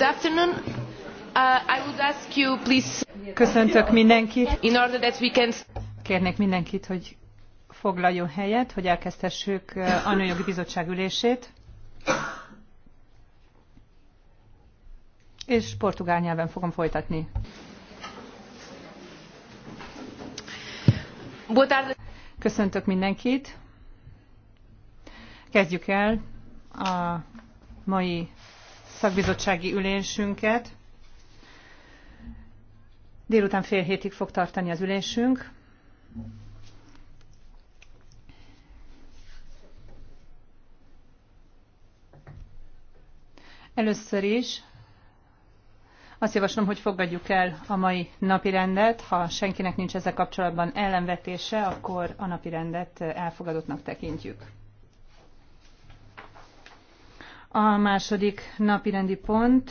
Good afternoon. Uh, I would ask you, please... Köszöntök mindenkit. In order that we can... Kérnék mindenkit, hogy foglaljon helyet, hogy elkezdhessük uh, a Nőjogi Bizottság ülését. És portugál nyelven fogom folytatni. Köszöntök mindenkit. Kezdjük el a mai szakbizottsági ülésünket. Délután fél hétig fog tartani az ülésünk. Először is azt javaslom, hogy fogadjuk el a mai napirendet. Ha senkinek nincs ezzel kapcsolatban ellenvetése, akkor a napirendet elfogadottnak tekintjük. A második napirendi pont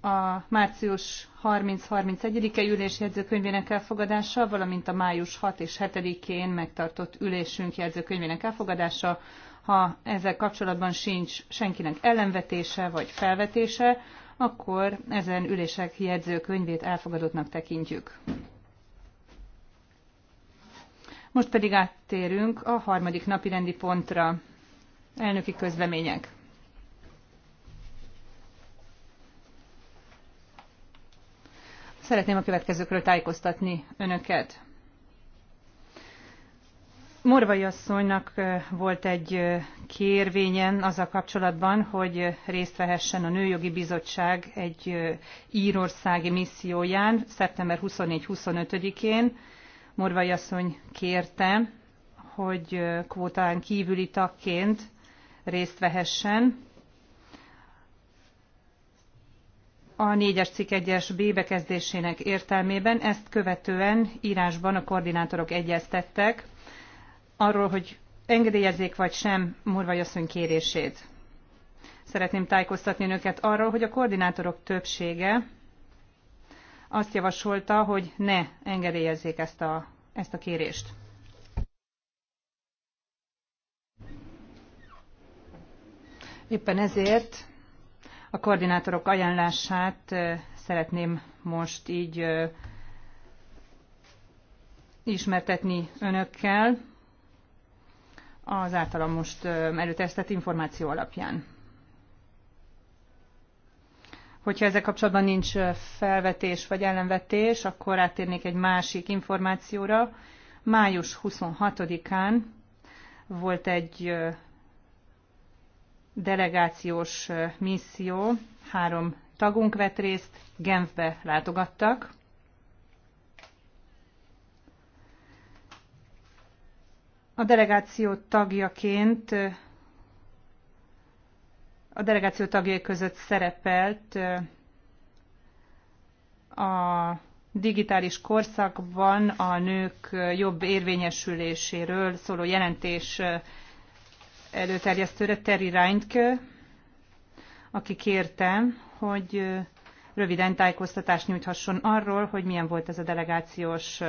a március 30-31-e ülés jegyzőkönyvének elfogadása, valamint a május 6 és 7-én megtartott ülésünk jegyzőkönyvének elfogadása. Ha ezzel kapcsolatban sincs senkinek ellenvetése vagy felvetése, akkor ezen ülések jegyzőkönyvét elfogadottnak tekintjük. Most pedig áttérünk a harmadik napi rendi pontra. Elnöki közlemények. Szeretném a következőkről tájékoztatni önöket. Morvai asszonynak volt egy kérvényen azzal kapcsolatban, hogy részt vehessen a Nőjogi Bizottság egy írországi misszióján szeptember 24-25-én. Morvai asszony kérte, hogy kvótán kívüli tagként részt vehessen. a 4-es cikk 1-es B bekezdésének értelmében ezt követően írásban a koordinátorok egyeztettek arról, hogy engedélyezzék vagy sem Murvai asszony kérését. Szeretném tájékoztatni önöket arról, hogy a koordinátorok többsége azt javasolta, hogy ne engedélyezzék ezt a, ezt a kérést. Éppen ezért a koordinátorok ajánlását szeretném most így ismertetni önökkel az általam most előtesztett információ alapján. Hogyha ezzel kapcsolatban nincs felvetés vagy ellenvetés, akkor átérnék egy másik információra. Május 26-án volt egy delegációs misszió, három tagunk vett részt, Genfbe látogattak. A delegáció tagjaként a delegáció tagjai között szerepelt a digitális korszakban a nők jobb érvényesüléséről szóló jelentés előterjesztőre, Terry Reintke, aki kérte, hogy röviden tájékoztatást nyújthasson arról, hogy milyen volt ez a delegációs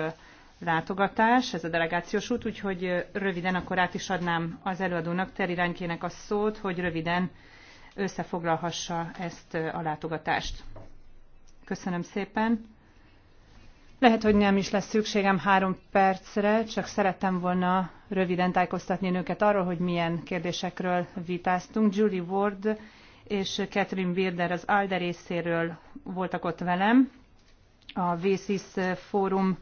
látogatás, ez a delegációs út, úgyhogy röviden akkor át is adnám az előadónak, Terry Reintkének a szót, hogy röviden összefoglalhassa ezt a látogatást. Köszönöm szépen. Lehet, hogy nem is lesz szükségem három percre, csak szerettem volna röviden tájékoztatni önöket arról, hogy milyen kérdésekről vitáztunk. Julie Ward és Catherine Birder az ALDE részéről voltak ott velem. A VSIS fórum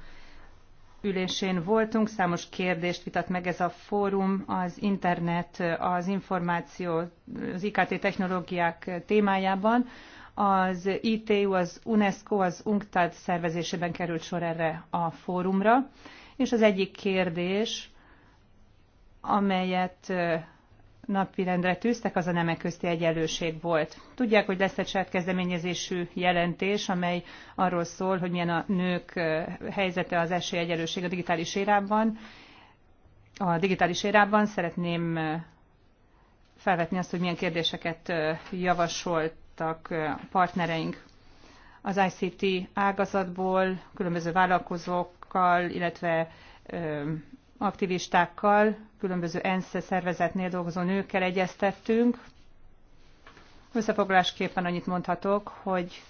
ülésén voltunk, számos kérdést vitat meg ez a fórum, az internet, az információ, az IKT technológiák témájában. Az ITU, az UNESCO, az UNCTAD szervezésében került sor erre a fórumra, és az egyik kérdés, amelyet napirendre tűztek, az a nemek közti egyenlőség volt. Tudják, hogy lesz egy saját kezdeményezésű jelentés, amely arról szól, hogy milyen a nők helyzete az esélyegyenlőség a digitális érában. A digitális érában szeretném felvetni azt, hogy milyen kérdéseket javasolt támogattak partnereink az ICT ágazatból, különböző vállalkozókkal, illetve aktivistákkal, különböző ENSZ szervezetnél dolgozó nőkkel egyeztettünk. Összefoglalásképpen annyit mondhatok, hogy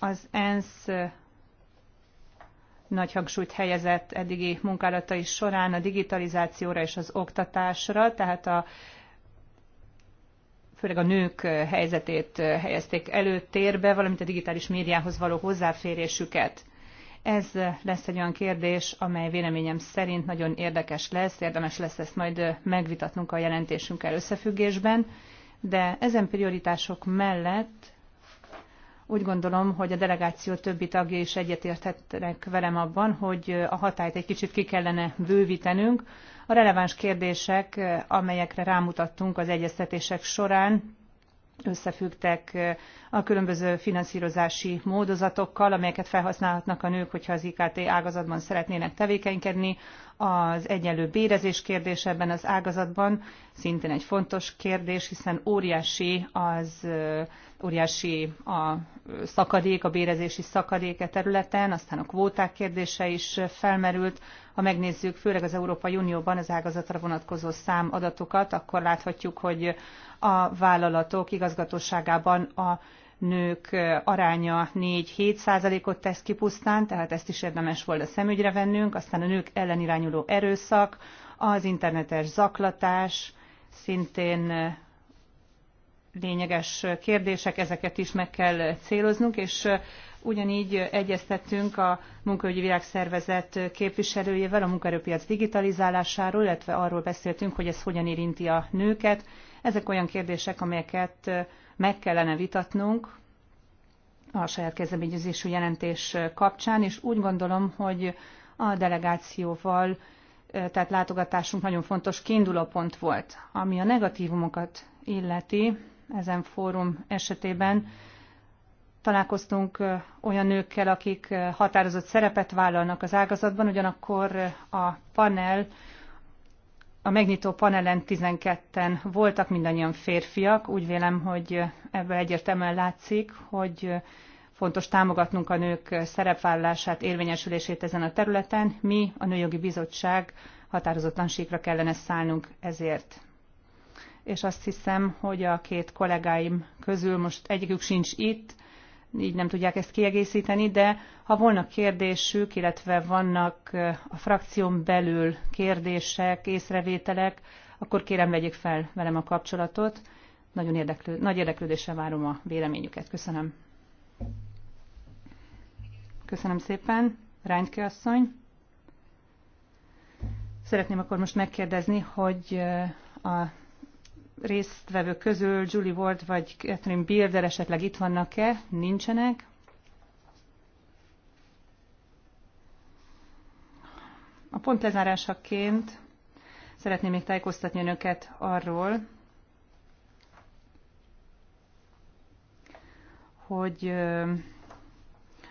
az ENSZ nagy hangsúlyt helyezett eddigi munkálatai során a digitalizációra és az oktatásra, tehát a főleg a nők helyzetét helyezték előtérbe, valamint a digitális médiához való hozzáférésüket. Ez lesz egy olyan kérdés, amely véleményem szerint nagyon érdekes lesz, érdemes lesz ezt majd megvitatnunk a jelentésünkkel összefüggésben, de ezen prioritások mellett úgy gondolom, hogy a delegáció többi tagja is egyetérthetnek velem abban, hogy a hatályt egy kicsit ki kellene bővítenünk. A releváns kérdések, amelyekre rámutattunk az egyeztetések során, összefüggtek a különböző finanszírozási módozatokkal, amelyeket felhasználhatnak a nők, hogyha az IKT ágazatban szeretnének tevékenykedni, az egyenlő bérezés kérdése ebben az ágazatban szintén egy fontos kérdés, hiszen óriási az óriási a szakadék, a bérezési a e területen, aztán a kvóták kérdése is felmerült. Ha megnézzük főleg az Európai Unióban az ágazatra vonatkozó számadatokat, akkor láthatjuk, hogy a vállalatok igazgatóságában a nők aránya 4-7 százalékot tesz ki pusztán, tehát ezt is érdemes volna szemügyre vennünk, aztán a nők ellen irányuló erőszak, az internetes zaklatás, szintén lényeges kérdések, ezeket is meg kell céloznunk, és ugyanígy egyeztettünk a Munkaügyi Világszervezet képviselőjével a munkaerőpiac digitalizálásáról, illetve arról beszéltünk, hogy ez hogyan érinti a nőket. Ezek olyan kérdések, amelyeket meg kellene vitatnunk a saját kezdeményezésű jelentés kapcsán, és úgy gondolom, hogy a delegációval, tehát látogatásunk nagyon fontos kiindulópont volt. Ami a negatívumokat illeti, ezen fórum esetében találkoztunk olyan nőkkel, akik határozott szerepet vállalnak az ágazatban, ugyanakkor a panel a megnyitó panelen 12-en voltak, mindannyian férfiak. Úgy vélem, hogy ebből egyértelműen látszik, hogy fontos támogatnunk a nők szerepvállását, érvényesülését ezen a területen. Mi, a Nőjogi Bizottság határozottan síkra kellene szállnunk ezért. És azt hiszem, hogy a két kollégáim közül most egyikük sincs itt, így nem tudják ezt kiegészíteni, de ha volna kérdésük, illetve vannak a frakción belül kérdések, észrevételek, akkor kérem vegyék fel velem a kapcsolatot. Nagyon érdeklő, nagy érdeklődésre várom a véleményüket. Köszönöm. Köszönöm szépen. Ránytke asszony. Szeretném akkor most megkérdezni, hogy a résztvevők közül Julie Ward vagy Catherine Bilder esetleg itt vannak-e? Nincsenek. A pont lezárásaként szeretném még tájékoztatni önöket arról, hogy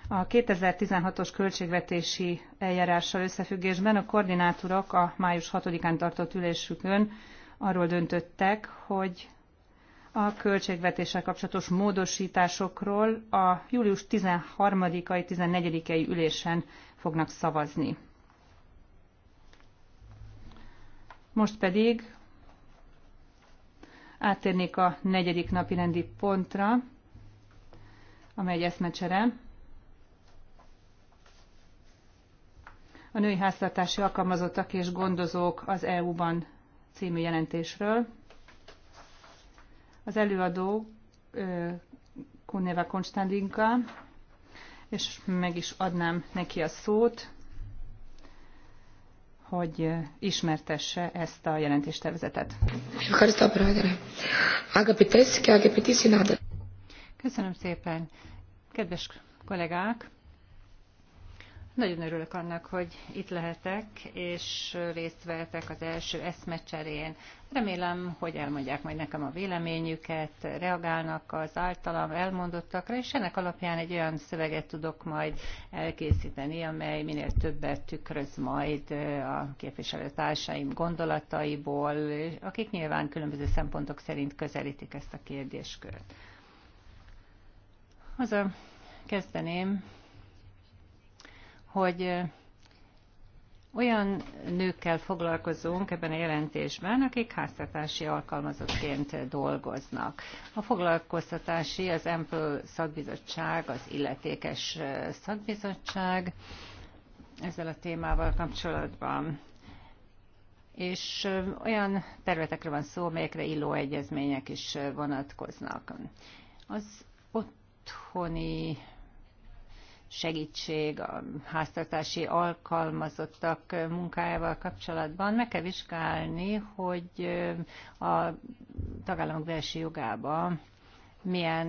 a 2016-os költségvetési eljárással összefüggésben a koordinátorok a május 6-án tartott ülésükön arról döntöttek, hogy a költségvetéssel kapcsolatos módosításokról a július 13-ai, 14-ei ülésen fognak szavazni. Most pedig áttérnék a negyedik napi rendi pontra, amely egy eszmecsere. A női háztartási alkalmazottak és gondozók az EU-ban című jelentésről. Az előadó Kuneva Konstantinka, és meg is adnám neki a szót, hogy ismertesse ezt a jelentéstervezetet. Köszönöm szépen. Kedves kollégák, nagyon örülök annak, hogy itt lehetek, és részt vehetek az első eszmecserén. Remélem, hogy elmondják majd nekem a véleményüket, reagálnak az általam elmondottakra, és ennek alapján egy olyan szöveget tudok majd elkészíteni, amely minél többet tükröz majd a képviselőtársaim gondolataiból, akik nyilván különböző szempontok szerint közelítik ezt a kérdéskört. Az a kezdeném, hogy olyan nőkkel foglalkozunk ebben a jelentésben, akik háztartási alkalmazottként dolgoznak. A foglalkoztatási, az EMPL szakbizottság, az illetékes szakbizottság ezzel a témával kapcsolatban. És olyan területekre van szó, melyekre illó egyezmények is vonatkoznak. Az otthoni segítség, a háztartási alkalmazottak munkájával kapcsolatban meg kell vizsgálni, hogy a tagállamok belső jogában milyen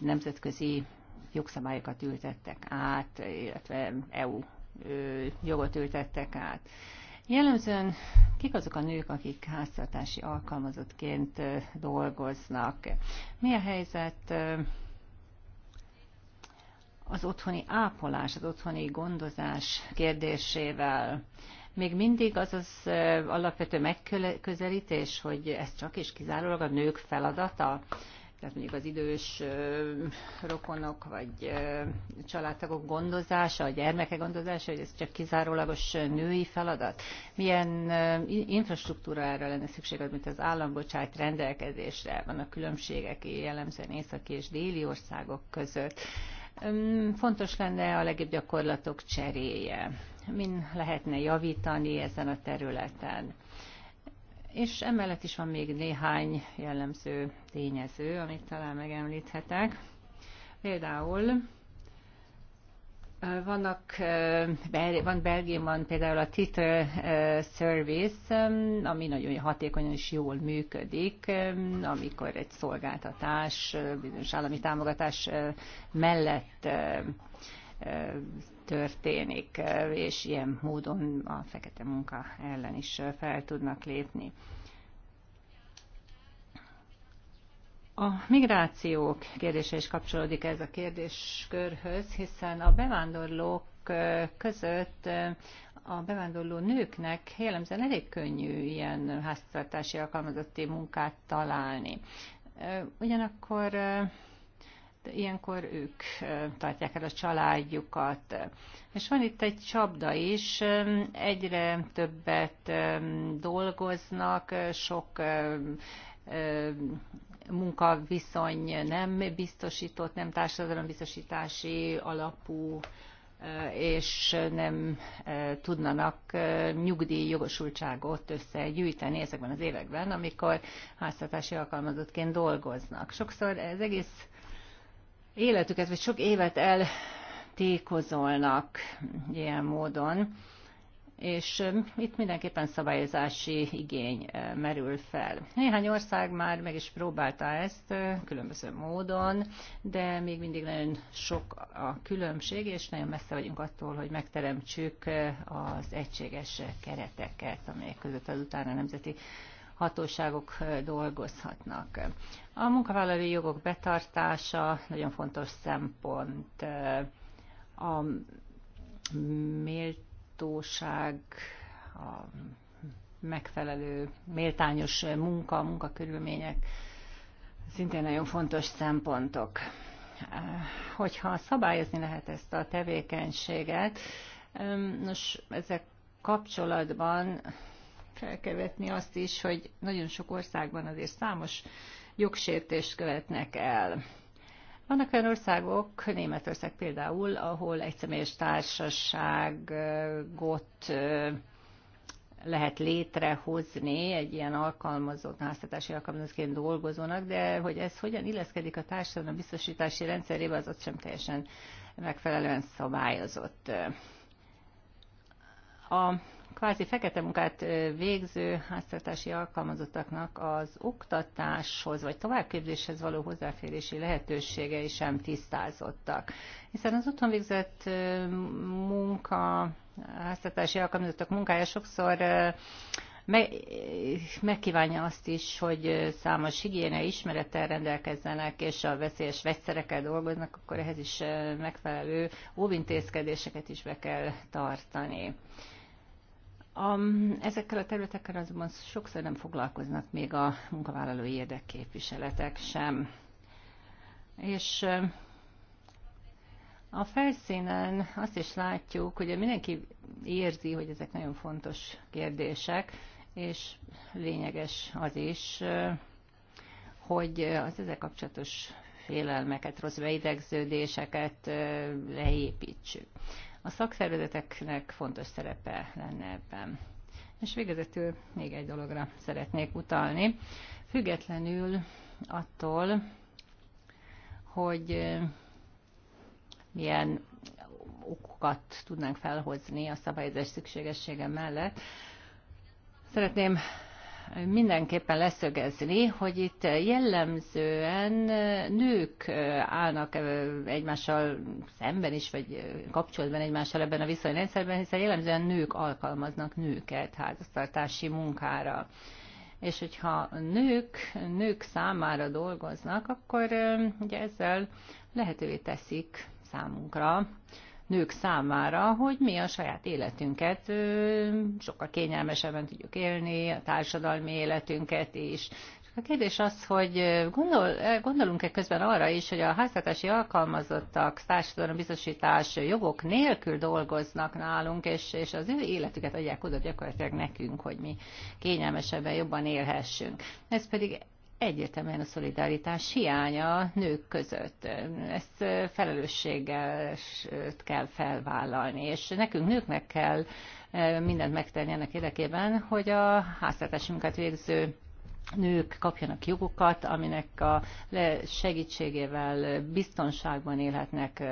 nemzetközi jogszabályokat ültettek át, illetve EU jogot ültettek át. Jellemzően kik azok a nők, akik háztartási alkalmazottként dolgoznak? Mi a helyzet az otthoni ápolás, az otthoni gondozás kérdésével. Még mindig az az alapvető megközelítés, hogy ez csak és kizárólag a nők feladata, tehát mondjuk az idős rokonok vagy családtagok gondozása, a gyermeke gondozása, hogy ez csak kizárólagos női feladat. Milyen infrastruktúra erre lenne szükség, mint az állambocsájt rendelkezésre? Vannak különbségek jellemzően északi és déli országok között. Fontos lenne a legjobb gyakorlatok cseréje. Min lehetne javítani ezen a területen? És emellett is van még néhány jellemző tényező, amit talán megemlíthetek. Például vannak, eh, van Belgiumban például a Title eh, Service, ami nagyon hatékonyan és jól működik, amikor egy szolgáltatás eh, bizonyos állami támogatás mellett történik, és ilyen módon a fekete munka ellen is fel tudnak lépni. A migrációk kérdése is kapcsolódik ez a kérdéskörhöz, hiszen a bevándorlók között a bevándorló nőknek jellemzően elég könnyű ilyen háztartási alkalmazotti munkát találni. Ugyanakkor ilyenkor ők tartják el a családjukat. És van itt egy csapda is, egyre többet dolgoznak, sok munkaviszony nem biztosított, nem társadalombiztosítási alapú, eh, és nem eh, tudnának eh, nyugdíjjogosultságot összegyűjteni ezekben az években, amikor háztartási alkalmazottként dolgoznak. Sokszor az egész életüket, vagy sok évet eltékozolnak ilyen módon és um, itt mindenképpen szabályozási igény uh, merül fel. Néhány ország már meg is próbálta ezt uh, különböző módon, de még mindig nagyon sok a különbség, és nagyon messze vagyunk attól, hogy megteremtsük uh, az egységes kereteket, amelyek között az utána nemzeti hatóságok dolgozhatnak. A munkavállalói jogok betartása nagyon fontos szempont. A mélt méltóság, a megfelelő, méltányos munka, munkakörülmények szintén nagyon fontos szempontok. Hogyha szabályozni lehet ezt a tevékenységet, nos, ezek kapcsolatban fel kell vetni azt is, hogy nagyon sok országban azért számos jogsértést követnek el. Vannak olyan országok, Németország például, ahol egyszemélyes társaságot lehet létrehozni egy ilyen alkalmazott, háztatási alkalmazottként dolgozónak, de hogy ez hogyan illeszkedik a társadalom biztosítási rendszerébe, az ott sem teljesen megfelelően szabályozott. A kvázi fekete munkát végző háztartási alkalmazottaknak az oktatáshoz vagy továbbképzéshez való hozzáférési lehetőségei sem tisztázottak. Hiszen az otthon végzett munka, háztartási alkalmazottak munkája sokszor megkívánja azt is, hogy számos higiéne ismerettel rendelkezzenek, és a veszélyes vegyszerekkel dolgoznak, akkor ehhez is megfelelő óvintézkedéseket is be kell tartani. A, ezekkel a területekkel azonban sokszor nem foglalkoznak még a munkavállalói érdekképviseletek sem. És a felszínen azt is látjuk, hogy mindenki érzi, hogy ezek nagyon fontos kérdések, és lényeges az is, hogy az ezzel kapcsolatos félelmeket, rossz beidegződéseket leépítsük. A szakszervezeteknek fontos szerepe lenne ebben. És végezetül még egy dologra szeretnék utalni. Függetlenül attól, hogy milyen okokat tudnánk felhozni a szabályozás szükségessége mellett, szeretném mindenképpen leszögezni, hogy itt jellemzően nők állnak egymással szemben is, vagy kapcsolatban egymással ebben a viszonyrendszerben, hiszen jellemzően nők alkalmaznak nőket házasztartási munkára. És hogyha nők, nők számára dolgoznak, akkor ugye ezzel lehetővé teszik számunkra, nők számára, hogy mi a saját életünket sokkal kényelmesebben tudjuk élni, a társadalmi életünket is. A kérdés az, hogy gondol, gondolunk-e közben arra is, hogy a háztartási alkalmazottak biztosítás jogok nélkül dolgoznak nálunk, és, és az ő életüket adják oda gyakorlatilag nekünk, hogy mi kényelmesebben jobban élhessünk. Ez pedig egyértelműen a szolidaritás hiánya nők között. Ezt felelősséggel kell felvállalni, és nekünk nőknek kell mindent megtenni ennek érdekében, hogy a háztartási munkát végző nők kapjanak jogokat, aminek a segítségével biztonságban élhetnek,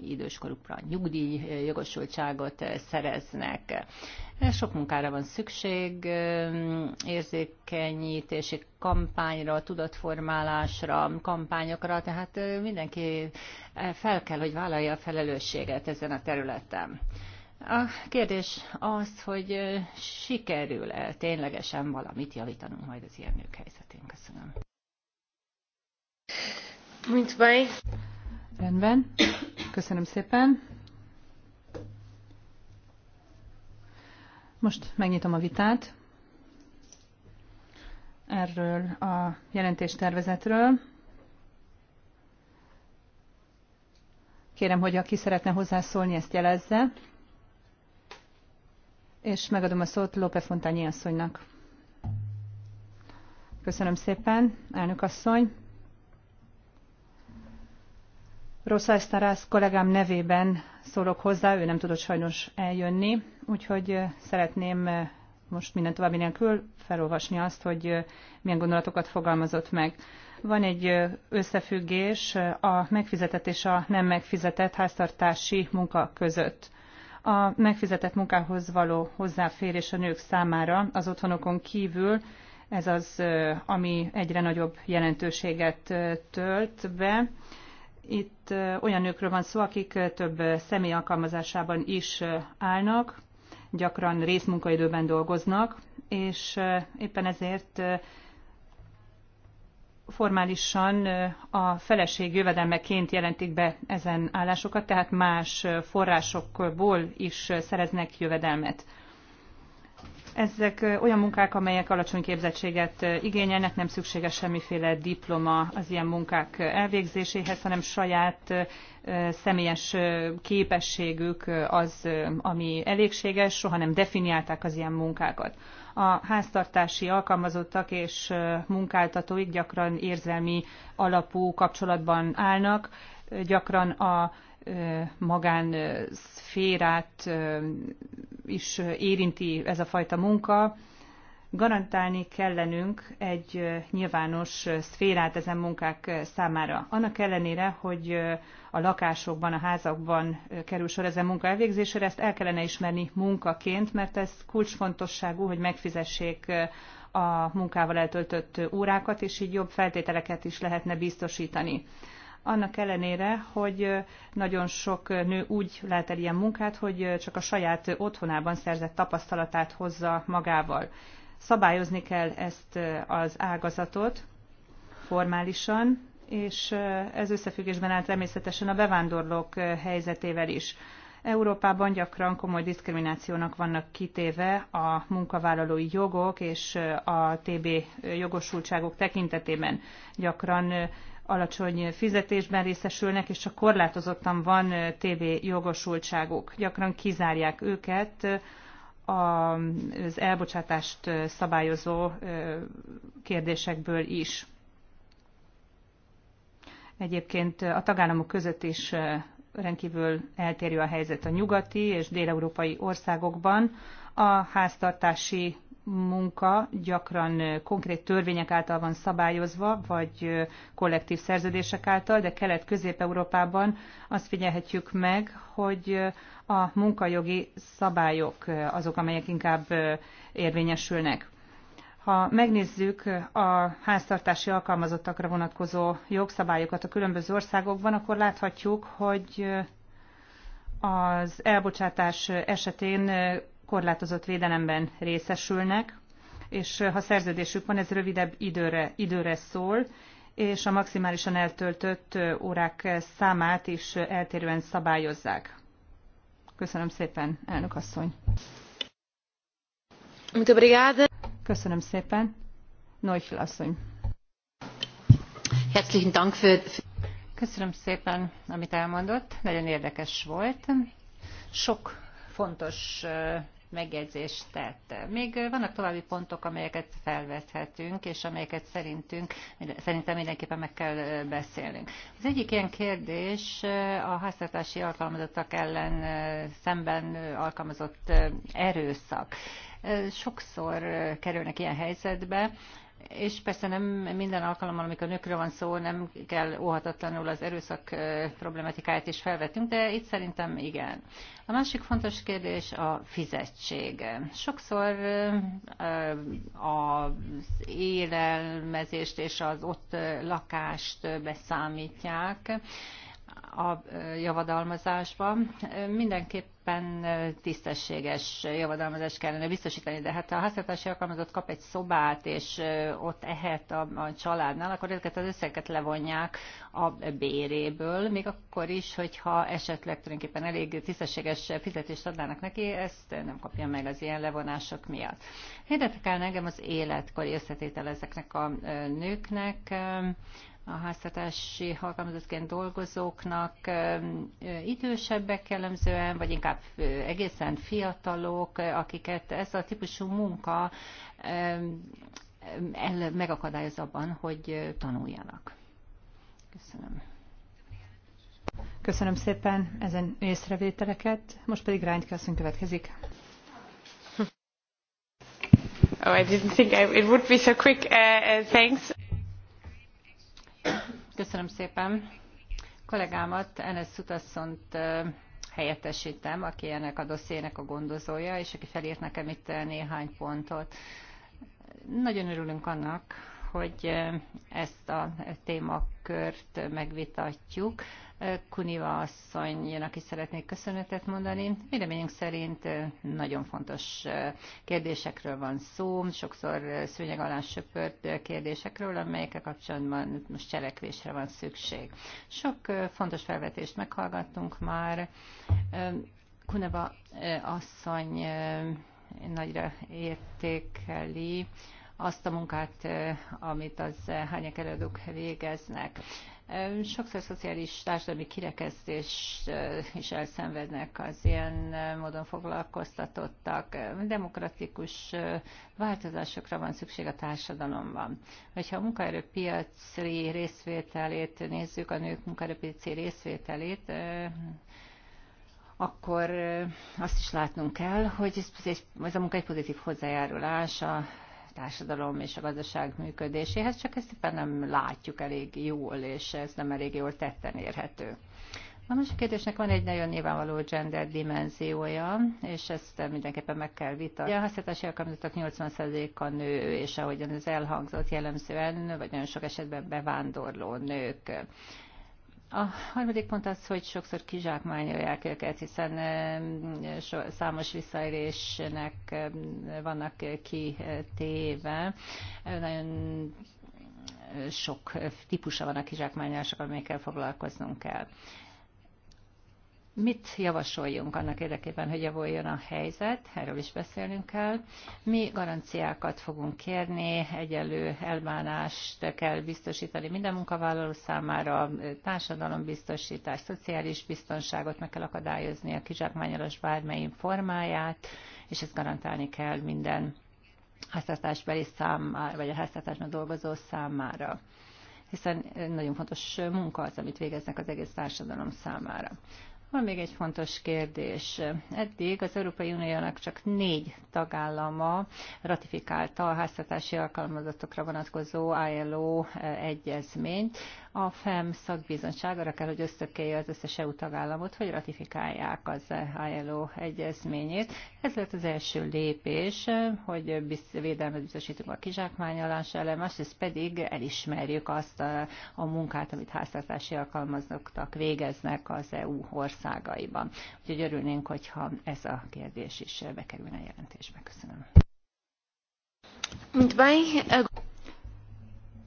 időskorukra nyugdíj jogosultságot szereznek. Sok munkára van szükség, érzékenyítési kampányra, tudatformálásra, kampányokra, tehát mindenki fel kell, hogy vállalja a felelősséget ezen a területen. A kérdés az, hogy sikerül-e ténylegesen valamit javítanunk majd az ilyen nők helyzetén. Köszönöm. Mint baj. Rendben. Köszönöm szépen. Most megnyitom a vitát erről a jelentéstervezetről. Kérem, hogy aki szeretne hozzászólni, ezt jelezze és megadom a szót Lópe Fontányi asszonynak. Köszönöm szépen, elnök asszony. Rosa Esztarász kollégám nevében szólok hozzá, ő nem tudott sajnos eljönni, úgyhogy szeretném most minden további nélkül felolvasni azt, hogy milyen gondolatokat fogalmazott meg. Van egy összefüggés a megfizetett és a nem megfizetett háztartási munka között a megfizetett munkához való hozzáférés a nők számára az otthonokon kívül, ez az, ami egyre nagyobb jelentőséget tölt be. Itt olyan nőkről van szó, akik több személy alkalmazásában is állnak, gyakran részmunkaidőben dolgoznak, és éppen ezért formálisan a feleség jövedelmeként jelentik be ezen állásokat, tehát más forrásokból is szereznek jövedelmet. Ezek olyan munkák, amelyek alacsony képzettséget igényelnek, nem szükséges semmiféle diploma az ilyen munkák elvégzéséhez, hanem saját személyes képességük az, ami elégséges, soha nem definiálták az ilyen munkákat a háztartási alkalmazottak és munkáltatóik gyakran érzelmi alapú kapcsolatban állnak, gyakran a magánszférát is érinti ez a fajta munka, garantálni kellenünk egy nyilvános szférát ezen munkák számára. Annak ellenére, hogy a lakásokban, a házakban kerül sor ezen munka elvégzésére, ezt el kellene ismerni munkaként, mert ez kulcsfontosságú, hogy megfizessék a munkával eltöltött órákat, és így jobb feltételeket is lehetne biztosítani annak ellenére, hogy nagyon sok nő úgy lát el ilyen munkát, hogy csak a saját otthonában szerzett tapasztalatát hozza magával. Szabályozni kell ezt az ágazatot formálisan, és ez összefüggésben áll természetesen a bevándorlók helyzetével is. Európában gyakran komoly diszkriminációnak vannak kitéve a munkavállalói jogok és a TB jogosultságok tekintetében. Gyakran alacsony fizetésben részesülnek, és csak korlátozottan van TB jogosultságuk. Gyakran kizárják őket az elbocsátást szabályozó kérdésekből is. Egyébként a tagállamok között is rendkívül eltérő a helyzet a nyugati és déleurópai országokban. A háztartási munka gyakran konkrét törvények által van szabályozva, vagy kollektív szerződések által, de Kelet-Közép-Európában azt figyelhetjük meg, hogy a munkajogi szabályok azok, amelyek inkább érvényesülnek. Ha megnézzük a háztartási alkalmazottakra vonatkozó jogszabályokat a különböző országokban, akkor láthatjuk, hogy az elbocsátás esetén korlátozott védelemben részesülnek, és ha szerződésük van, ez rövidebb időre, időre szól, és a maximálisan eltöltött órák számát is eltérően szabályozzák. Köszönöm szépen, elnök asszony. Köszönöm szépen. Neuchel asszony. Herzlichen Dank für... Köszönöm szépen, amit elmondott. Nagyon érdekes volt. Sok fontos megjegyzést tett. Még vannak további pontok, amelyeket felvethetünk, és amelyeket szerintünk, szerintem mindenképpen meg kell beszélnünk. Az egyik ilyen kérdés a háztartási alkalmazottak ellen szemben alkalmazott erőszak. Sokszor kerülnek ilyen helyzetbe, és persze nem minden alkalommal, amikor nőkről van szó, nem kell óhatatlanul az erőszak problematikáját is felvetünk, de itt szerintem igen. A másik fontos kérdés a fizetség. Sokszor az élelmezést és az ott lakást beszámítják, a javadalmazásban. Mindenképpen tisztességes javadalmazás kellene biztosítani, de hát ha a háztartási alkalmazott kap egy szobát, és ott ehet a, a családnál, akkor ezeket az összeget levonják a béréből, még akkor is, hogyha esetleg tulajdonképpen elég tisztességes fizetést adnának neki, ezt nem kapja meg az ilyen levonások miatt. Érdekelne engem az életkori összetétel ezeknek a nőknek, a háztartási alkalmazottként dolgozóknak idősebbek jellemzően, vagy inkább egészen fiatalok, akiket ez a típusú munka el megakadályoz abban, hogy tanuljanak. Köszönöm. Köszönöm szépen ezen észrevételeket. Most pedig Rányke asszony következik. Oh, I didn't think I, it would be so quick. Uh, uh, thanks. Köszönöm szépen. Kollégámat, Enes Szutasszont helyettesítem, aki ennek a dossziének a gondozója, és aki felírt nekem itt néhány pontot. Nagyon örülünk annak, hogy ezt a témakört megvitatjuk. Kuniva asszonynak is szeretnék köszönetet mondani. Véleményünk szerint nagyon fontos kérdésekről van szó, sokszor szőnyeg alá söpört kérdésekről, amelyekkel kapcsolatban most cselekvésre van szükség. Sok fontos felvetést meghallgattunk már. Kuneva asszony nagyra értékeli azt a munkát, amit az hányek előadók végeznek. Sokszor szociális társadalmi kirekesztést is elszenvednek az ilyen módon foglalkoztatottak. Demokratikus változásokra van szükség a társadalomban. Hogyha a munkaerőpiaci részvételét nézzük, a nők munkaerőpiaci részvételét, akkor azt is látnunk kell, hogy ez, ez a munka egy pozitív hozzájárulás a társadalom és a gazdaság működéséhez, csak ezt éppen nem látjuk elég jól, és ez nem elég jól tetten érhető. A másik kérdésnek van egy nagyon nyilvánvaló gender dimenziója, és ezt mindenképpen meg kell vitatni. A használatási alkalmazottak 80%-a nő, és ahogyan ez elhangzott jellemzően, vagy nagyon sok esetben bevándorló nők. A harmadik pont az, hogy sokszor kizsákmányolják őket, hiszen számos visszaérésnek vannak kitéve. Nagyon sok típusa van a kizsákmányolások, amikkel foglalkoznunk kell. Mit javasoljunk annak érdekében, hogy javuljon a helyzet? Erről is beszélnünk kell. Mi garanciákat fogunk kérni, egyelő elbánást kell biztosítani minden munkavállaló számára, társadalombiztosítást, szociális biztonságot meg kell akadályozni a kizsákmányolás bármely formáját, és ezt garantálni kell minden háztartásbeli számára, vagy a háztartásban dolgozó számára hiszen nagyon fontos munka az, amit végeznek az egész társadalom számára. Van még egy fontos kérdés. Eddig az Európai Uniónak csak négy tagállama ratifikálta a háztartási alkalmazottakra vonatkozó ILO egyezményt a FEM szakbizottság arra kell, hogy ösztökélje az összes EU tagállamot, hogy ratifikálják az ILO egyezményét. Ez lett az első lépés, hogy védelmet biztosítunk a kizsákmányolás ellen, másrészt pedig elismerjük azt a, a munkát, amit háztartási alkalmazottak végeznek az EU országaiban. Úgyhogy örülnénk, hogyha ez a kérdés is bekerülne a jelentésbe. Köszönöm. Muito bem,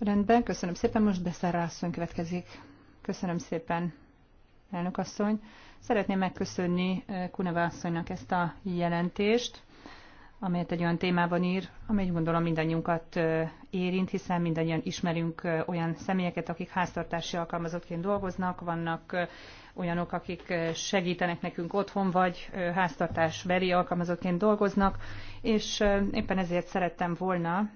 Rendben, köszönöm szépen. Most Beszerra asszony következik. Köszönöm szépen, elnök asszony. Szeretném megköszönni eh, Kuneva asszonynak ezt a jelentést, amelyet egy olyan témában ír, amely gondolom mindannyiunkat eh, érint, hiszen mindannyian ismerünk eh, olyan személyeket, akik háztartási alkalmazottként dolgoznak, vannak olyanok, akik segítenek nekünk otthon, vagy háztartásbeli alkalmazottként dolgoznak, és éppen ezért szerettem volna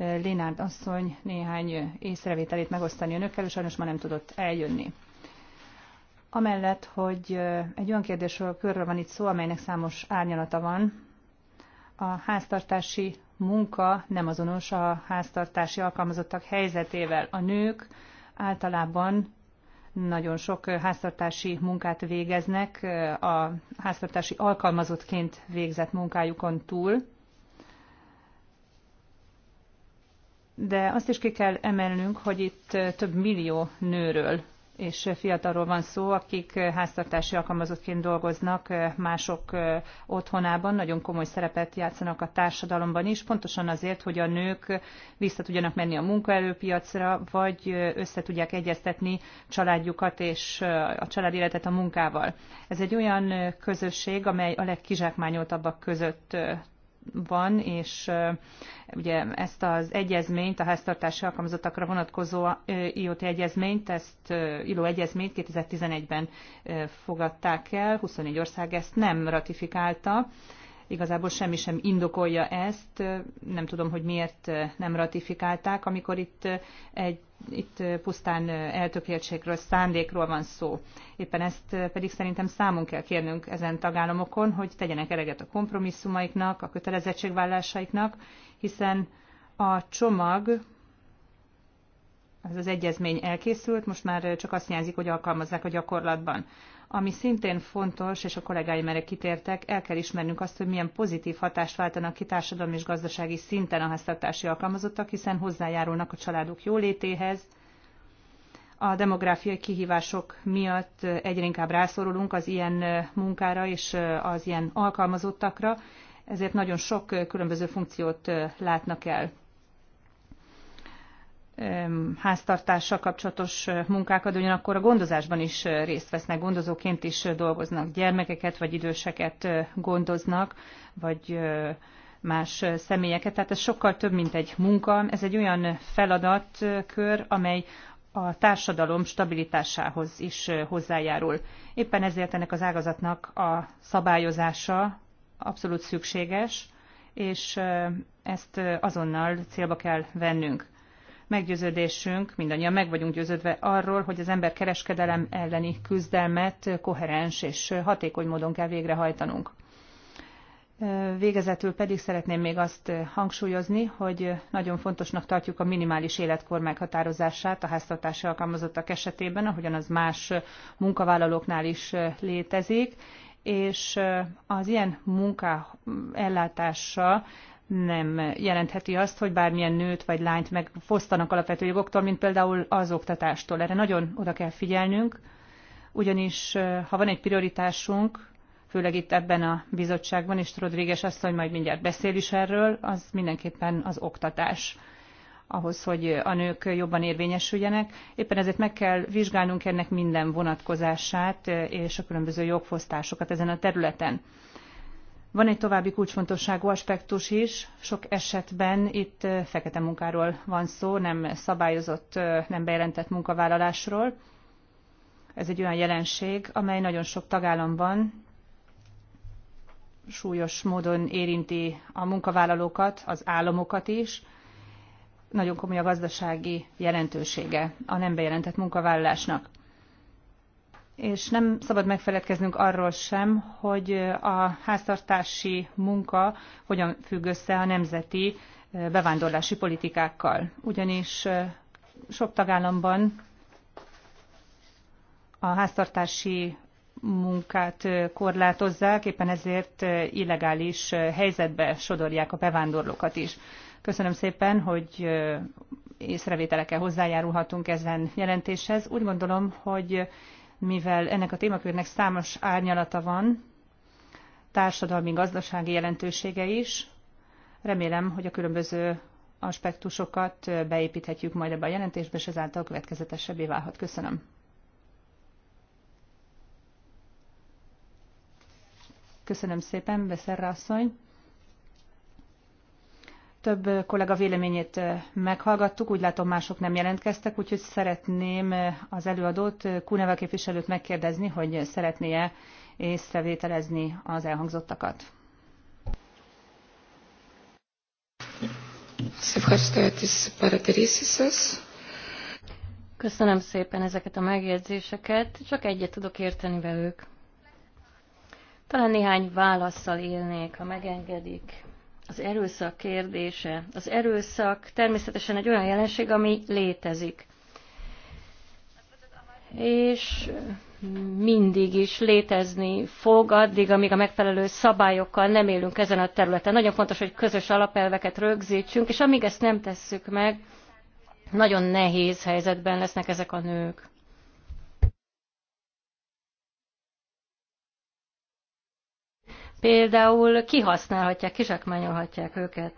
Lénárd asszony néhány észrevételét megosztani önökkel, és sajnos ma nem tudott eljönni. Amellett, hogy egy olyan kérdésről körről van itt szó, amelynek számos árnyalata van, a háztartási munka nem azonos a háztartási alkalmazottak helyzetével. A nők általában nagyon sok háztartási munkát végeznek a háztartási alkalmazottként végzett munkájukon túl, de azt is ki kell emelnünk, hogy itt eh, több millió nőről és fiatalról van szó, akik eh, háztartási alkalmazottként dolgoznak eh, mások otthonában, nagyon komoly szerepet játszanak a társadalomban is, pontosan azért, hogy a nők vissza tudjanak menni a munkaerőpiacra, vagy össze tudják egyeztetni családjukat és a család életet a munkával. Ez egy olyan közösség, amely a legkizsákmányoltabbak között van, és ugye ezt az egyezményt, a háztartási alkalmazottakra vonatkozó IOT egyezményt, ezt ILO egyezményt 2011-ben fogadták el, 24 ország ezt nem ratifikálta, Igazából semmi sem indokolja ezt. Nem tudom, hogy miért nem ratifikálták, amikor itt, egy, itt pusztán eltökéltségről, szándékról van szó. Éppen ezt pedig szerintem számunk kell kérnünk ezen tagállamokon, hogy tegyenek eleget a kompromisszumaiknak, a kötelezettségvállásaiknak, hiszen a csomag ez az egyezmény elkészült, most már csak azt hiányzik, hogy alkalmazzák a gyakorlatban. Ami szintén fontos, és a kollégáim erre kitértek, el kell ismernünk azt, hogy milyen pozitív hatást váltanak ki társadalmi és gazdasági szinten a háztartási alkalmazottak, hiszen hozzájárulnak a családok jólétéhez, a demográfiai kihívások miatt egyre inkább rászorulunk az ilyen munkára és az ilyen alkalmazottakra, ezért nagyon sok különböző funkciót látnak el háztartással kapcsolatos munkákat, ugyanakkor a gondozásban is részt vesznek, gondozóként is dolgoznak, gyermekeket vagy időseket gondoznak, vagy más személyeket. Tehát ez sokkal több, mint egy munka. Ez egy olyan feladatkör, amely a társadalom stabilitásához is hozzájárul. Éppen ezért ennek az ágazatnak a szabályozása abszolút szükséges, és ezt azonnal célba kell vennünk. Meggyőződésünk, mindannyian meg vagyunk győződve arról, hogy az emberkereskedelem elleni küzdelmet koherens és hatékony módon kell végrehajtanunk. Végezetül pedig szeretném még azt hangsúlyozni, hogy nagyon fontosnak tartjuk a minimális életkor meghatározását a háztartási alkalmazottak esetében, ahogyan az más munkavállalóknál is létezik, és az ilyen munka ellátása nem jelentheti azt, hogy bármilyen nőt vagy lányt megfosztanak alapvető jogoktól, mint például az oktatástól. Erre nagyon oda kell figyelnünk, ugyanis ha van egy prioritásunk, főleg itt ebben a bizottságban, és azt, hogy majd mindjárt beszél is erről, az mindenképpen az oktatás ahhoz, hogy a nők jobban érvényesüljenek. Éppen ezért meg kell vizsgálnunk ennek minden vonatkozását és a különböző jogfosztásokat ezen a területen. Van egy további kulcsfontosságú aspektus is, sok esetben itt fekete munkáról van szó, nem szabályozott, nem bejelentett munkavállalásról. Ez egy olyan jelenség, amely nagyon sok tagállamban súlyos módon érinti a munkavállalókat, az államokat is. Nagyon komoly a gazdasági jelentősége a nem bejelentett munkavállalásnak és nem szabad megfeledkeznünk arról sem, hogy a háztartási munka hogyan függ össze a nemzeti bevándorlási politikákkal. Ugyanis sok tagállamban a háztartási munkát korlátozzák, éppen ezért illegális helyzetbe sodorják a bevándorlókat is. Köszönöm szépen, hogy észrevételekkel hozzájárulhatunk ezen jelentéshez. Úgy gondolom, hogy mivel ennek a témakörnek számos árnyalata van, társadalmi, gazdasági jelentősége is. Remélem, hogy a különböző aspektusokat beépíthetjük majd ebbe a jelentésbe, és ezáltal következetesebbé válhat. Köszönöm. Köszönöm szépen, Beszerre asszony. Több kollega véleményét meghallgattuk, úgy látom mások nem jelentkeztek, úgyhogy szeretném az előadót, Kuneva képviselőt megkérdezni, hogy szeretné-e észrevételezni az elhangzottakat. Köszönöm szépen ezeket a megjegyzéseket, csak egyet tudok érteni velük. Talán néhány válaszsal élnék, ha megengedik az erőszak kérdése. Az erőszak természetesen egy olyan jelenség, ami létezik. És mindig is létezni fog addig, amíg a megfelelő szabályokkal nem élünk ezen a területen. Nagyon fontos, hogy közös alapelveket rögzítsünk, és amíg ezt nem tesszük meg, nagyon nehéz helyzetben lesznek ezek a nők. például kihasználhatják, kizsákmányolhatják őket.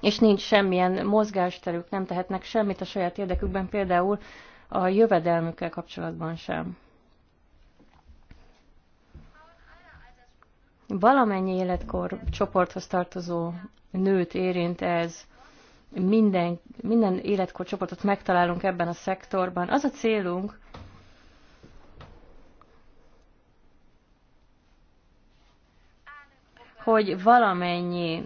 És nincs semmilyen mozgásterük, nem tehetnek semmit a saját érdekükben, például a jövedelmükkel kapcsolatban sem. Valamennyi életkor csoporthoz tartozó nőt érint ez, minden, minden életkor csoportot megtalálunk ebben a szektorban. Az a célunk, hogy valamennyi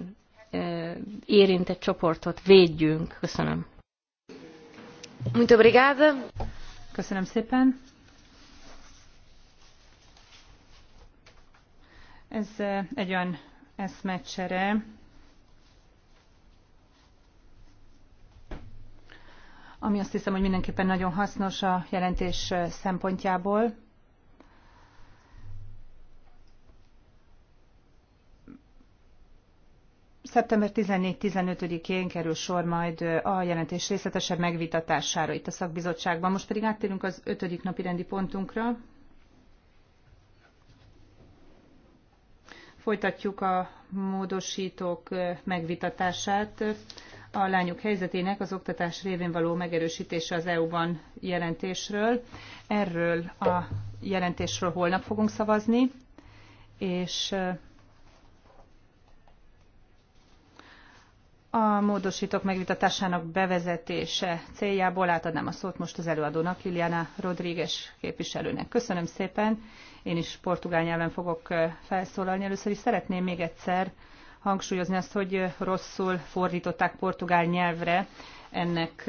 érintett csoportot védjünk. Köszönöm. Muito obrigada. Köszönöm szépen. Ez egy olyan eszmecsere, ami azt hiszem, hogy mindenképpen nagyon hasznos a jelentés szempontjából. Szeptember 14-15-én kerül sor majd a jelentés részletesebb megvitatására itt a szakbizottságban. Most pedig áttérünk az ötödik napi rendi pontunkra. Folytatjuk a módosítók megvitatását. A lányok helyzetének az oktatás révén való megerősítése az EU-ban jelentésről. Erről a jelentésről holnap fogunk szavazni, és A módosítók megvitatásának bevezetése céljából átadnám a szót most az előadónak, Juliana Rodríguez képviselőnek. Köszönöm szépen, én is portugál nyelven fogok felszólalni. Először is szeretném még egyszer hangsúlyozni azt, hogy rosszul fordították portugál nyelvre ennek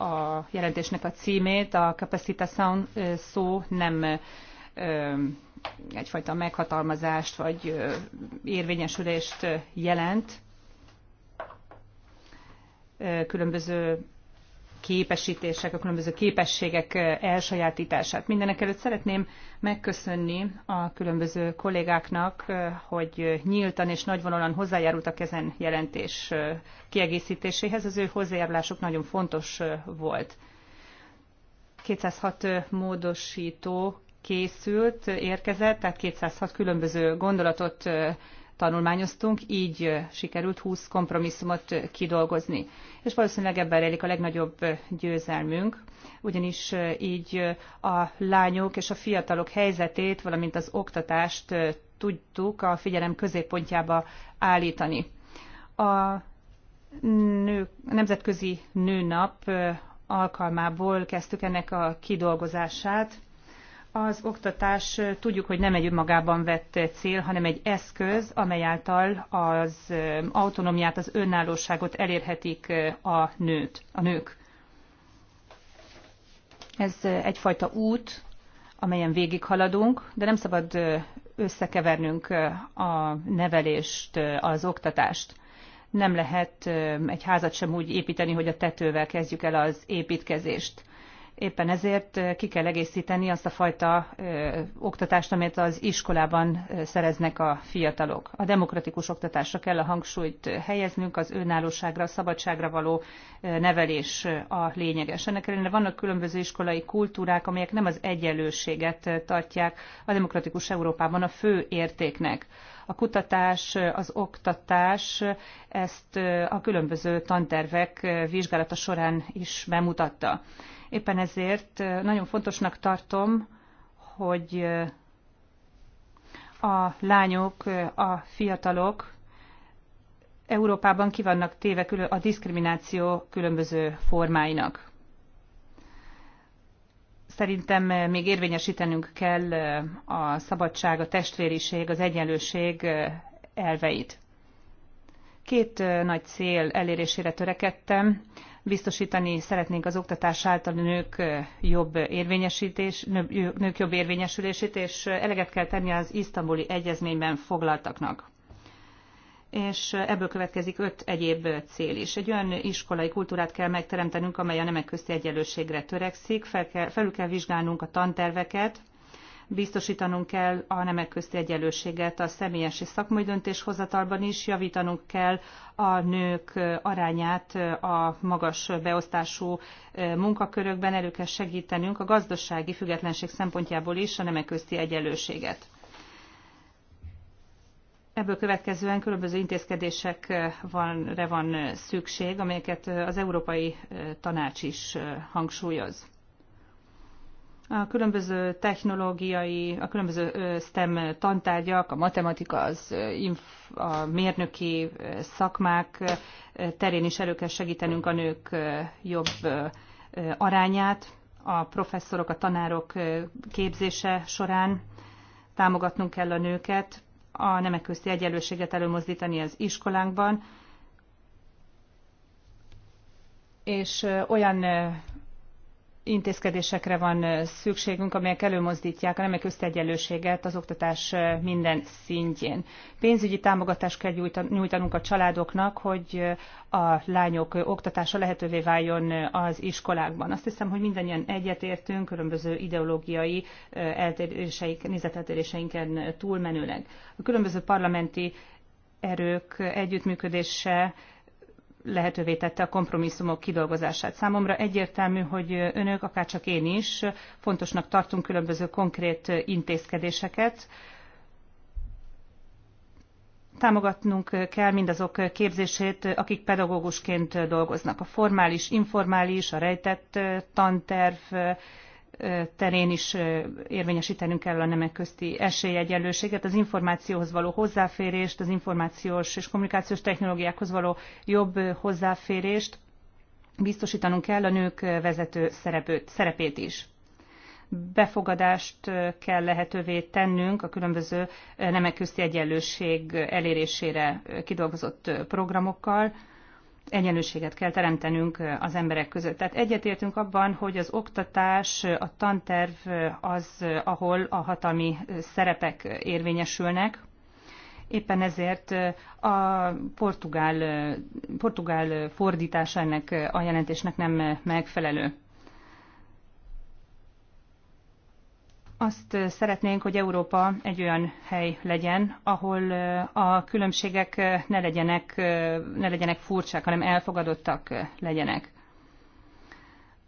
a jelentésnek a címét. A capacitação szó nem egyfajta meghatalmazást vagy érvényesülést jelent, különböző képesítések, a különböző képességek elsajátítását. Mindenek előtt szeretném megköszönni a különböző kollégáknak, hogy nyíltan és nagyvonalan hozzájárultak ezen jelentés kiegészítéséhez. Az ő hozzájárulásuk nagyon fontos volt. 206 módosító készült, érkezett, tehát 206 különböző gondolatot tanulmányoztunk, így sikerült 20 kompromisszumot kidolgozni. És valószínűleg ebben rejlik a legnagyobb győzelmünk, ugyanis így a lányok és a fiatalok helyzetét, valamint az oktatást tudtuk a figyelem középpontjába állítani. A nő, Nemzetközi Nőnap alkalmából kezdtük ennek a kidolgozását, az oktatás tudjuk, hogy nem egy önmagában vett cél, hanem egy eszköz, amely által az autonómiát, az önállóságot elérhetik a nőt, a nők. Ez egyfajta út, amelyen végighaladunk, de nem szabad összekevernünk a nevelést, az oktatást. Nem lehet egy házat sem úgy építeni, hogy a tetővel kezdjük el az építkezést. Éppen ezért ki kell egészíteni azt a fajta ö, oktatást, amit az iskolában szereznek a fiatalok. A demokratikus oktatásra kell a hangsúlyt helyeznünk, az önállóságra, a szabadságra való nevelés a lényeges. Ennek ellenére vannak különböző iskolai kultúrák, amelyek nem az egyenlőséget tartják a demokratikus Európában a fő értéknek a kutatás, az oktatás ezt a különböző tantervek vizsgálata során is bemutatta. Éppen ezért nagyon fontosnak tartom, hogy a lányok, a fiatalok Európában kivannak téve a diszkrimináció különböző formáinak. Szerintem eh, még érvényesítenünk kell eh, a szabadság, a testvériség, az egyenlőség eh, elveit. Két nagy cél elérésére törekedtem. Biztosítani szeretnénk az oktatás által nők jobb, érvényesítés, nők jobb érvényesülését, és eleget kell tenni az isztambuli egyezményben foglaltaknak és ebből következik öt egyéb cél is. Egy olyan iskolai kultúrát kell megteremtenünk, amely a nemek közti egyenlőségre törekszik, fel kell, felül kell vizsgálnunk a tanterveket, biztosítanunk kell a nemek közti egyenlőséget a személyes és szakmai döntéshozatalban is, javítanunk kell a nők arányát a magas beosztású munkakörökben, elő kell segítenünk a gazdasági függetlenség szempontjából is a nemek közti egyenlőséget Ebből következően különböző intézkedésekre van szükség, amelyeket az Európai eh, Tanács is eh, hangsúlyoz. A különböző technológiai, a különböző eh, STEM tantárgyak, a matematika, az inf, a mérnöki szakmák terén is elő kell segítenünk a nők jobb arányát, a professzorok, a tanárok képzése során támogatnunk kell a nőket, a nemek közti egyenlőséget előmozdítani az iskolánkban, és olyan intézkedésekre van szükségünk, amelyek előmozdítják a nemek köztegyenlőséget az oktatás minden szintjén. Pénzügyi támogatást kell nyújtanunk a családoknak, hogy a lányok oktatása lehetővé váljon az iskolákban. Azt hiszem, hogy mindannyian egyetértünk különböző ideológiai eltéréseink, nézeteltéréseinken túlmenőleg. A különböző parlamenti erők együttműködése lehetővé tette a kompromisszumok kidolgozását. Számomra egyértelmű, hogy önök, akár csak én is, fontosnak tartunk különböző konkrét intézkedéseket, támogatnunk kell mindazok képzését, akik pedagógusként dolgoznak. A formális, informális, a rejtett tanterv terén is érvényesítenünk kell a nemek közti esélyegyenlőséget, az információhoz való hozzáférést, az információs és kommunikációs technológiákhoz való jobb hozzáférést, biztosítanunk kell a nők vezető szerepőt, szerepét is. Befogadást kell lehetővé tennünk a különböző nemek közti egyenlőség elérésére kidolgozott programokkal, egyenlőséget kell teremtenünk az emberek között. Tehát egyetértünk abban, hogy az oktatás, a tanterv az, ahol a hatalmi szerepek érvényesülnek, Éppen ezért a portugál, portugál fordítása ennek a jelentésnek nem megfelelő. Azt szeretnénk, hogy Európa egy olyan hely legyen, ahol a különbségek ne legyenek, ne legyenek furcsák, hanem elfogadottak legyenek.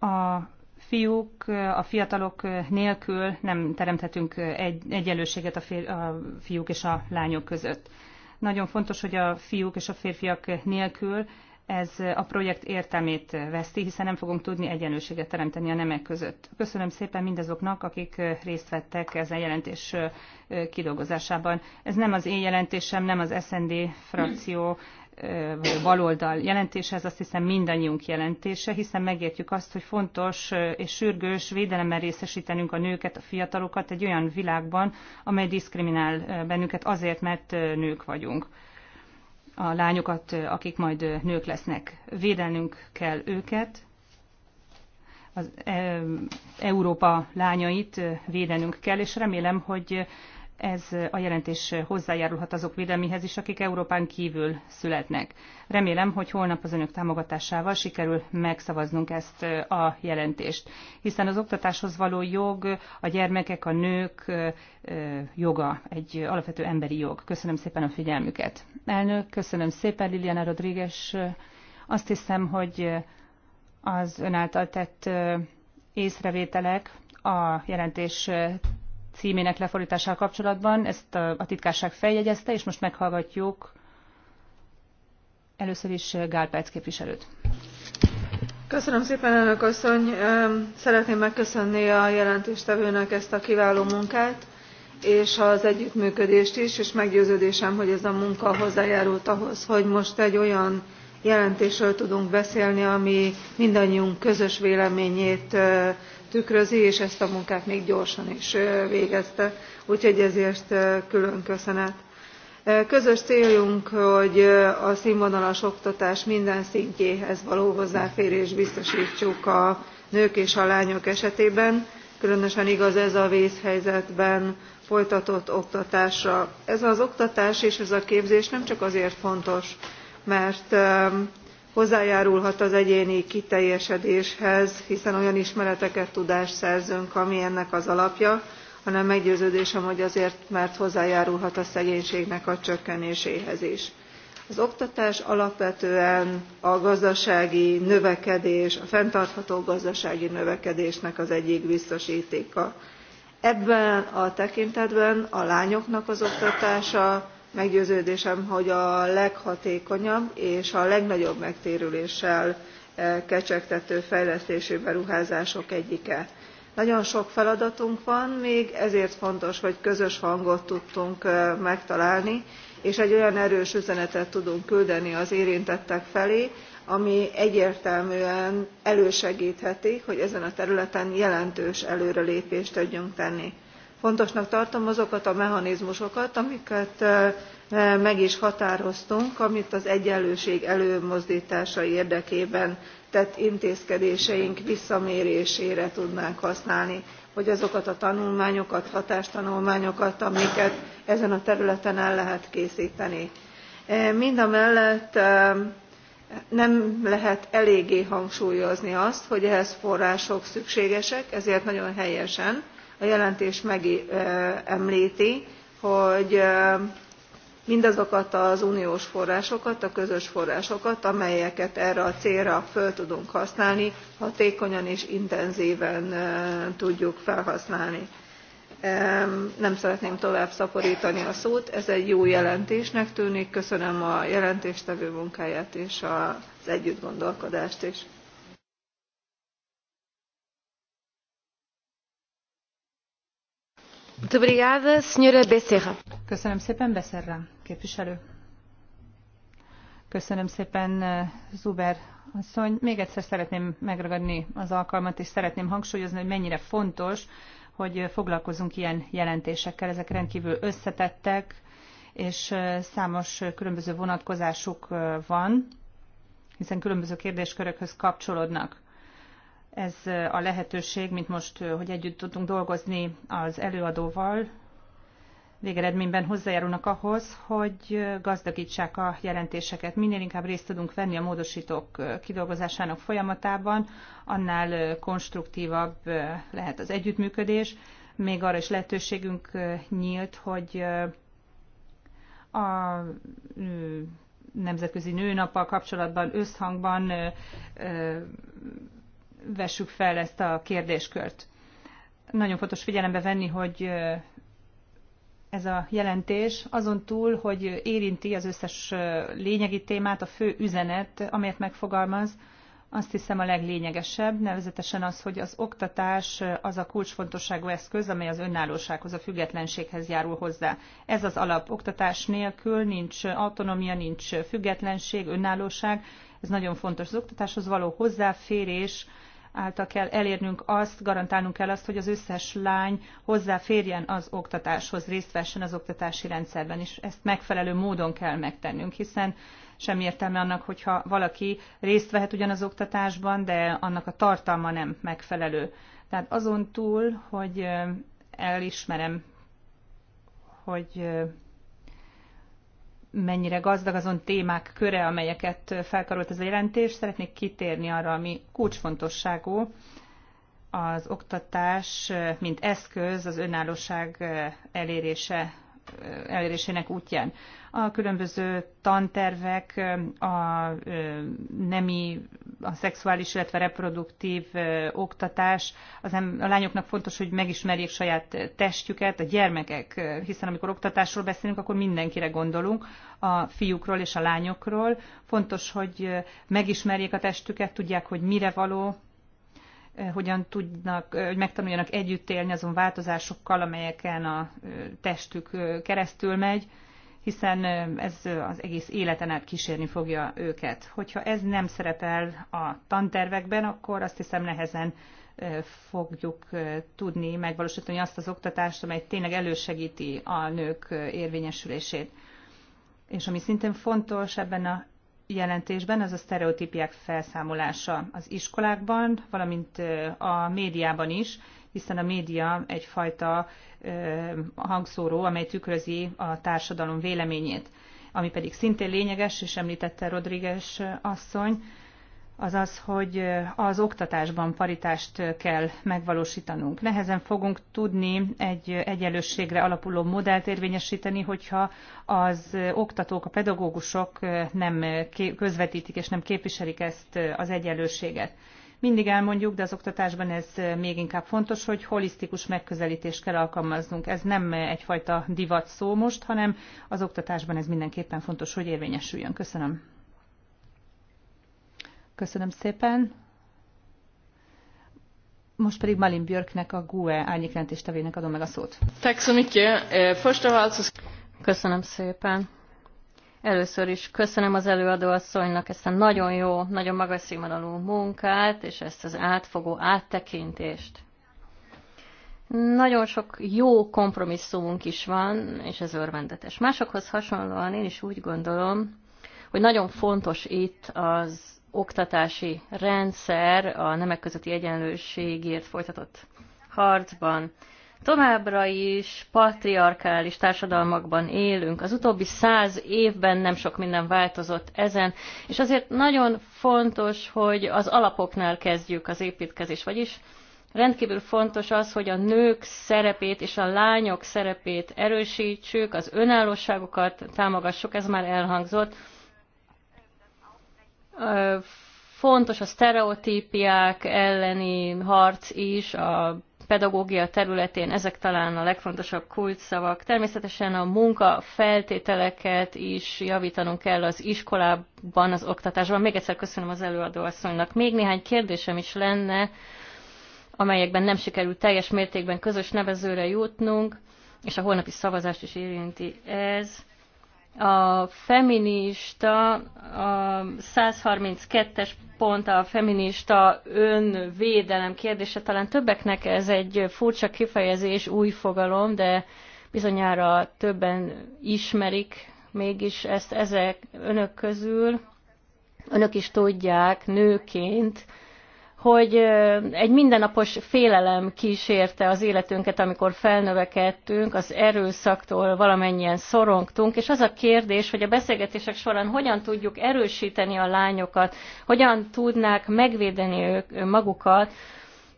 A fiúk, a fiatalok nélkül nem teremthetünk egy, egyenlőséget a, fér, a fiúk és a lányok között. Nagyon fontos, hogy a fiúk és a férfiak nélkül ez a projekt értelmét veszti, hiszen nem fogunk tudni egyenlőséget teremteni a nemek között. Köszönöm szépen mindazoknak, akik részt vettek ezen jelentés kidolgozásában. Ez nem az én jelentésem, nem az SND frakció vagy baloldal jelentése, ez azt hiszem mindannyiunk jelentése, hiszen megértjük azt, hogy fontos és sürgős védelemmel részesítenünk a nőket, a fiatalokat egy olyan világban, amely diszkriminál bennünket azért, mert nők vagyunk a lányokat, akik majd nők lesznek. Védelnünk kell őket, az Európa lányait védenünk kell, és remélem, hogy ez a jelentés hozzájárulhat azok védelmihez is, akik Európán kívül születnek. Remélem, hogy holnap az önök támogatásával sikerül megszavaznunk ezt a jelentést, hiszen az oktatáshoz való jog a gyermekek, a nők joga, egy alapvető emberi jog. Köszönöm szépen a figyelmüket. Elnök, köszönöm szépen, Liliana Rodríguez. Azt hiszem, hogy az ön által tett észrevételek a jelentés címének lefordítással kapcsolatban. Ezt a, a titkárság feljegyezte, és most meghallgatjuk először is Gál Perc képviselőt. Köszönöm szépen, elnök asszony! Szeretném megköszönni a jelentéstevőnek ezt a kiváló munkát és az együttműködést is és meggyőződésem hogy ez a munka hozzájárult ahhoz hogy most egy olyan jelentésről tudunk beszélni ami mindannyiunk közös véleményét tükrözi és ezt a munkát még gyorsan is végezte úgyhogy ezért külön köszönet. közös célunk hogy a színvonalas oktatás minden szintjéhez való hozzáférés biztosítsuk a nők és a lányok esetében különösen igaz ez a vészhelyzetben folytatott oktatásra. ez az oktatás és ez a képzés nem csak azért fontos mert hozzájárulhat az egyéni kiteljesedéshez hiszen olyan ismereteket tudást szerzünk ami ennek az alapja hanem meggyőződésem hogy azért mert hozzájárulhat a szegénységnek a csökkenéséhez is. az oktatás alapvetően a gazdasági növekedés a fenntartható gazdasági növekedésnek az egyik biztostéka. ebben a tekintetben a lányoknak az oktatása meggyőződésem hogy a leghatékonyabb és a legnagyobb megtérüléssel e, kecsegtető fejlesztési beruházások egyike. nagyon sok feladatunk van még ezért fontos hogy közös hangot tudtunk e, megtalálni és egy olyan erős üzenetet tudunk küldeni az érintettek felé ami egyértelműen elősegtheti hogy ezen a területen jelentős előrelépést tudjunk tenni fontosnak tartom azokat a mechanizmusokat amiket meg is határoztunk amit az egyenlőség előmozdtása érdekében tett intézkedéseink visszamérésére tudnánk használni hogy azokat a tanulmányokat hatástanulmányokat amiket ezen a területen el lehet készteni. mindamellett nem lehet eléggé hangsúlyozni azt hogy ehhez források szükségesek ezért nagyon helyesen a jelentés megemlti hogy mindazokat az uniós forrásokat a közös forrásokat amelyeket erre a célra föl tudunk használni hatékonyan és intenzven tudjuk felhasználni. nem szeretném tovább szaportani a szót ez egy jó jelentésnek tűnik köszönöm a jelentéstevő munkáját és az együttgondolkodást is. Köszönöm szépen, Becerra képviselő. Köszönöm szépen, eh, Zuber asszony. Még egyszer szeretném megragadni az alkalmat, és szeretném hangsúlyozni, hogy mennyire fontos, hogy eh, foglalkozunk ilyen jelentésekkel. Ezek rendkívül összetettek, és eh, számos különböző vonatkozásuk van, hiszen különböző kérdéskörökhöz kapcsolódnak ez a lehetőség, mint most, hogy együtt tudtunk dolgozni az előadóval, végeredményben hozzájárulnak ahhoz, hogy gazdagítsák a jelentéseket. Minél inkább részt tudunk venni a módosítók kidolgozásának folyamatában, annál konstruktívabb lehet az együttműködés. Még arra is lehetőségünk nyílt, hogy a nemzetközi nőnappal kapcsolatban összhangban vessük fel ezt a kérdéskört. Nagyon fontos figyelembe venni, hogy ez a jelentés azon túl, hogy érinti az összes lényegi témát, a fő üzenet, amelyet megfogalmaz, azt hiszem a leglényegesebb, nevezetesen az, hogy az oktatás az a kulcsfontosságú eszköz, amely az önállósághoz, a függetlenséghez járul hozzá. Ez az alap. Oktatás nélkül nincs autonómia, nincs függetlenség, önállóság. Ez nagyon fontos. Az oktatáshoz való hozzáférés által kell elérnünk azt, garantálnunk kell azt, hogy az összes lány hozzáférjen az oktatáshoz, részt vessen az oktatási rendszerben, és ezt megfelelő módon kell megtennünk, hiszen sem értelme annak, hogyha valaki részt vehet ugyan az oktatásban, de annak a tartalma nem megfelelő. Tehát azon túl, hogy elismerem, hogy mennyire gazdag azon témák köre, amelyeket felkarolt ez a jelentés. Szeretnék kitérni arra, ami kulcsfontosságú, az oktatás, mint eszköz az önállóság elérése elérésének útján. A különböző tantervek, a nemi, a szexuális, illetve reproduktív oktatás, az a lányoknak fontos, hogy megismerjék saját testjüket, a gyermekek, hiszen amikor oktatásról beszélünk, akkor mindenkire gondolunk, a fiúkról és a lányokról. Fontos, hogy megismerjék a testüket, tudják, hogy mire való, hogyan tudnak, hogy megtanuljanak együtt élni azon változásokkal, amelyeken a testük keresztül megy, hiszen ez az egész életen át kísérni fogja őket. Hogyha ez nem szerepel a tantervekben, akkor azt hiszem nehezen fogjuk tudni megvalósítani azt az oktatást, amely tényleg elősegíti a nők érvényesülését. És ami szintén fontos ebben a jelentésben, ez a sztereotípiák felszámolása az iskolákban, valamint a médiában is, hiszen a média egyfajta hangszóró, amely tükrözi a társadalom véleményét, ami pedig szintén lényeges, és említette Rodríguez asszony, az az, hogy az oktatásban paritást kell megvalósítanunk. Nehezen fogunk tudni egy egyenlősségre alapuló modellt érvényesíteni, hogyha az oktatók, a pedagógusok nem közvetítik és nem képviselik ezt az egyenlőséget. Mindig elmondjuk, de az oktatásban ez még inkább fontos, hogy holisztikus megközelítést kell alkalmaznunk. Ez nem egyfajta divat szó most, hanem az oktatásban ez mindenképpen fontos, hogy érvényesüljön. Köszönöm. Köszönöm szépen. Most pedig Malin Björknek, a GUE tevének adom meg a szót. Eh, köszönöm szépen. Először is köszönöm az előadóasszonynak ezt a nagyon jó, nagyon magas színvonalú munkát, és ezt az átfogó áttekintést. Nagyon sok jó kompromisszumunk is van, és ez örvendetes. Másokhoz hasonlóan én is úgy gondolom, hogy nagyon fontos itt az oktatási rendszer a nemek közötti egyenlőségért folytatott harcban. Továbbra is patriarkális társadalmakban élünk. Az utóbbi száz évben nem sok minden változott ezen, és azért nagyon fontos, hogy az alapoknál kezdjük az építkezés, vagyis rendkívül fontos az, hogy a nők szerepét és a lányok szerepét erősítsük, az önállóságokat támogassuk, ez már elhangzott, Fontos a sztereotípiák elleni harc is, a pedagógia területén ezek talán a legfontosabb kulcsszavak. Természetesen a munka feltételeket is javítanunk kell az iskolában, az oktatásban. Még egyszer köszönöm az előadóasszonynak. Még néhány kérdésem is lenne, amelyekben nem sikerült teljes mértékben közös nevezőre jutnunk, és a holnapi szavazást is érinti ez a feminista, a 132-es pont a feminista önvédelem kérdése, talán többeknek ez egy furcsa kifejezés, új fogalom, de bizonyára többen ismerik mégis ezt ezek önök közül. Önök is tudják nőként, hogy egy mindennapos félelem kísérte az életünket, amikor felnövekedtünk, az erőszaktól valamennyien szorongtunk, és az a kérdés, hogy a beszélgetések során hogyan tudjuk erősíteni a lányokat, hogyan tudnák megvédeni ők magukat,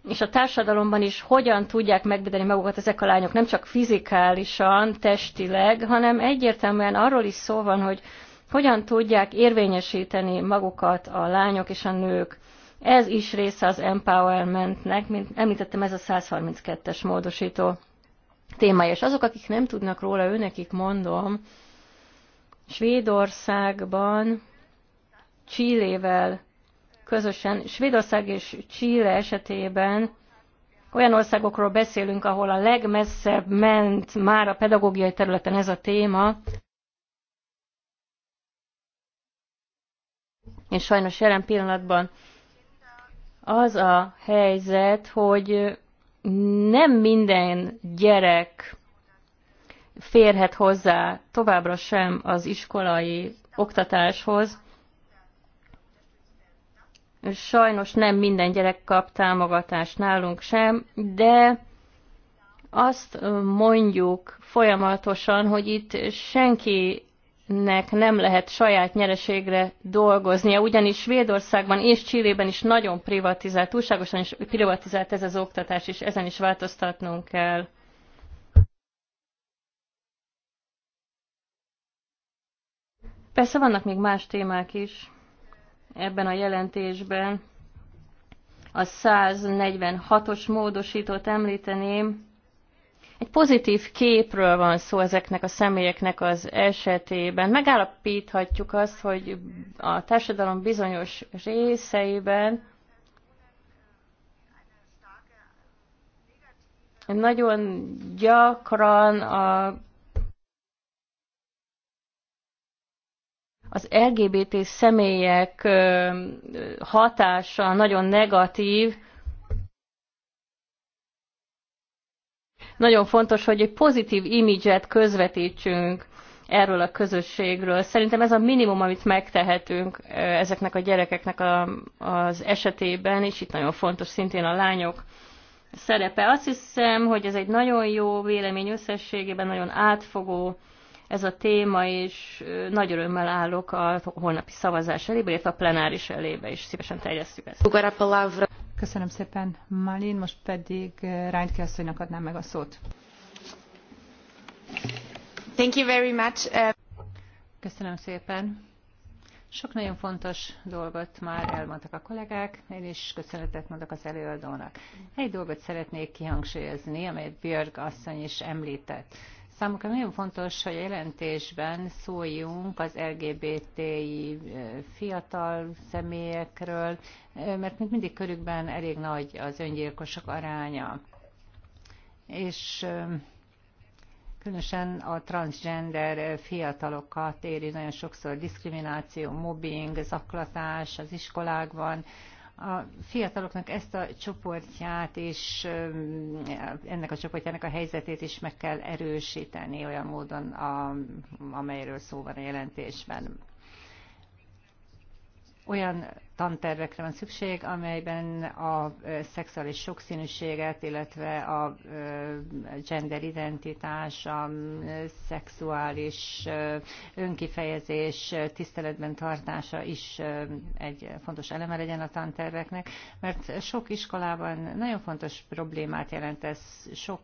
és a társadalomban is hogyan tudják megvédeni magukat ezek a lányok, nem csak fizikálisan, testileg, hanem egyértelműen arról is szó van, hogy hogyan tudják érvényesíteni magukat a lányok és a nők ez is része az empowermentnek, mint említettem, ez a 132-es módosító témája. És azok, akik nem tudnak róla, őnekik mondom, Svédországban Csillével közösen, Svédország és Chile esetében olyan országokról beszélünk, ahol a legmesszebb ment már a pedagógiai területen ez a téma, és sajnos jelen pillanatban az a helyzet, hogy nem minden gyerek férhet hozzá továbbra sem az iskolai oktatáshoz. Sajnos nem minden gyerek kap támogatást nálunk sem, de azt mondjuk folyamatosan, hogy itt senki nek nem lehet saját nyereségre dolgoznia, ugyanis Svédországban és Csillében is nagyon privatizált, túlságosan is privatizált ez az oktatás, és ezen is változtatnunk kell. Persze vannak még más témák is ebben a jelentésben. A 146-os módosítót említeném, egy pozitív képről van szó ezeknek a személyeknek az esetében. Megállapíthatjuk azt, hogy a társadalom bizonyos részeiben nagyon gyakran a az LGBT személyek hatása nagyon negatív, Nagyon fontos, hogy egy pozitív imidzset közvetítsünk erről a közösségről. Szerintem ez a minimum, amit megtehetünk ezeknek a gyerekeknek a, az esetében, és itt nagyon fontos szintén a lányok szerepe. Azt hiszem, hogy ez egy nagyon jó vélemény összességében, nagyon átfogó ez a téma, és nagy örömmel állok a holnapi szavazás elébe, illetve a plenáris elébe, és szívesen terjesztjük ezt. Köszönöm szépen, Malin. Most pedig eh, Reintke asszonynak adnám meg a szót. Thank you very much. Eh. Köszönöm szépen. Sok nagyon fontos dolgot már elmondtak a kollégák, én is köszönetet mondok az előadónak. Egy dolgot szeretnék kihangsúlyozni, amelyet Björg asszony is említett. Számukra nagyon fontos, hogy a jelentésben szóljunk az LGBTI fiatal személyekről, mert mint mindig körükben elég nagy az öngyilkosok aránya. És különösen a transgender fiatalokat éri nagyon sokszor diszkrimináció, mobbing, zaklatás az iskolákban, a fiataloknak ezt a csoportját és ennek a csoportjának a helyzetét is meg kell erősíteni olyan módon, a, amelyről szó van a jelentésben. Olyan tantervekre van szükség, amelyben a szexuális sokszínűséget, illetve a gender identitás, a szexuális önkifejezés tiszteletben tartása is egy fontos eleme legyen a tanterveknek, mert sok iskolában nagyon fontos problémát jelent ez, sok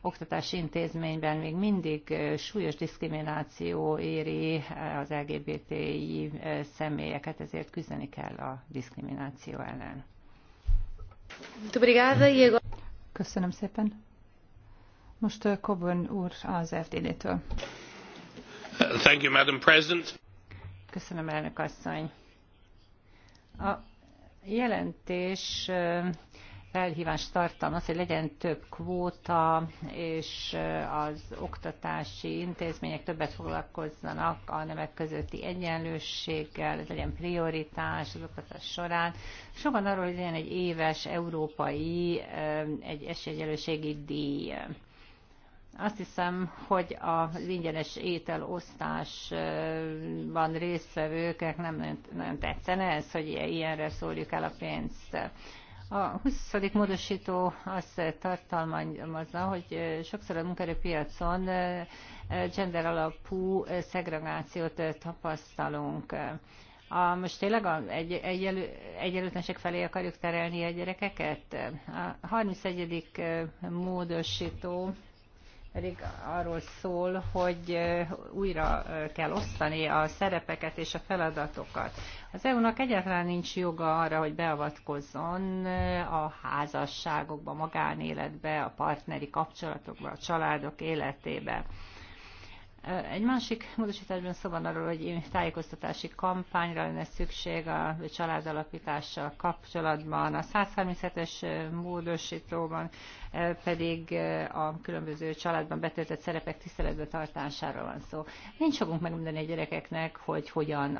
oktatási intézményben még mindig súlyos diszkrimináció éri az LGBTI személyeket, ezért küzdeni kell fel a diszkrimináció ellen. Köszönöm szépen. Most uh, Coburn úr az FDD-től. Thank you, Madam President. Köszönöm, elnök asszony. A jelentés uh, felhívást az, hogy legyen több kvóta, és az oktatási intézmények többet foglalkozzanak a nemek közötti egyenlősséggel, ez legyen prioritás az oktatás során. Sokan arról, hogy legyen egy éves európai egy esélyegyenlőségi díj. Azt hiszem, hogy az ingyenes ételosztásban résztvevőknek nem nagyon tetszene ez, hogy ilyenre szóljuk el a pénzt. A 20. módosító azt tartalmazza, hogy sokszor a munkerőpiacon eh, gender alapú szegregációt tapasztalunk. A, most tényleg a, egy, egyelő, egyenlőtlenség felé akarjuk terelni a gyerekeket? A 31. Eh, módosító pedig arról szól, hogy újra kell osztani a szerepeket és a feladatokat. Az EU-nak egyáltalán nincs joga arra, hogy beavatkozzon a házasságokba, magánéletbe, a partneri kapcsolatokba, a családok életébe. Egy másik módosításban szó van arról, hogy tájékoztatási kampányra lenne szükség a családalapítással kapcsolatban. A 137-es módosítóban pedig a különböző családban betöltött szerepek tiszteletbe tartásáról van szó. Nincs jogunk megmondani a gyerekeknek, hogy hogyan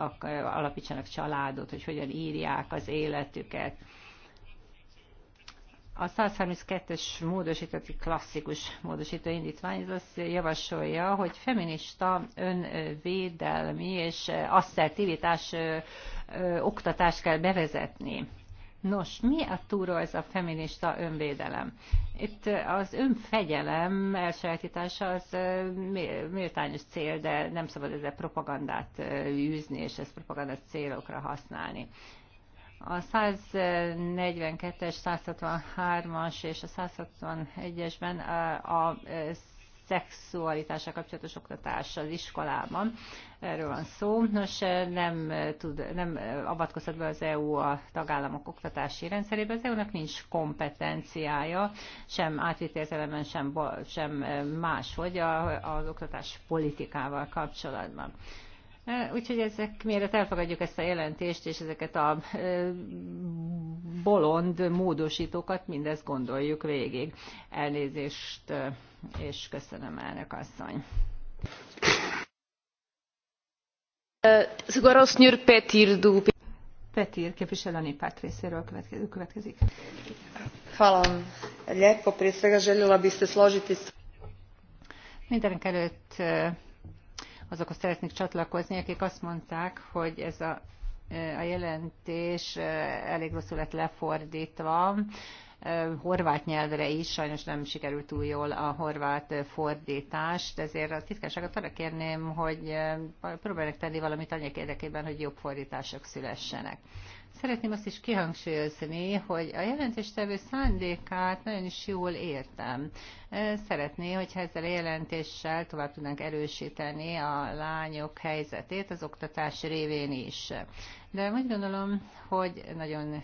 alapítsanak családot, hogy hogyan írják az életüket a 132-es módosítati klasszikus módosító indítvány az azt javasolja, hogy feminista önvédelmi és asszertivitás oktatást kell bevezetni. Nos, mi a túra ez a feminista önvédelem? Itt az önfegyelem elsajátítása az méltányos cél, de nem szabad ezzel propagandát űzni, és ezt propagandát célokra használni. A 142-es, 163-as és a 161-esben a szexualitással kapcsolatos oktatás az iskolában. Erről van szó. Nos, nem, tud, nem avatkozhat be az EU a tagállamok oktatási rendszerébe. Az EU-nak nincs kompetenciája, sem átvitérzelemen, sem, sem máshogy az oktatás politikával kapcsolatban. Úgyhogy ezek, miért elfogadjuk ezt a jelentést, és ezeket a bolond módosítókat, mindezt gondoljuk végig. Elnézést, és köszönöm elnök asszony. Petir képviselő a részéről következik. Hvala vam lijepo. Prije svega željela bih Mindenek előtt azokhoz szeretnék csatlakozni, akik azt mondták, hogy ez a, a jelentés elég rosszul lett lefordítva, horvát nyelvre is, sajnos nem sikerült túl jól a horvát fordítást, ezért a titkárságot arra kérném, hogy próbálják tenni valamit annyi érdekében, hogy jobb fordítások szülessenek. Szeretném azt is kihangsúlyozni, hogy a jelentéstevő szándékát nagyon is jól értem. Szeretné, hogyha ezzel a jelentéssel tovább tudnánk erősíteni a lányok helyzetét az oktatás révén is. De úgy gondolom, hogy nagyon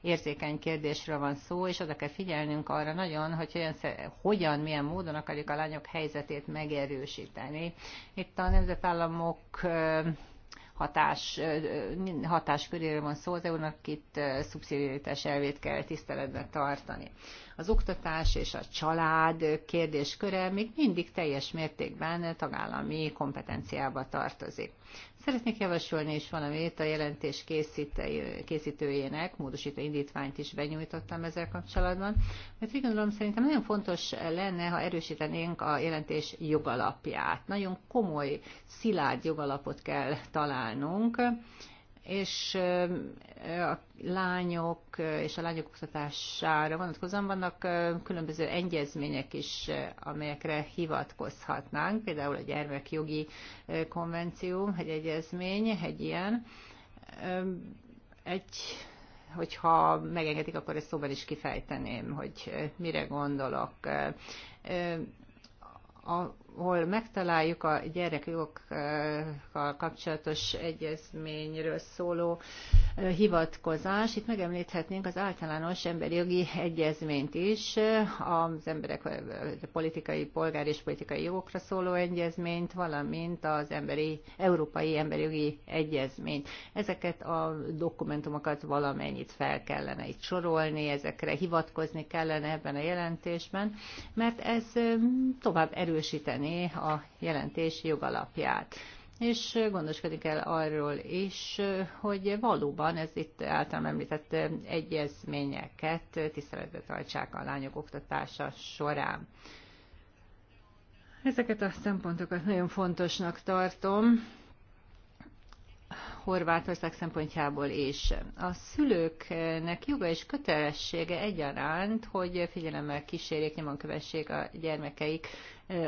érzékeny kérdésről van szó, és oda kell figyelnünk arra nagyon, hogy olyan, hogyan, milyen módon akarjuk a lányok helyzetét megerősíteni. Itt a nemzetállamok hatás, hatásköréről van szó, az EU-nak itt szubszidiaritás elvét kell tiszteletben tartani. Az oktatás és a család kérdésköre még mindig teljes mértékben tagállami kompetenciába tartozik. Szeretnék javasolni is valamit a jelentés készítőjének, módosító indítványt is benyújtottam ezzel kapcsolatban, mert úgy gondolom szerintem nagyon fontos lenne, ha erősítenénk a jelentés jogalapját. Nagyon komoly, szilárd jogalapot kell találnunk, és a lányok és a lányok oktatására vonatkozóan vannak különböző egyezmények is, amelyekre hivatkozhatnánk, például a gyermekjogi konvenció, egy egyezmény, egy ilyen. Egy, hogyha megengedik, akkor ezt szóban is kifejteném, hogy mire gondolok. A ahol megtaláljuk a gyerekjogokkal kapcsolatos egyezményről szóló hivatkozás. Itt megemlíthetnénk az általános emberi jogi egyezményt is, az emberek a politikai, polgár és politikai jogokra szóló egyezményt, valamint az emberi, európai emberi jogi egyezményt. Ezeket a dokumentumokat valamennyit fel kellene itt sorolni, ezekre hivatkozni kellene ebben a jelentésben, mert ez tovább erősíteni megvédeni a jelentés jogalapját és gondoskodik el arról is, hogy valóban ez itt általam említett egyezményeket tiszteletbe tartsák a lányok oktatása során. Ezeket a szempontokat nagyon fontosnak tartom, Horvátország szempontjából is. A szülőknek joga és kötelessége egyaránt, hogy figyelemmel kísérjék, nyomon kövessék a gyermekeik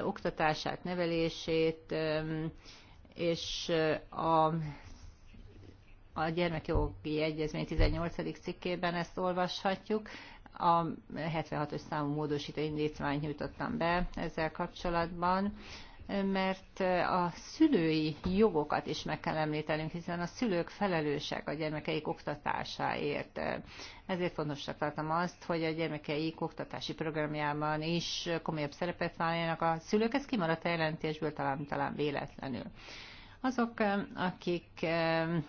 oktatását, nevelését, és a a gyermekjogi egyezmény 18. cikkében ezt olvashatjuk. A 76-os számú módosító indítványt nyújtottam be ezzel kapcsolatban mert a szülői jogokat is meg kell említenünk, hiszen a szülők felelősek a gyermekeik oktatásáért. Ezért fontosnak tartom azt, hogy a gyermekeik oktatási programjában is komolyabb szerepet vállaljanak a szülők. Ez kimaradt a jelentésből, talán, talán véletlenül. Azok, akik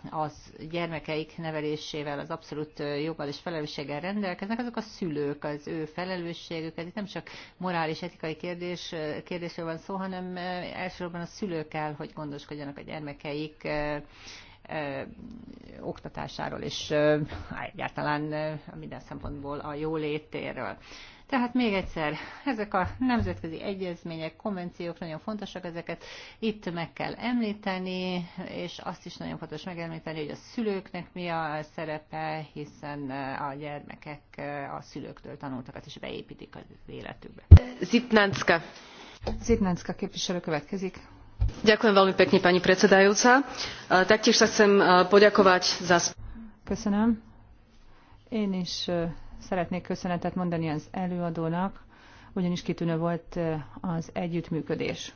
az gyermekeik nevelésével, az abszolút joggal és felelősséggel rendelkeznek, azok a szülők, az ő felelősségük. Ez itt nem csak morális, etikai kérdés, kérdésről van szó, hanem elsősorban a szülők kell, hogy gondoskodjanak a gyermekeik oktatásáról és egyáltalán minden szempontból a jólétéről. Tehát még egyszer, ezek a nemzetközi egyezmények, konvenciók nagyon fontosak, ezeket itt meg kell említeni, és azt is nagyon fontos megemlíteni, hogy a szülőknek mi a szerepe, hiszen a gyermekek a szülőktől tanultakat is beépítik az életükbe. Zitnánszka. Zitnánszka képviselő következik. Ďakujem veľmi pekne, pani predsedajúca. Taktiež sa chcem poďakovať za... Köszönöm. Én is e, Szeretnék köszönetet mondani az előadónak, ugyanis kitűnő volt az együttműködés.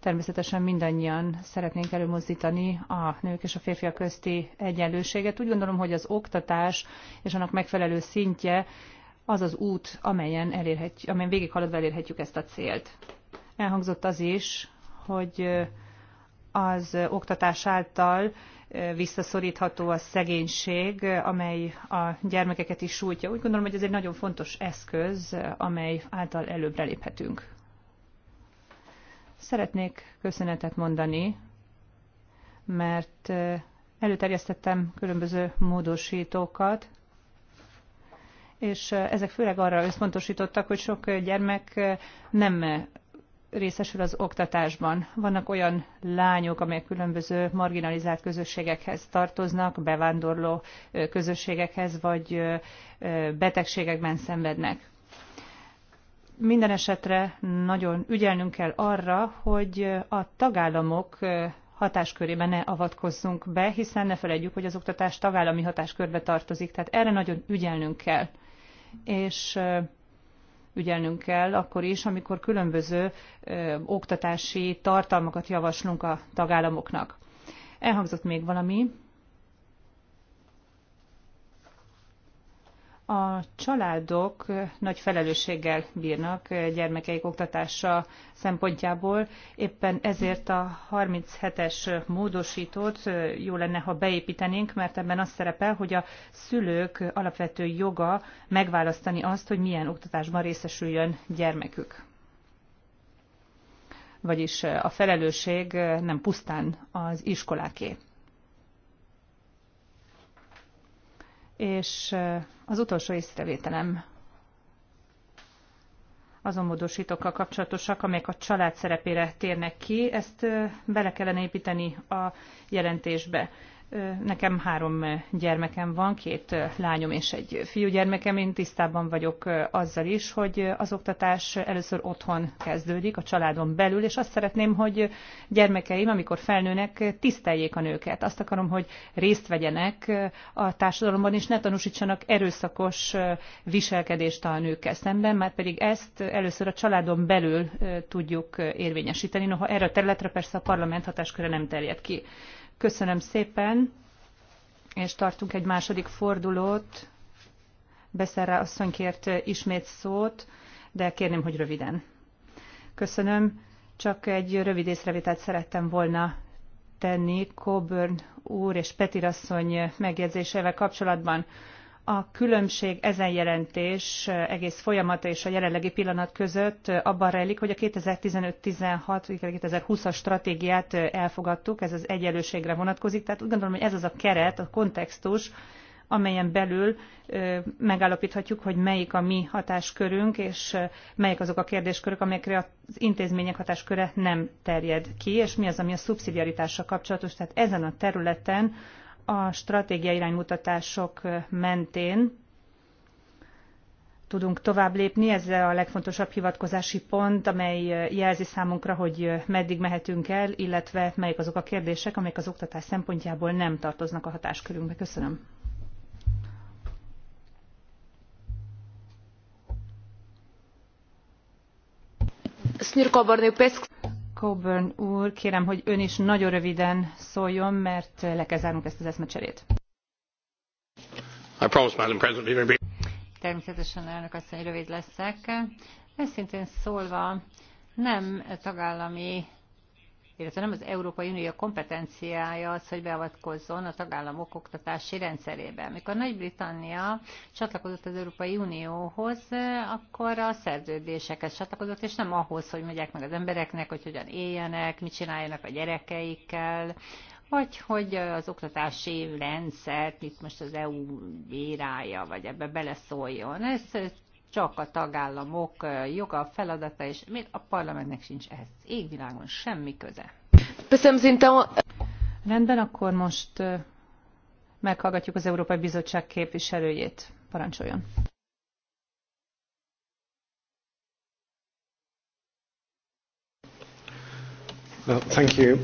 Természetesen mindannyian szeretnénk előmozdítani a nők és a férfiak közti egyenlőséget. Úgy gondolom, hogy az oktatás és annak megfelelő szintje az az út, amelyen, elérhetjük, amelyen végighaladva elérhetjük ezt a célt. Elhangzott az is, hogy az oktatás által visszaszorítható a szegénység, amely a gyermekeket is sújtja. Úgy gondolom, hogy ez egy nagyon fontos eszköz, amely által előbbre léphetünk. Szeretnék köszönetet mondani, mert előterjesztettem különböző módosítókat, és ezek főleg arra összpontosítottak, hogy sok gyermek nem részesül az oktatásban. Vannak olyan lányok, amelyek különböző marginalizált közösségekhez tartoznak, bevándorló közösségekhez, vagy betegségekben szenvednek. Minden esetre nagyon ügyelnünk kell arra, hogy a tagállamok hatáskörében ne avatkozzunk be, hiszen ne felejtjük, hogy az oktatás tagállami hatáskörbe tartozik, tehát erre nagyon ügyelnünk kell. És ügyelnünk kell, akkor is, amikor különböző ö, oktatási tartalmakat javaslunk a tagállamoknak. Elhangzott még valami, A családok nagy felelősséggel bírnak gyermekeik oktatása szempontjából, éppen ezért a 37-es módosítót jó lenne, ha beépítenénk, mert ebben az szerepel, hogy a szülők alapvető joga megválasztani azt, hogy milyen oktatásban részesüljön gyermekük. Vagyis a felelősség nem pusztán az iskoláké. És az utolsó észrevételem azon módosítókkal kapcsolatosak, amelyek a család szerepére térnek ki, ezt bele kellene építeni a jelentésbe. Nekem három gyermekem van, két lányom és egy fiúgyermekem. Én tisztában vagyok azzal is, hogy az oktatás először otthon kezdődik, a családon belül, és azt szeretném, hogy gyermekeim, amikor felnőnek, tiszteljék a nőket. Azt akarom, hogy részt vegyenek a társadalomban, és ne tanúsítsanak erőszakos viselkedést a nőkkel szemben, mert pedig ezt először a családon belül tudjuk érvényesíteni. Noha erre a területre persze a parlament hatásköre nem terjed ki. Köszönöm szépen, és tartunk egy második fordulót. Beszerre kért ismét szót, de kérném, hogy röviden. Köszönöm. Csak egy rövid észrevételt szerettem volna tenni Coburn úr és Petir asszony megjegyzésével kapcsolatban. A különbség ezen jelentés eh, egész folyamata és a jelenlegi pillanat között eh, abban rejlik, hogy a 2015-16-2020-as stratégiát eh, elfogadtuk, ez az egyenlőségre vonatkozik, tehát úgy gondolom, hogy ez az a keret, a kontextus, amelyen belül megállapíthatjuk, hogy melyik a mi hatáskörünk, és melyik azok a kérdéskörök, amelyekre az intézmények hatásköre nem terjed ki, és mi az, ami a szubszidiaritással kapcsolatos. Tehát ezen a területen a stratégiai iránymutatások mentén tudunk tovább lépni. Ez a legfontosabb hivatkozási pont, amely jelzi számunkra, hogy meddig mehetünk el, illetve melyik azok a kérdések, amelyek az oktatás szempontjából nem tartoznak a hatáskörünkbe. Köszönöm. Sr. Cobornő Coburn úr, kérem, hogy ön is nagyon röviden szóljon, mert le kell zárnunk ezt az eszmecserét. Természetesen elnök hogy rövid leszek. Őszintén szólva, nem tagállami illetve nem az Európai Unió kompetenciája az, hogy beavatkozzon a tagállamok oktatási rendszerébe. Mikor Nagy-Britannia csatlakozott az Európai Unióhoz, akkor a szerződésekhez csatlakozott, és nem ahhoz, hogy mondják meg az embereknek, hogy hogyan éljenek, mit csináljanak a gyerekeikkel, vagy hogy az oktatási rendszert, itt most az EU bírálja, vagy ebbe beleszóljon. Ez csak a tagállamok joga, feladata, és még a parlamentnek sincs ehhez égvilágon semmi köze. Köszönöm szinte. Rendben, akkor most meghallgatjuk az Európai Bizottság képviselőjét. Parancsoljon. thank you.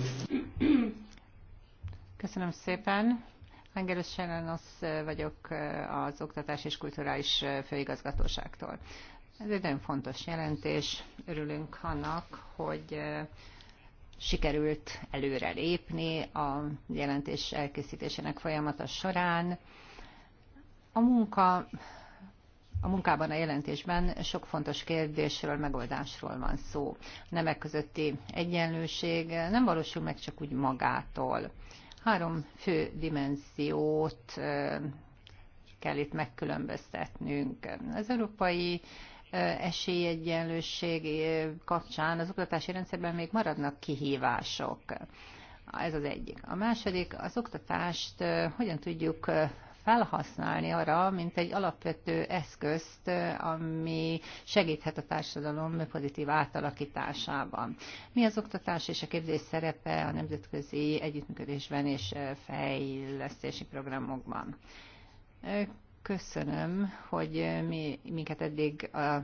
Köszönöm szépen. Mengeres az vagyok az Oktatás és Kulturális Főigazgatóságtól. Ez egy nagyon fontos jelentés. Örülünk annak, hogy sikerült előre lépni a jelentés elkészítésének folyamata során. A munka a munkában, a jelentésben sok fontos kérdésről, megoldásról van szó. A nemek közötti egyenlőség nem valósul meg csak úgy magától. Három fő dimenziót kell itt megkülönböztetnünk. Az európai esélyegyenlőség kapcsán az oktatási rendszerben még maradnak kihívások. Ez az egyik. A második, az oktatást hogyan tudjuk felhasználni arra, mint egy alapvető eszközt, ami segíthet a társadalom pozitív átalakításában. Mi az oktatás és a képzés szerepe a nemzetközi együttműködésben és fejlesztési programokban? Köszönöm, hogy mi, minket eddig a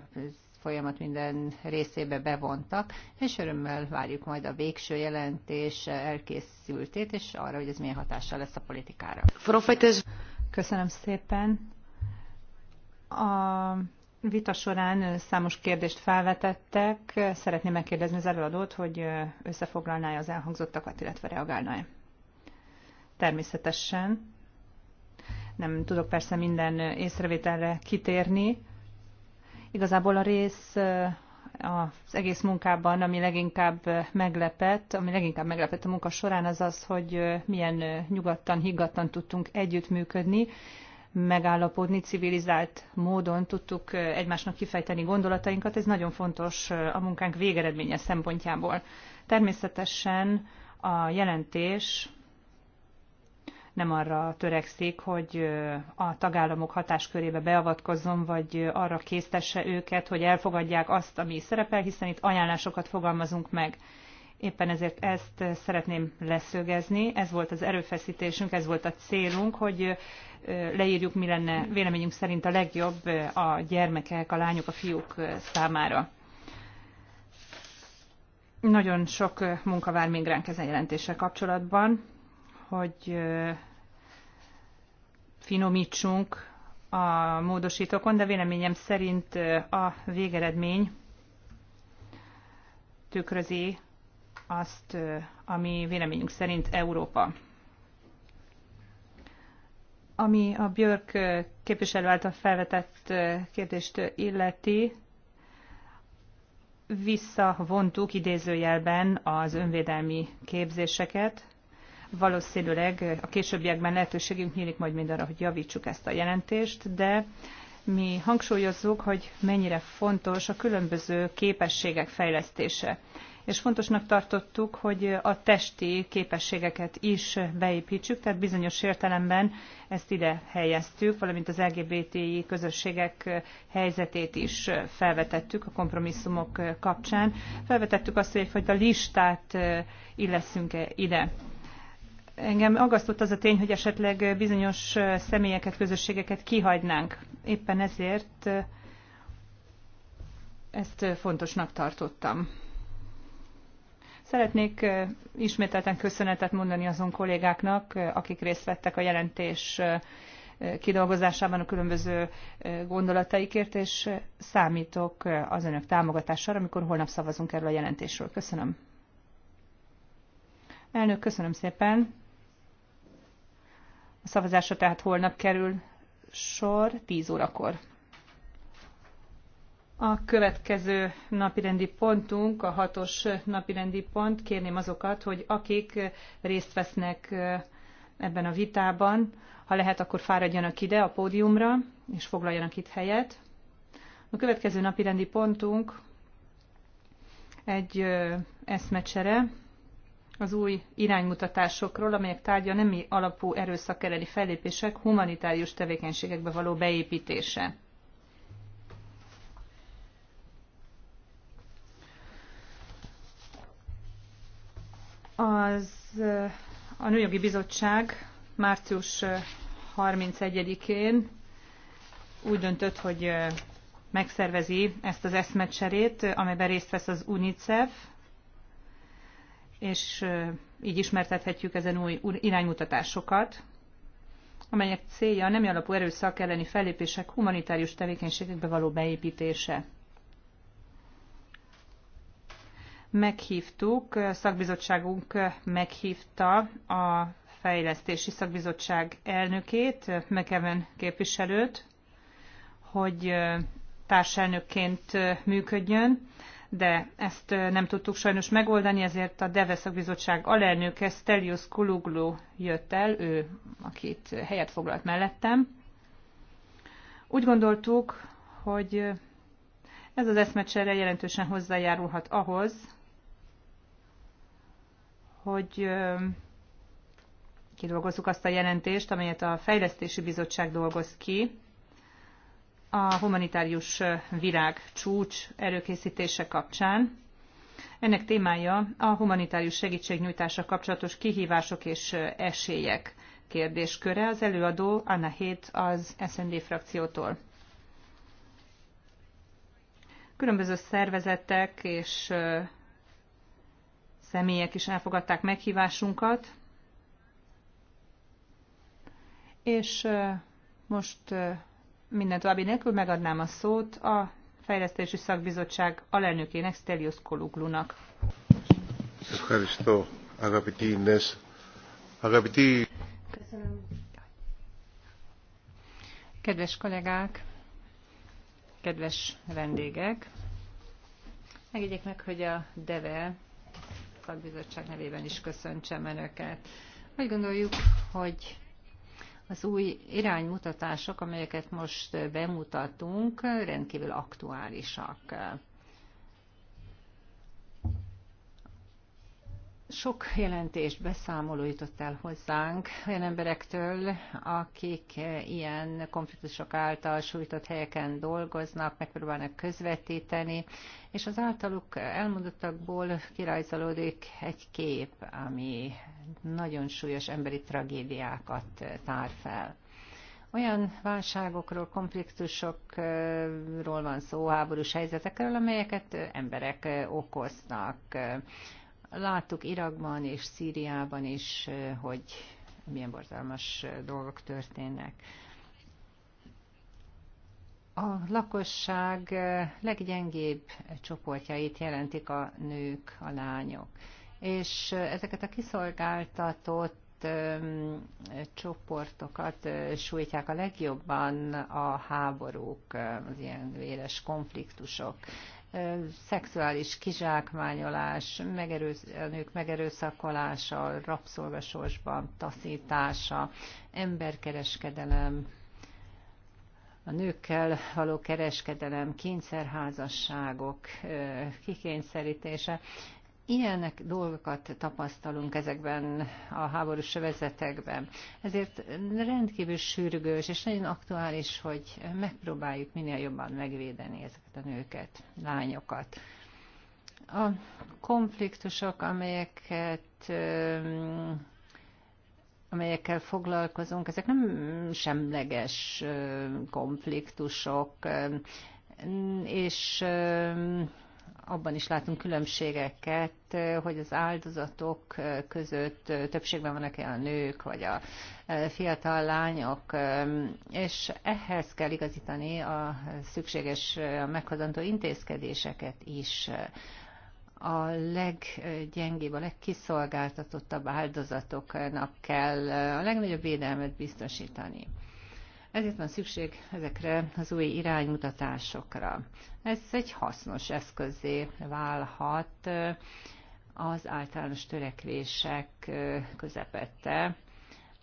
folyamat minden részébe bevontak, és örömmel várjuk majd a végső jelentés elkészültét, és arra, hogy ez milyen hatással lesz a politikára. Köszönöm szépen. A vita során számos kérdést felvetettek. Szeretném megkérdezni az előadót, hogy összefoglalná az elhangzottakat, illetve reagálná-e. Természetesen. Nem tudok persze minden észrevételre kitérni. Igazából a rész az egész munkában, ami leginkább meglepett, ami leginkább meglepett a munka során, az az, hogy milyen nyugodtan, higgadtan tudtunk együttműködni, megállapodni, civilizált módon tudtuk egymásnak kifejteni gondolatainkat. Ez nagyon fontos a munkánk végeredménye szempontjából. Természetesen a jelentés nem arra törekszik, hogy a tagállamok hatáskörébe beavatkozzon, vagy arra késztesse őket, hogy elfogadják azt, ami szerepel, hiszen itt ajánlásokat fogalmazunk meg. Éppen ezért ezt szeretném leszögezni. Ez volt az erőfeszítésünk, ez volt a célunk, hogy leírjuk, mi lenne véleményünk szerint a legjobb a gyermekek, a lányok, a fiúk számára. Nagyon sok munka vár még ránk ezen jelentéssel kapcsolatban, hogy finomítsunk a módosítókon, de véleményem szerint a végeredmény tükrözi azt, ami véleményünk szerint Európa. Ami a Björk képviselő által felvetett kérdést illeti, visszavontuk idézőjelben az önvédelmi képzéseket, valószínűleg a későbbiekben lehetőségünk nyílik majd mindarra, hogy javítsuk ezt a jelentést, de mi hangsúlyozzuk, hogy mennyire fontos a különböző képességek fejlesztése. És fontosnak tartottuk, hogy a testi képességeket is beépítsük, tehát bizonyos értelemben ezt ide helyeztük, valamint az LGBTI közösségek helyzetét is felvetettük a kompromisszumok kapcsán. Felvetettük azt, hogy egyfajta listát illeszünk -e ide engem agasztott az a tény, hogy esetleg bizonyos személyeket, közösségeket kihagynánk. Éppen ezért ezt fontosnak tartottam. Szeretnék ismételten köszönetet mondani azon kollégáknak, akik részt vettek a jelentés kidolgozásában a különböző gondolataikért, és számítok az önök támogatására, amikor holnap szavazunk erről a jelentésről. Köszönöm. Elnök, köszönöm szépen. A szavazásra tehát holnap kerül sor 10 órakor. A következő napirendi pontunk, a hatos napirendi pont, kérném azokat, hogy akik részt vesznek ebben a vitában, ha lehet, akkor fáradjanak ide a pódiumra, és foglaljanak itt helyet. A következő napirendi pontunk egy eszmecsere az új iránymutatásokról, amelyek tárgya nemi alapú erőszak elleni fellépések humanitárius tevékenységekbe való beépítése. Az a Nőjogi Bizottság március 31-én úgy döntött, hogy megszervezi ezt az eszmecserét, amelyben részt vesz az UNICEF, és így ismertethetjük ezen új iránymutatásokat, amelyek célja a nemi alapú erőszak elleni fellépések humanitárius tevékenységekbe való beépítése. Meghívtuk, szakbizottságunk meghívta a fejlesztési szakbizottság elnökét, Mekeven képviselőt, hogy társelnökként működjön de ezt nem tudtuk sajnos megoldani, ezért a Deveszak Bizottság alelnöke Stelios Kuluglu jött el, ő, akit helyet foglalt mellettem. Úgy gondoltuk, hogy ez az eszmecsere jelentősen hozzájárulhat ahhoz, hogy kidolgozzuk azt a jelentést, amelyet a Fejlesztési Bizottság dolgoz ki, a humanitárius virág csúcs erőkészítése kapcsán. Ennek témája a humanitárius segítségnyújtása kapcsolatos kihívások és esélyek kérdésköre. Az előadó Anna Hét az SND frakciótól. Különböző szervezetek és személyek is elfogadták meghívásunkat, és most minden további nélkül megadnám a szót a Fejlesztési Szakbizottság alelnökének, Stelios Koluglunak. Köszönöm. Kedves kollégák, kedves vendégek, Megígyek meg, hogy a DEVE szakbizottság nevében is köszöntsem Önöket. Úgy gondoljuk, hogy az új iránymutatások, amelyeket most bemutatunk, rendkívül aktuálisak. Sok jelentést, beszámoló jutott el hozzánk olyan emberektől, akik ilyen konfliktusok által sújtott helyeken dolgoznak, megpróbálnak közvetíteni, és az általuk elmondottakból kirajzolódik egy kép, ami nagyon súlyos emberi tragédiákat tár fel olyan válságokról, konfliktusokról van szó, háborús helyzetekről, amelyeket emberek okoznak. Láttuk Irakban és Szíriában is, hogy milyen borzalmas dolgok történnek. A lakosság leggyengébb csoportjait jelentik a nők, a lányok. És ezeket a kiszolgáltatott csoportokat sújtják a legjobban a háborúk, az ilyen véres konfliktusok szexuális kizsákmányolás, megerősz, nők megerőszakolása, rabszolgasorsban taszítása, emberkereskedelem, a nőkkel való kereskedelem, kényszerházasságok kikényszerítése. Ilyenek dolgokat tapasztalunk ezekben a háborús vezetekben. Ezért rendkívül sürgős és nagyon aktuális, hogy megpróbáljuk minél jobban megvédeni ezeket a nőket, lányokat. A konfliktusok, amelyeket amelyekkel foglalkozunk, ezek nem semleges konfliktusok, és abban is látunk különbségeket, hogy az áldozatok között többségben vannak -e a nők, vagy a e, fiatal lányok, e, és ehhez kell igazítani a szükséges e, meghozandó intézkedéseket is a leggyengébb, a legkiszolgáltatottabb áldozatoknak kell a legnagyobb védelmet biztosítani. Ezért van szükség ezekre az új iránymutatásokra. Ez egy hasznos eszközé válhat az általános törekvések közepette,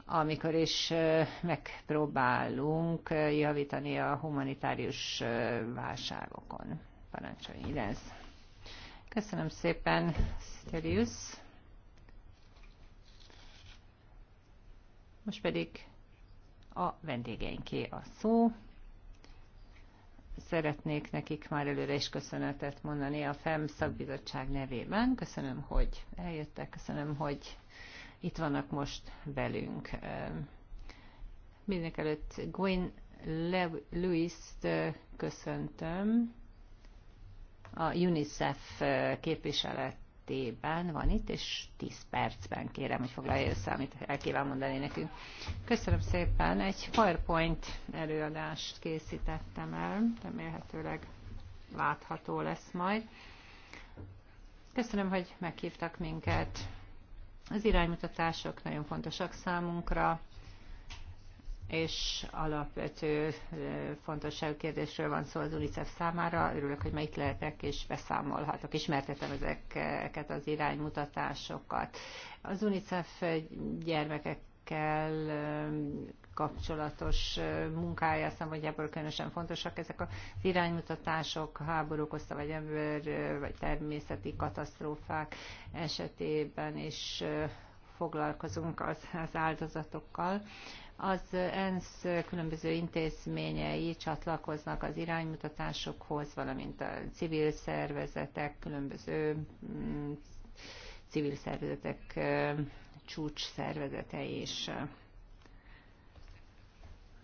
amikor is megpróbálunk javítani a humanitárius válságokon. Parancsolj, idez. Köszönöm szépen, Stelius. Most pedig a vendégeinké a szó. Szeretnék nekik már előre is köszönetet mondani a FEM szakbizottság nevében. Köszönöm, hogy eljöttek, köszönöm, hogy itt vannak most velünk. Mindenek előtt Gwyn Lewis-t köszöntöm, a UNICEF képviselet esetében van itt, és 10 percben kérem, hogy foglalja össze, amit el kíván mondani nekünk. Köszönöm szépen, egy PowerPoint előadást készítettem el, remélhetőleg látható lesz majd. Köszönöm, hogy meghívtak minket. Az iránymutatások nagyon fontosak számunkra és alapvető fontosságú kérdésről van szó az UNICEF számára. Örülök, hogy ma itt lehetek és beszámolhatok. Ismertetem ezeket az iránymutatásokat. Az UNICEF gyermekekkel kapcsolatos munkája szempontjából különösen fontosak ezek az iránymutatások, háború okozta, vagy ember, vagy természeti katasztrófák esetében is foglalkozunk az, az áldozatokkal az ENSZ különböző intézményei csatlakoznak az iránymutatásokhoz, valamint a civil szervezetek, különböző mm, civil szervezetek csúcs szervezetei is.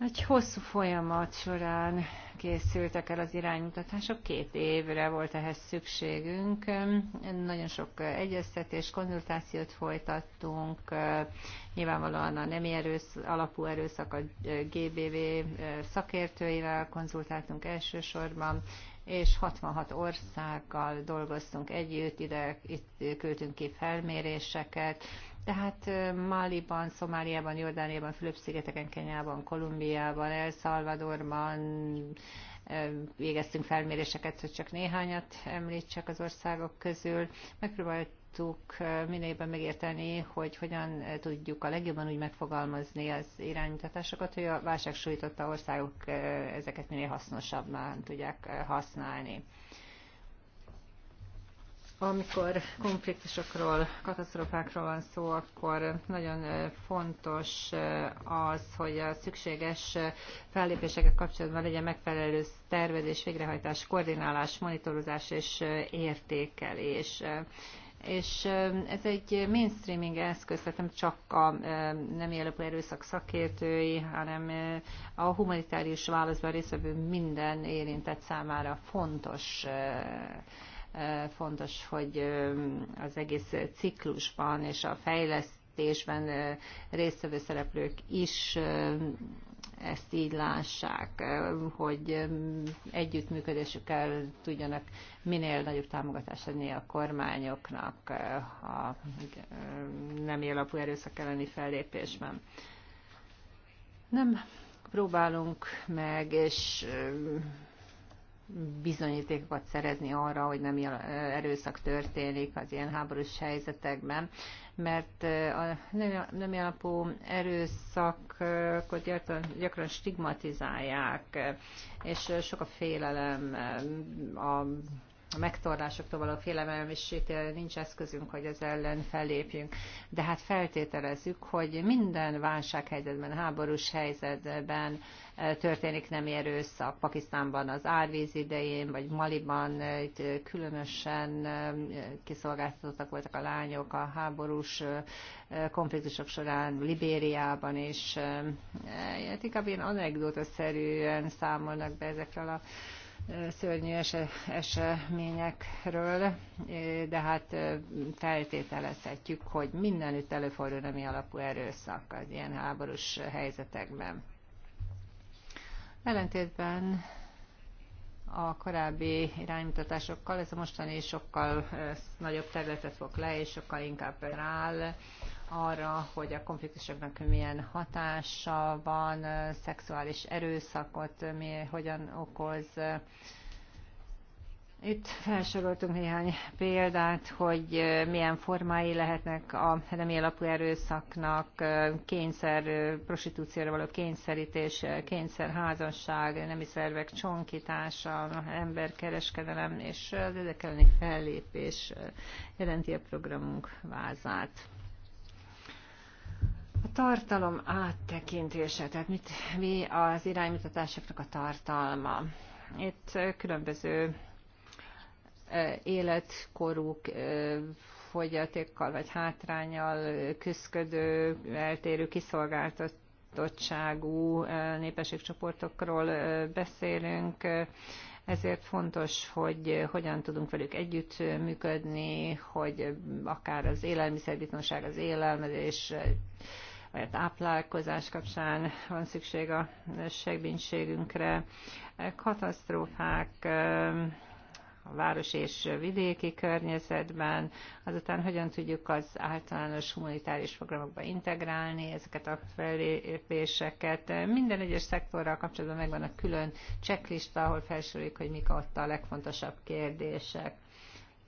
Egy hosszú folyamat során készültek el az iránymutatások, két évre volt ehhez szükségünk. Nagyon sok egyeztetés, konzultációt folytattunk, nyilvánvalóan a nemi erősz, alapú erőszak a GBV szakértőivel konzultáltunk elsősorban, és 66 országgal dolgoztunk együtt, ide itt küldtünk ki felméréseket, tehát Máliban, Szomáliában, Jordániában, Fülöp-szigeteken, Kenyában, Kolumbiában, El Salvadorban végeztünk felméréseket, hogy csak néhányat említsek az országok közül. Megpróbáltuk minélben megérteni, hogy hogyan tudjuk a legjobban úgy megfogalmazni az iránymutatásokat, hogy a válság súlytotta országok ezeket minél hasznosabban tudják használni. Amikor konfliktusokról, katasztrofákról van szó, akkor nagyon fontos az, hogy a szükséges fellépéseket kapcsolatban legyen megfelelő tervezés, végrehajtás, koordinálás, monitorozás és értékelés és ez egy mainstreaming eszköz, tehát nem csak a nem élők erőszak szakértői, hanem a humanitárius válaszban részvevő minden érintett számára fontos fontos, hogy az egész ciklusban és a fejlesztésben résztvevő szereplők is ezt így lássák, hogy együttműködésükkel tudjanak minél nagyobb támogatást adni a kormányoknak a nem élapú erőszak elleni fellépésben. Nem próbálunk meg, és bizonyítékokat szerezni arra, hogy nem erőszak történik az ilyen háborús helyzetekben, mert eh, a nem alapú erőszakot gyakran, gyakran stigmatizálják, eh, és eh, sok a félelem, a a megtorlásoktól való félelem félelmelemésítől nincs eszközünk, hogy az ellen fellépjünk. De hát feltételezzük, hogy minden válsághelyzetben, háborús helyzetben történik nem erőszak. Pakisztánban az árvíz idején, vagy Maliban itt különösen kiszolgáltatottak voltak a lányok a háborús konfliktusok során, Libériában, is. hát inkább ilyen anekdótaszerűen számolnak be ezekről a szörnyű eseményekről, eh, de hát eh, feltételezhetjük, hogy mindenütt előfordul nemi alapú erőszak az ilyen háborús helyzetekben. Ellentétben a korábbi iránymutatásokkal, ez a mostani sokkal eh, nagyobb területet fog le, és sokkal inkább rááll arra, hogy a konfliktusoknak milyen hatása van, szexuális erőszakot mi, hogyan okoz. Itt felsoroltunk néhány példát, hogy milyen formái lehetnek a nemi alapú erőszaknak, kényszer, prostitúcióra való kényszerítés, kényszerházasság, nemi szervek csonkítása, emberkereskedelem, és az ezek elleni fellépés jelenti a programunk vázát. A tartalom áttekintése, tehát mit, mi az iránymutatásoknak a tartalma. Itt különböző életkorú fogyatékkal vagy hátrányal küzdködő, eltérő kiszolgáltatottságú népességcsoportokról beszélünk, ezért fontos, hogy hogyan tudunk velük együtt működni, hogy akár az élelmiszerbiztonság, az élelmezés vagy a táplálkozás kapcsán van szükség a segítségünkre. Katasztrófák, a város és vidéki környezetben, azután hogyan tudjuk az általános humanitárius programokba integrálni ezeket a fellépéseket. Minden egyes szektorral kapcsolatban megvan a külön checklista, ahol felsoroljuk, hogy mik ott a legfontosabb kérdések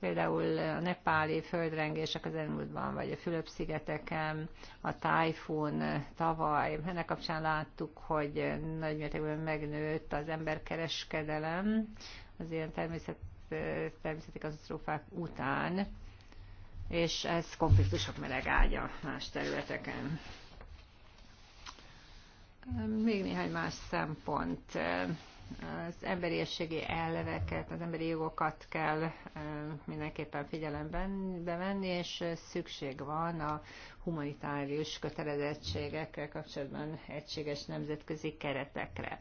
például a nepáli földrengések az elmúltban, vagy a Fülöp-szigeteken, a tájfun eh, tavaly. Ennek kapcsán láttuk, hogy nagy mértékben megnőtt az emberkereskedelem az ilyen természet, eh, természeti katasztrófák után, és ez konfliktusok ágya más területeken. Még néhány más szempont az emberiességi elveket, az emberi jogokat kell mindenképpen figyelemben venni, és szükség van a humanitárius kötelezettségekkel kapcsolatban egységes nemzetközi keretekre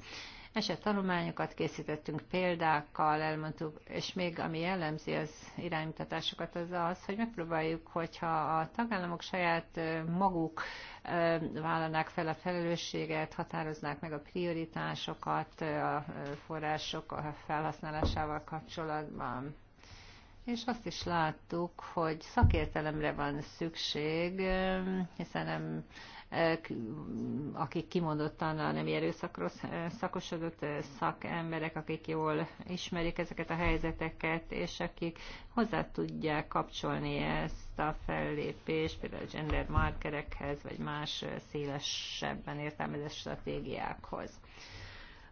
tanulmányokat készítettünk példákkal, elmondtuk, és még ami jellemzi az iránymutatásokat, az az, hogy megpróbáljuk, hogyha a tagállamok saját maguk vállalnák fel a felelősséget, határoznák meg a prioritásokat a források felhasználásával kapcsolatban. És azt is láttuk, hogy szakértelemre van szükség, hiszen nem akik kimondottan a nemi erőszakról szakosodott szakemberek, akik jól ismerik ezeket a helyzeteket, és akik hozzá tudják kapcsolni ezt a fellépést, például a gender markerekhez, vagy más szélesebben értelmezett stratégiákhoz.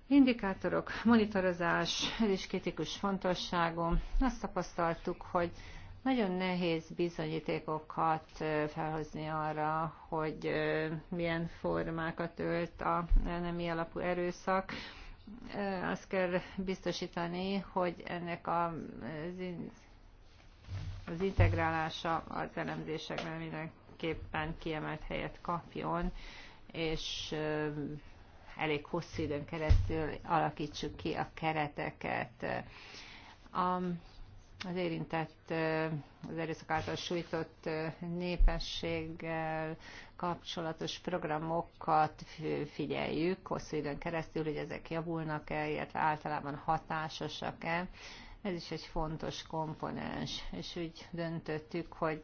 Indikátorok, monitorozás, ez is kritikus fontosságú. Azt tapasztaltuk, hogy nagyon nehéz bizonyítékokat felhozni arra, hogy milyen formákat ölt a nemi alapú erőszak. Azt kell biztosítani, hogy ennek az, az integrálása az elemzésekben mindenképpen kiemelt helyet kapjon, és elég hosszú időn keresztül alakítsuk ki a kereteket. A az érintett, az erőszak által sújtott népességgel kapcsolatos programokat figyeljük hosszú időn keresztül, hogy ezek javulnak-e, illetve általában hatásosak-e. Ez is egy fontos komponens, és úgy döntöttük, hogy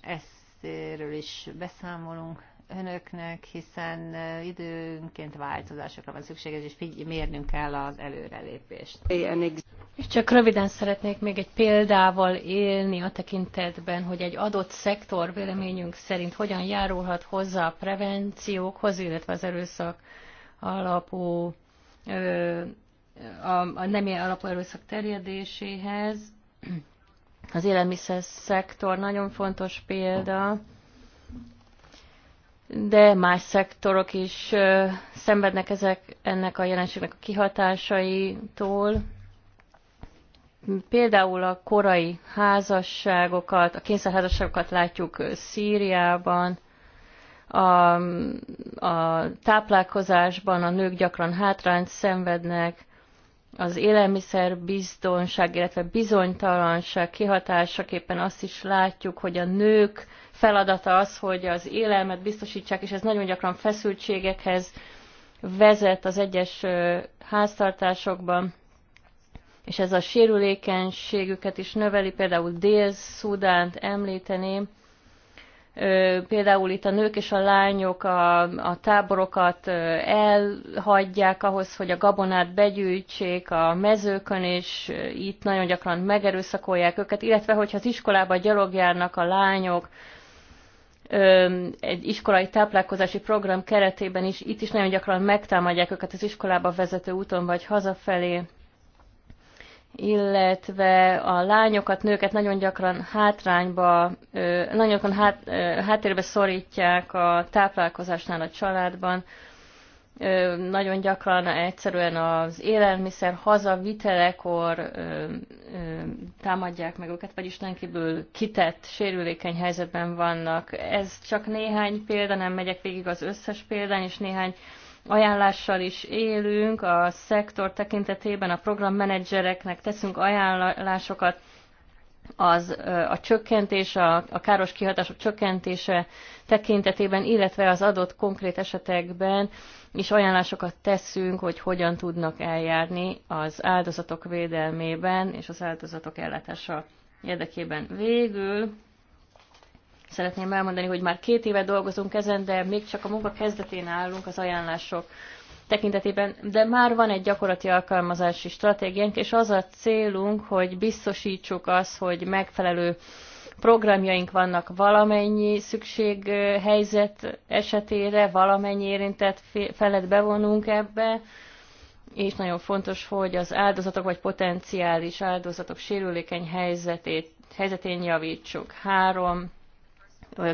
ezt erről is beszámolunk önöknek, hiszen időnként változásokra van szükség, és mérnünk kell az előrelépést. És csak röviden szeretnék még egy példával élni a tekintetben, hogy egy adott szektor véleményünk szerint hogyan járulhat hozzá a prevenciókhoz, illetve az erőszak alapú a, a nemi alapú erőszak terjedéséhez. Az élelmiszer szektor nagyon fontos példa de más szektorok is szenvednek ezek ennek a jelenségnek a kihatásaitól. Például a korai házasságokat, a kényszerházasságokat látjuk Szíriában, a, a táplálkozásban a nők gyakran hátrányt szenvednek, az élelmiszer biztonság, illetve bizonytalanság kihatásaképpen azt is látjuk, hogy a nők feladata az, hogy az élelmet biztosítsák, és ez nagyon gyakran feszültségekhez vezet az egyes háztartásokban, és ez a sérülékenységüket is növeli, például Dél-Szudánt említeném, például itt a nők és a lányok a, a táborokat elhagyják ahhoz, hogy a gabonát begyűjtsék a mezőkön, és itt nagyon gyakran megerőszakolják őket, illetve hogyha az iskolába gyalogjárnak a lányok, egy iskolai táplálkozási program keretében is, itt is nagyon gyakran megtámadják őket az iskolába vezető úton vagy hazafelé, illetve a lányokat, nőket nagyon gyakran hátrányba, nagyon gyakran hát, háttérbe szorítják a táplálkozásnál a családban. Nagyon gyakran egyszerűen az élelmiszer hazavitelekor támadják meg őket, vagyis rendkívül kitett, sérülékeny helyzetben vannak. Ez csak néhány példa, nem megyek végig az összes példán, és néhány ajánlással is élünk, a szektor tekintetében a programmenedzsereknek teszünk ajánlásokat, az a csökkentés, a, a káros kihatások csökkentése tekintetében, illetve az adott konkrét esetekben is ajánlásokat teszünk, hogy hogyan tudnak eljárni az áldozatok védelmében és az áldozatok ellátása érdekében. Végül szeretném elmondani, hogy már két éve dolgozunk ezen, de még csak a munka kezdetén állunk az ajánlások tekintetében, de már van egy gyakorlati alkalmazási stratégiánk, és az a célunk, hogy biztosítsuk azt, hogy megfelelő programjaink vannak valamennyi szükség helyzet esetére, valamennyi érintett felet bevonunk ebbe, és nagyon fontos, hogy az áldozatok vagy potenciális áldozatok sérülékeny helyzetét, helyzetén javítsuk. Három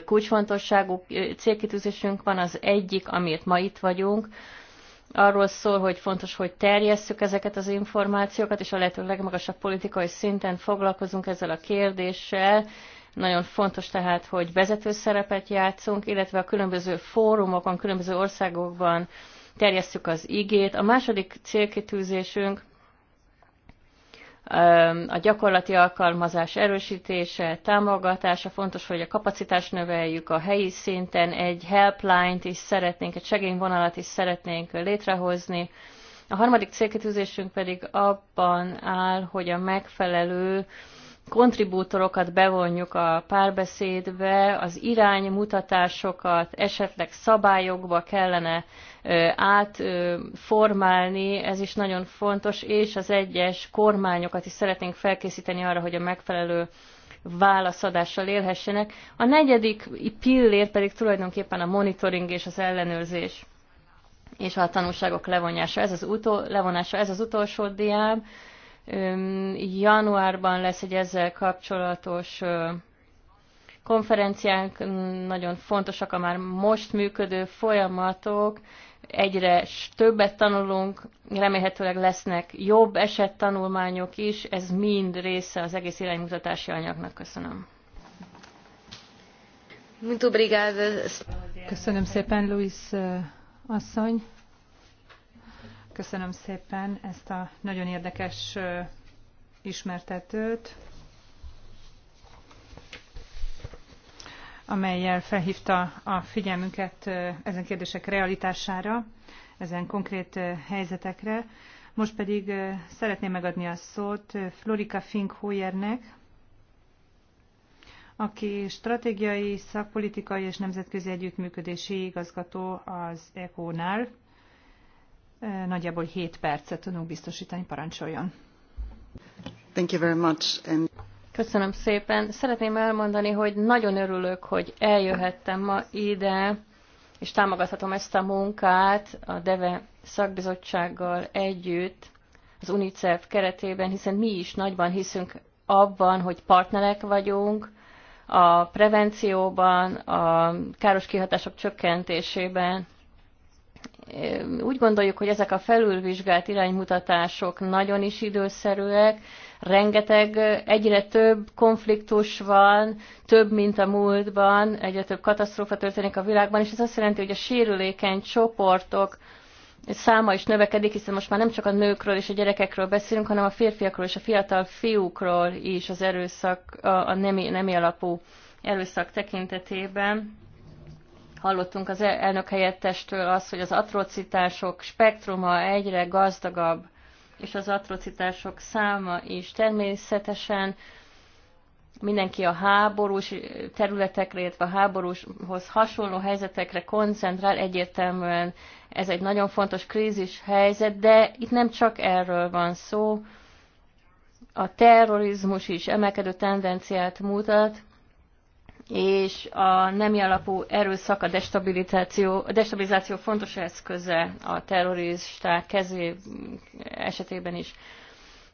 kulcsfontosságú célkitűzésünk van, az egyik, amit ma itt vagyunk, arról szól, hogy fontos, hogy terjesszük ezeket az információkat, és a lehető legmagasabb politikai szinten foglalkozunk ezzel a kérdéssel. Nagyon fontos tehát, hogy vezető szerepet játszunk, illetve a különböző fórumokon, különböző országokban terjesszük az igét. A második célkitűzésünk a gyakorlati alkalmazás erősítése, támogatása, fontos, hogy a kapacitást növeljük a helyi szinten, egy helpline-t is szeretnénk, egy segélyvonalat is szeretnénk létrehozni. A harmadik célkitűzésünk pedig abban áll, hogy a megfelelő kontribútorokat bevonjuk a párbeszédbe, az iránymutatásokat esetleg szabályokba kellene átformálni, ez is nagyon fontos, és az egyes kormányokat is szeretnénk felkészíteni arra, hogy a megfelelő válaszadással élhessenek. A negyedik pillér pedig tulajdonképpen a monitoring és az ellenőrzés és a tanulságok levonása. Ez az, utol, levonása, ez az utolsó diám Januárban lesz egy ezzel kapcsolatos konferenciánk, nagyon fontosak a már most működő folyamatok, egyre többet tanulunk, remélhetőleg lesznek jobb esettanulmányok is, ez mind része az egész iránymutatási anyagnak. Köszönöm. Muito obrigada. Köszönöm szépen, Luis asszony. Köszönöm szépen ezt a nagyon érdekes ismertetőt, amelyel felhívta a figyelmünket ezen kérdések realitására, ezen konkrét helyzetekre. Most pedig szeretném megadni a szót Florika Fink-Hoyernek, aki stratégiai, szakpolitikai és nemzetközi együttműködési igazgató az ECO-nál. Nagyjából 7 percet tudunk biztosítani, parancsoljon. Thank you very much. And... Köszönöm szépen. Szeretném elmondani, hogy nagyon örülök, hogy eljöhettem ma ide, és támogathatom ezt a munkát a DEVE szakbizottsággal együtt az UNICEF keretében, hiszen mi is nagyban hiszünk abban, hogy partnerek vagyunk a prevencióban, a káros kihatások csökkentésében, úgy gondoljuk, hogy ezek a felülvizsgált iránymutatások nagyon is időszerűek, rengeteg, egyre több konfliktus van, több, mint a múltban, egyre több katasztrófa történik a világban, és ez azt jelenti, hogy a sérülékeny csoportok száma is növekedik, hiszen most már nem csak a nőkről és a gyerekekről beszélünk, hanem a férfiakról és a fiatal fiúkról is az erőszak, a, a nemi, nemi alapú erőszak tekintetében Hallottunk az elnök helyettestől azt, hogy az atrocitások spektruma egyre gazdagabb, és az atrocitások száma is természetesen mindenki a háborús területekre, illetve a háborúshoz hasonló helyzetekre koncentrál, egyértelműen ez egy nagyon fontos krízis helyzet, de itt nem csak erről van szó, a terrorizmus is emelkedő tendenciát mutat, és a nemi alapú erőszak a destabilizáció, a destabilizáció fontos eszköze a terroristák kezé esetében is.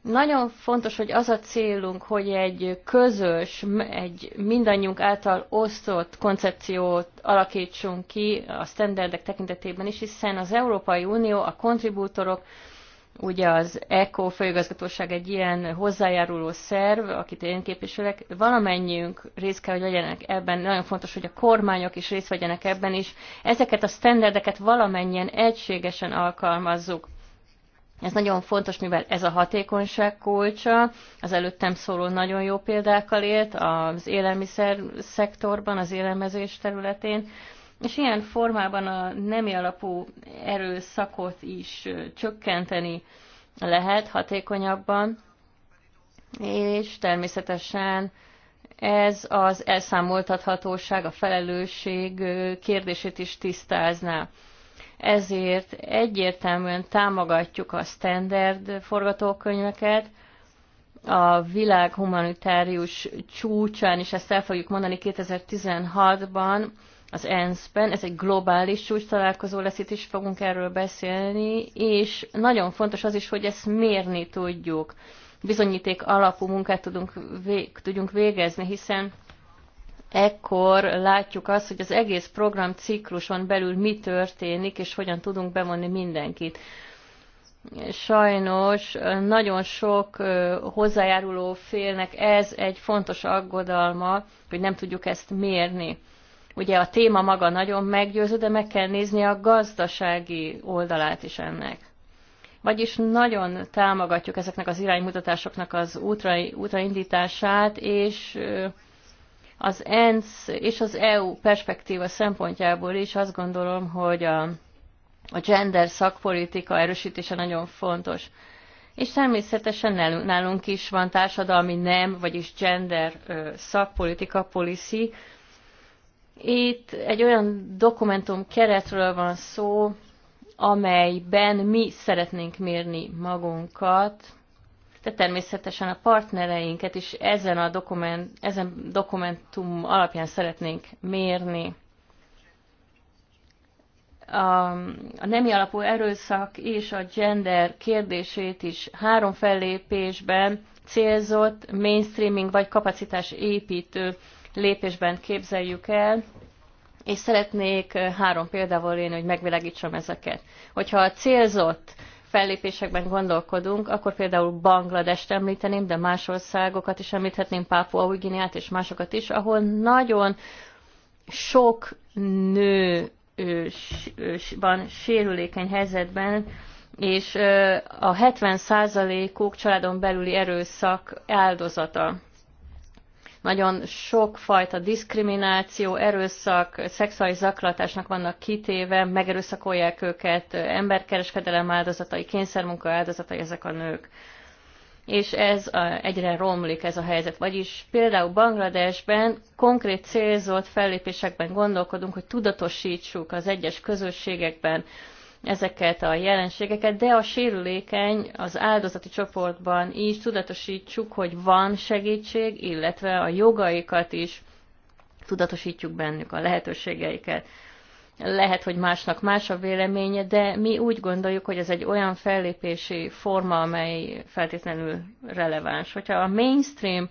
Nagyon fontos, hogy az a célunk, hogy egy közös, egy mindannyiunk által osztott koncepciót alakítsunk ki a standardek tekintetében is, hiszen az Európai Unió, a kontribútorok, ugye az ECO főigazgatóság egy ilyen hozzájáruló szerv, akit én képviselek, valamennyiünk részt kell, hogy legyenek ebben, nagyon fontos, hogy a kormányok is részt vegyenek ebben is. Ezeket a standardeket valamennyien egységesen alkalmazzuk. Ez nagyon fontos, mivel ez a hatékonyság kulcsa. Az előttem szóló nagyon jó példákkal élt az élelmiszer szektorban, az élelmezés területén és ilyen formában a nemi alapú erőszakot is csökkenteni lehet hatékonyabban, és természetesen ez az elszámoltathatóság, a felelősség kérdését is tisztázná. Ezért egyértelműen támogatjuk a standard forgatókönyveket, a világ humanitárius csúcsán, és ezt el fogjuk mondani 2016-ban, az ENSZ-ben, ez egy globális csúcs találkozó lesz, itt is fogunk erről beszélni, és nagyon fontos az is, hogy ezt mérni tudjuk. Bizonyíték alapú munkát tudunk, vég, tudjunk végezni, hiszen ekkor látjuk azt, hogy az egész program cikluson belül mi történik, és hogyan tudunk bevonni mindenkit. Sajnos nagyon sok hozzájáruló félnek ez egy fontos aggodalma, hogy nem tudjuk ezt mérni. Ugye a téma maga nagyon meggyőző, de meg kell nézni a gazdasági oldalát is ennek. Vagyis nagyon támogatjuk ezeknek az iránymutatásoknak az útra, útraindítását, és az ENSZ és az EU perspektíva szempontjából is azt gondolom, hogy a, a gender szakpolitika erősítése nagyon fontos. És természetesen nálunk is van társadalmi nem, vagyis gender szakpolitika, policy, itt egy olyan dokumentum keretről van szó, amelyben mi szeretnénk mérni magunkat, de természetesen a partnereinket is ezen a dokument, ezen dokumentum alapján szeretnénk mérni. A, a nemi alapú erőszak és a gender kérdését is három fellépésben célzott mainstreaming vagy kapacitásépítő lépésben képzeljük el, és szeretnék három példával élni, hogy megvilágítsam ezeket. Hogyha a célzott fellépésekben gondolkodunk, akkor például Bangladest említeném, de más országokat is említhetném, Pápua, Uiginiát és másokat is, ahol nagyon sok nő van sérülékeny helyzetben, és a 70%-uk családon belüli erőszak áldozata nagyon sokfajta diszkrimináció, erőszak, szexuális zaklatásnak vannak kitéve, megerőszakolják őket, emberkereskedelem áldozatai, kényszermunka áldozatai ezek a nők és ez a, egyre romlik ez a helyzet. Vagyis például Bangladesben konkrét célzott fellépésekben gondolkodunk, hogy tudatosítsuk az egyes közösségekben ezeket a jelenségeket, de a sérülékeny, az áldozati csoportban is tudatosítsuk, hogy van segítség, illetve a jogaikat is tudatosítjuk bennük, a lehetőségeiket. Lehet, hogy másnak más a véleménye, de mi úgy gondoljuk, hogy ez egy olyan fellépési forma, amely feltétlenül releváns. Hogyha a mainstream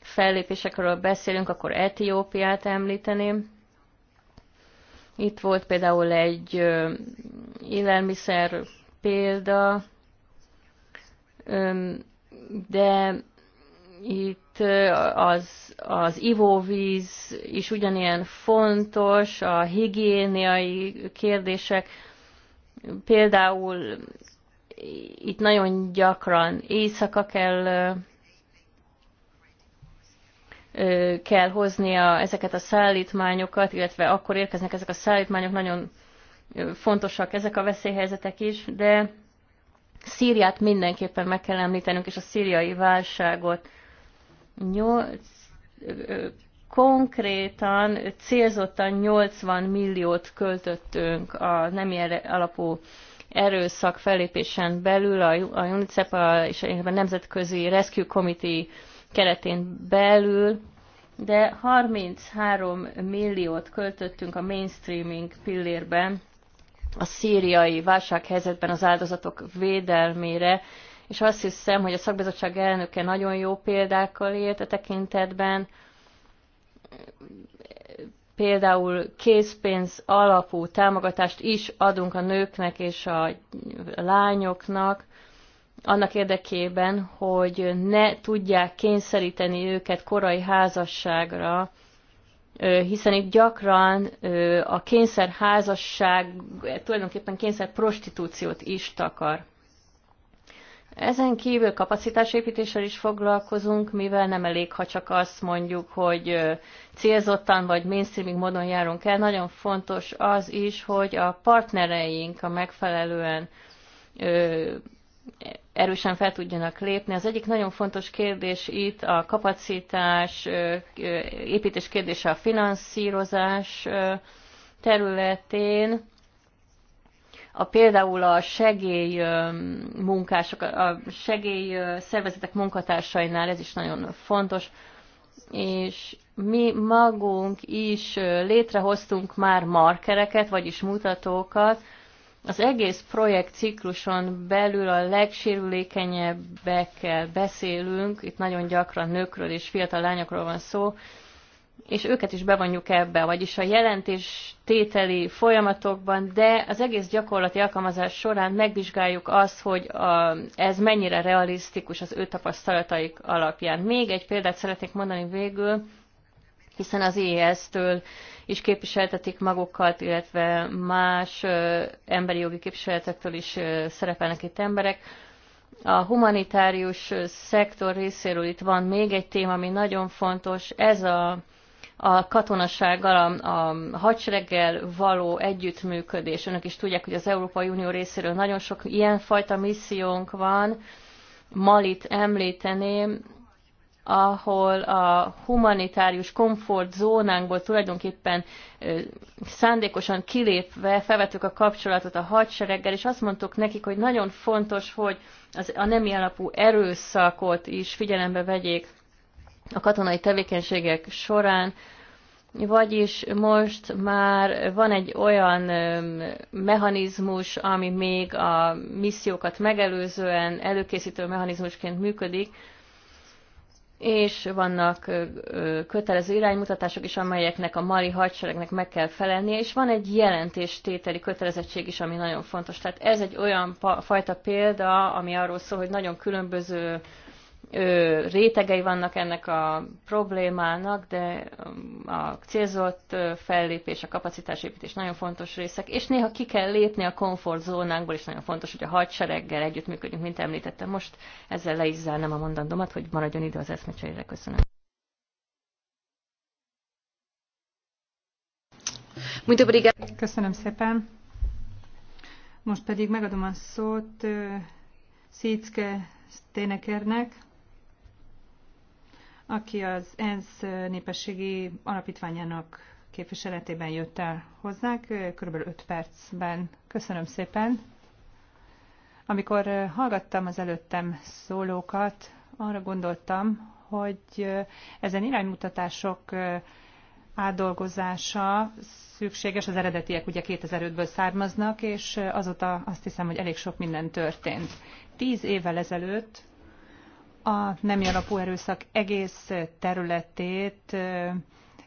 fellépésekről beszélünk, akkor Etiópiát említeném, itt volt például egy élelmiszer példa, de itt az, az ivóvíz is ugyanilyen fontos, a higiéniai kérdések, például itt nagyon gyakran éjszaka kell kell hoznia ezeket a szállítmányokat, illetve akkor érkeznek ezek a szállítmányok, nagyon fontosak ezek a veszélyhelyzetek is, de Szíriát mindenképpen meg kell említenünk, és a szíriai válságot. Nyolc, konkrétan, célzottan 80 milliót költöttünk a nem alapú erőszak fellépésen belül, a UNICEF és a Nemzetközi Rescue Committee keretén belül, de 33 milliót költöttünk a mainstreaming pillérben a szíriai válsághelyzetben az áldozatok védelmére, és azt hiszem, hogy a szakbizottság elnöke nagyon jó példákkal élt a tekintetben, például készpénz alapú támogatást is adunk a nőknek és a lányoknak, annak érdekében, hogy ne tudják kényszeríteni őket korai házasságra, hiszen itt gyakran a kényszer házasság tulajdonképpen kényszer prostitúciót is takar. Ezen kívül kapacitásépítéssel is foglalkozunk, mivel nem elég, ha csak azt mondjuk, hogy célzottan vagy mainstreaming módon járunk el. Nagyon fontos az is, hogy a partnereink a megfelelően erősen fel tudjanak lépni. Az egyik nagyon fontos kérdés itt a kapacitás, építés kérdése a finanszírozás területén. A, például a segély munkások, a segély szervezetek munkatársainál ez is nagyon fontos, és mi magunk is létrehoztunk már markereket, vagyis mutatókat, az egész projekt cikluson belül a legsérülékenyebbekkel beszélünk, itt nagyon gyakran nőkről és fiatal lányokról van szó, és őket is bevonjuk ebbe, vagyis a jelentés tételi folyamatokban, de az egész gyakorlati alkalmazás során megvizsgáljuk azt, hogy a, ez mennyire realisztikus az ő tapasztalataik alapján. Még egy példát szeretnék mondani végül, hiszen az IES-től is képviseltetik magukat, illetve más emberi jogi képviseletektől is szerepelnek itt emberek. A humanitárius szektor részéről itt van még egy téma, ami nagyon fontos, ez a, a katonasággal, a, a hadsereggel való együttműködés. Önök is tudják, hogy az Európai Unió részéről nagyon sok ilyenfajta missziónk van, Malit említeném, ahol a humanitárius komfortzónánkból tulajdonképpen szándékosan kilépve felvettük a kapcsolatot a hadsereggel, és azt mondtuk nekik, hogy nagyon fontos, hogy az, a nemi alapú erőszakot is figyelembe vegyék a katonai tevékenységek során, vagyis most már van egy olyan mechanizmus, ami még a missziókat megelőzően előkészítő mechanizmusként működik, és vannak kötelező iránymutatások is, amelyeknek a mali hadseregnek meg kell felelnie, és van egy jelentéstételi kötelezettség is, ami nagyon fontos. Tehát ez egy olyan fajta példa, ami arról szól, hogy nagyon különböző rétegei vannak ennek a problémának, de a célzott fellépés, a kapacitásépítés nagyon fontos részek, és néha ki kell lépni a komfortzónánkból, és nagyon fontos, hogy a hadsereggel együttműködjünk, mint említettem. Most ezzel le is zárnám a mondandomat, hogy maradjon idő az eszmecserére. Köszönöm. Köszönöm szépen. Most pedig megadom a szót Szícke Stenekernek, aki az ENSZ népességi alapítványának képviseletében jött el hozzánk, kb. 5 percben. Köszönöm szépen. Amikor hallgattam az előttem szólókat, arra gondoltam, hogy ezen iránymutatások átdolgozása szükséges, az eredetiek ugye 2005-ből származnak, és azóta azt hiszem, hogy elég sok minden történt. Tíz évvel ezelőtt a nem alapú erőszak egész területét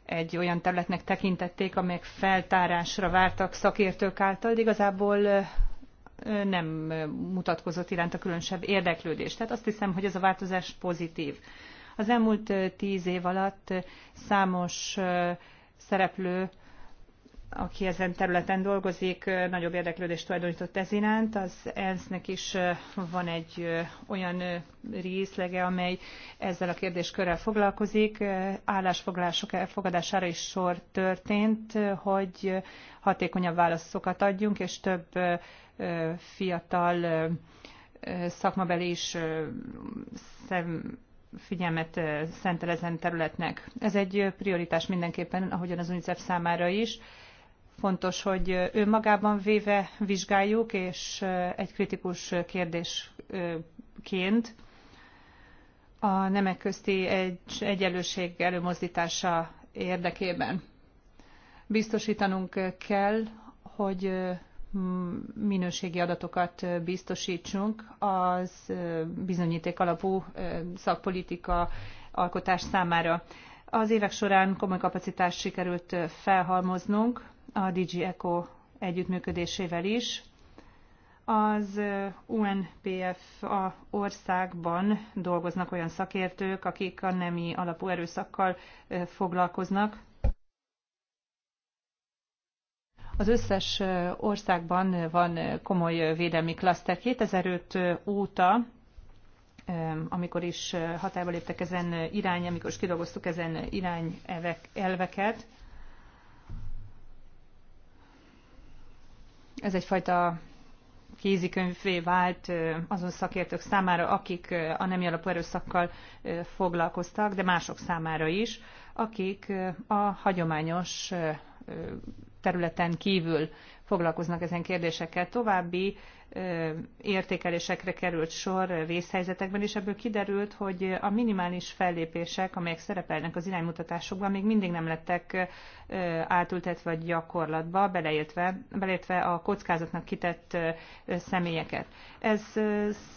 egy olyan területnek tekintették, amelyek feltárásra vártak szakértők által, de igazából nem mutatkozott a különösebb érdeklődés. Tehát azt hiszem, hogy ez a változás pozitív. Az elmúlt tíz év alatt számos szereplő aki ezen területen dolgozik, nagyobb érdeklődést tulajdonított ez iránt. Az ENSZ-nek is van egy olyan részlege, amely ezzel a kérdéskörrel foglalkozik. Állásfoglalások elfogadására is sor történt, hogy hatékonyabb válaszokat adjunk, és több fiatal szakmabeli is szem, figyelmet szentelezen területnek. Ez egy prioritás mindenképpen, ahogyan az UNICEF számára is Fontos, hogy ő magában véve vizsgáljuk, és egy kritikus kérdésként a nemek közti egy, egyenlőség előmozdítása érdekében. Biztosítanunk kell, hogy minőségi adatokat biztosítsunk az bizonyíték alapú szakpolitika alkotás számára. Az évek során komoly kapacitást sikerült felhalmoznunk, a DG ECO együttműködésével is. Az UNPF a országban dolgoznak olyan szakértők, akik a nemi alapú erőszakkal foglalkoznak. Az összes országban van komoly védelmi klaszter. 2005 óta amikor is hatályba léptek ezen irány, amikor is kidolgoztuk ezen irányelveket, Ez egyfajta kézikönyvé vált azon szakértők számára, akik a nemi alapú erőszakkal foglalkoztak, de mások számára is, akik a hagyományos területen kívül foglalkoznak ezen kérdésekkel. További értékelésekre került sor vészhelyzetekben, és ebből kiderült, hogy a minimális fellépések, amelyek szerepelnek az iránymutatásokban, még mindig nem lettek átültetve a gyakorlatba, beleértve, beleértve a kockázatnak kitett személyeket. Ez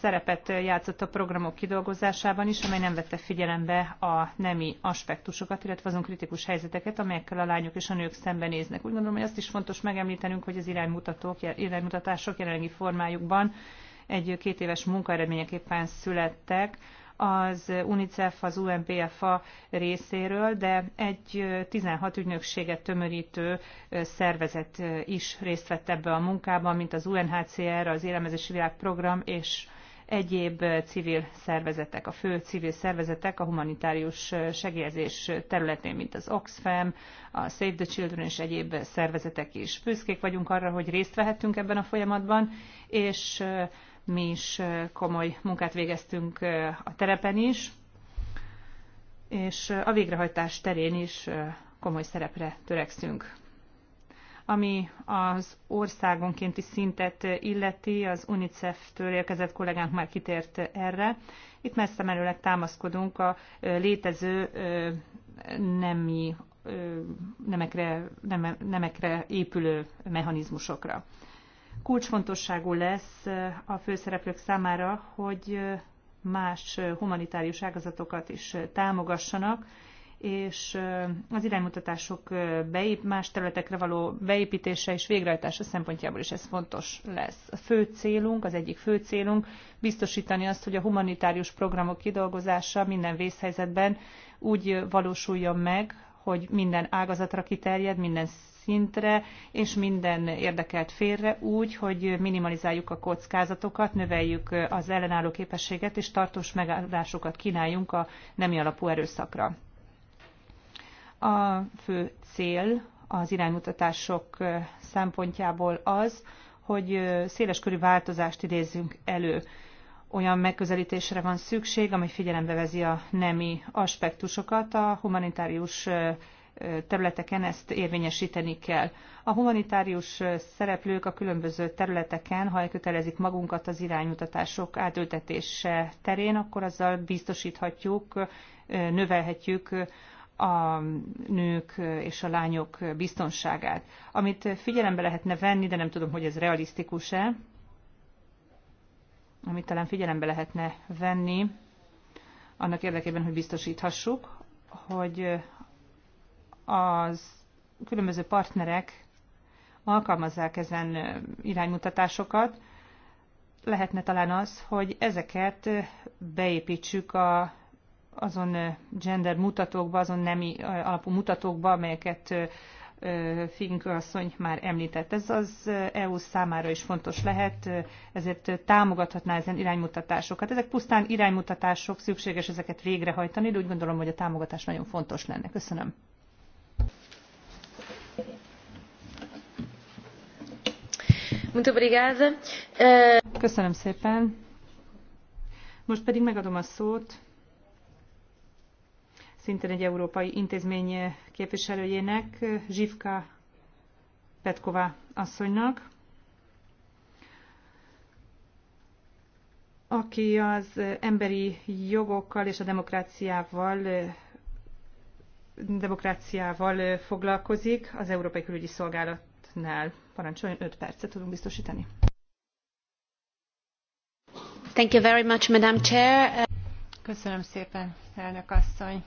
szerepet játszott a programok kidolgozásában is, amely nem vette figyelembe a nemi aspektusokat, illetve azon kritikus helyzeteket, amelyekkel a lányok és a nők szembenéznek. Úgy gondolom, hogy azt is fontos megemlítenünk, hogy az iránymutatók, iránymutatások jelenlegi formában témájukban egy két éves munkaeredményeképpen születtek az UNICEF, az UNPFA részéről, de egy 16 ügynökséget tömörítő szervezet is részt vett ebbe a munkában, mint az UNHCR, az Élelmezési Világprogram és egyéb civil szervezetek, a fő civil szervezetek a humanitárius segélyezés területén, mint az Oxfam, a Save the Children és egyéb szervezetek is. Büszkék vagyunk arra, hogy részt vehettünk ebben a folyamatban, és mi is komoly munkát végeztünk a terepen is, és a végrehajtás terén is komoly szerepre törekszünk. Ami az országonkénti szintet illeti, az UNICEF-től érkezett kollégánk már kitért erre. Itt messze merőleg támaszkodunk a létező nemi, nemekre, nemekre épülő mechanizmusokra. Kulcsfontosságú lesz a főszereplők számára, hogy más humanitárius ágazatokat is támogassanak, és az iránymutatások beép, más területekre való beépítése és végrehajtása szempontjából is ez fontos lesz. A fő célunk, az egyik fő célunk biztosítani azt, hogy a humanitárius programok kidolgozása minden vészhelyzetben úgy valósuljon meg, hogy minden ágazatra kiterjed, minden szintre és minden érdekelt félre úgy, hogy minimalizáljuk a kockázatokat, növeljük az ellenálló képességet és tartós megállásokat kínáljunk a nemi alapú erőszakra. A fő cél az iránymutatások szempontjából az, hogy széleskörű változást idézzünk elő. Olyan megközelítésre van szükség, amely figyelembe vezi a nemi aspektusokat a humanitárius területeken ezt érvényesíteni kell. A humanitárius szereplők a különböző területeken, ha elkötelezik magunkat az iránymutatások átültetése terén, akkor azzal biztosíthatjuk, növelhetjük a nők és a lányok biztonságát, amit figyelembe lehetne venni, de nem tudom, hogy ez realisztikus-e, amit talán figyelembe lehetne venni, annak érdekében, hogy biztosíthassuk, hogy az különböző partnerek alkalmazzák ezen iránymutatásokat, lehetne talán az, hogy ezeket beépítsük a azon gender mutatókba, azon nemi alapú mutatókba, amelyeket Fink asszony már említett. Ez az EU számára is fontos lehet, ezért támogathatná ezen iránymutatásokat. Ezek pusztán iránymutatások, szükséges ezeket végrehajtani, de úgy gondolom, hogy a támogatás nagyon fontos lenne. Köszönöm. Köszönöm szépen. Most pedig megadom a szót szintén egy európai intézmény képviselőjének, Zsivka Petkova asszonynak, aki az emberi jogokkal és a demokráciával demokráciával foglalkozik az Európai Külügyi Szolgálatnál. Parancsoljon 5 percet tudunk biztosítani. Thank you very much, Madam Chair. Köszönöm szépen, elnök asszony.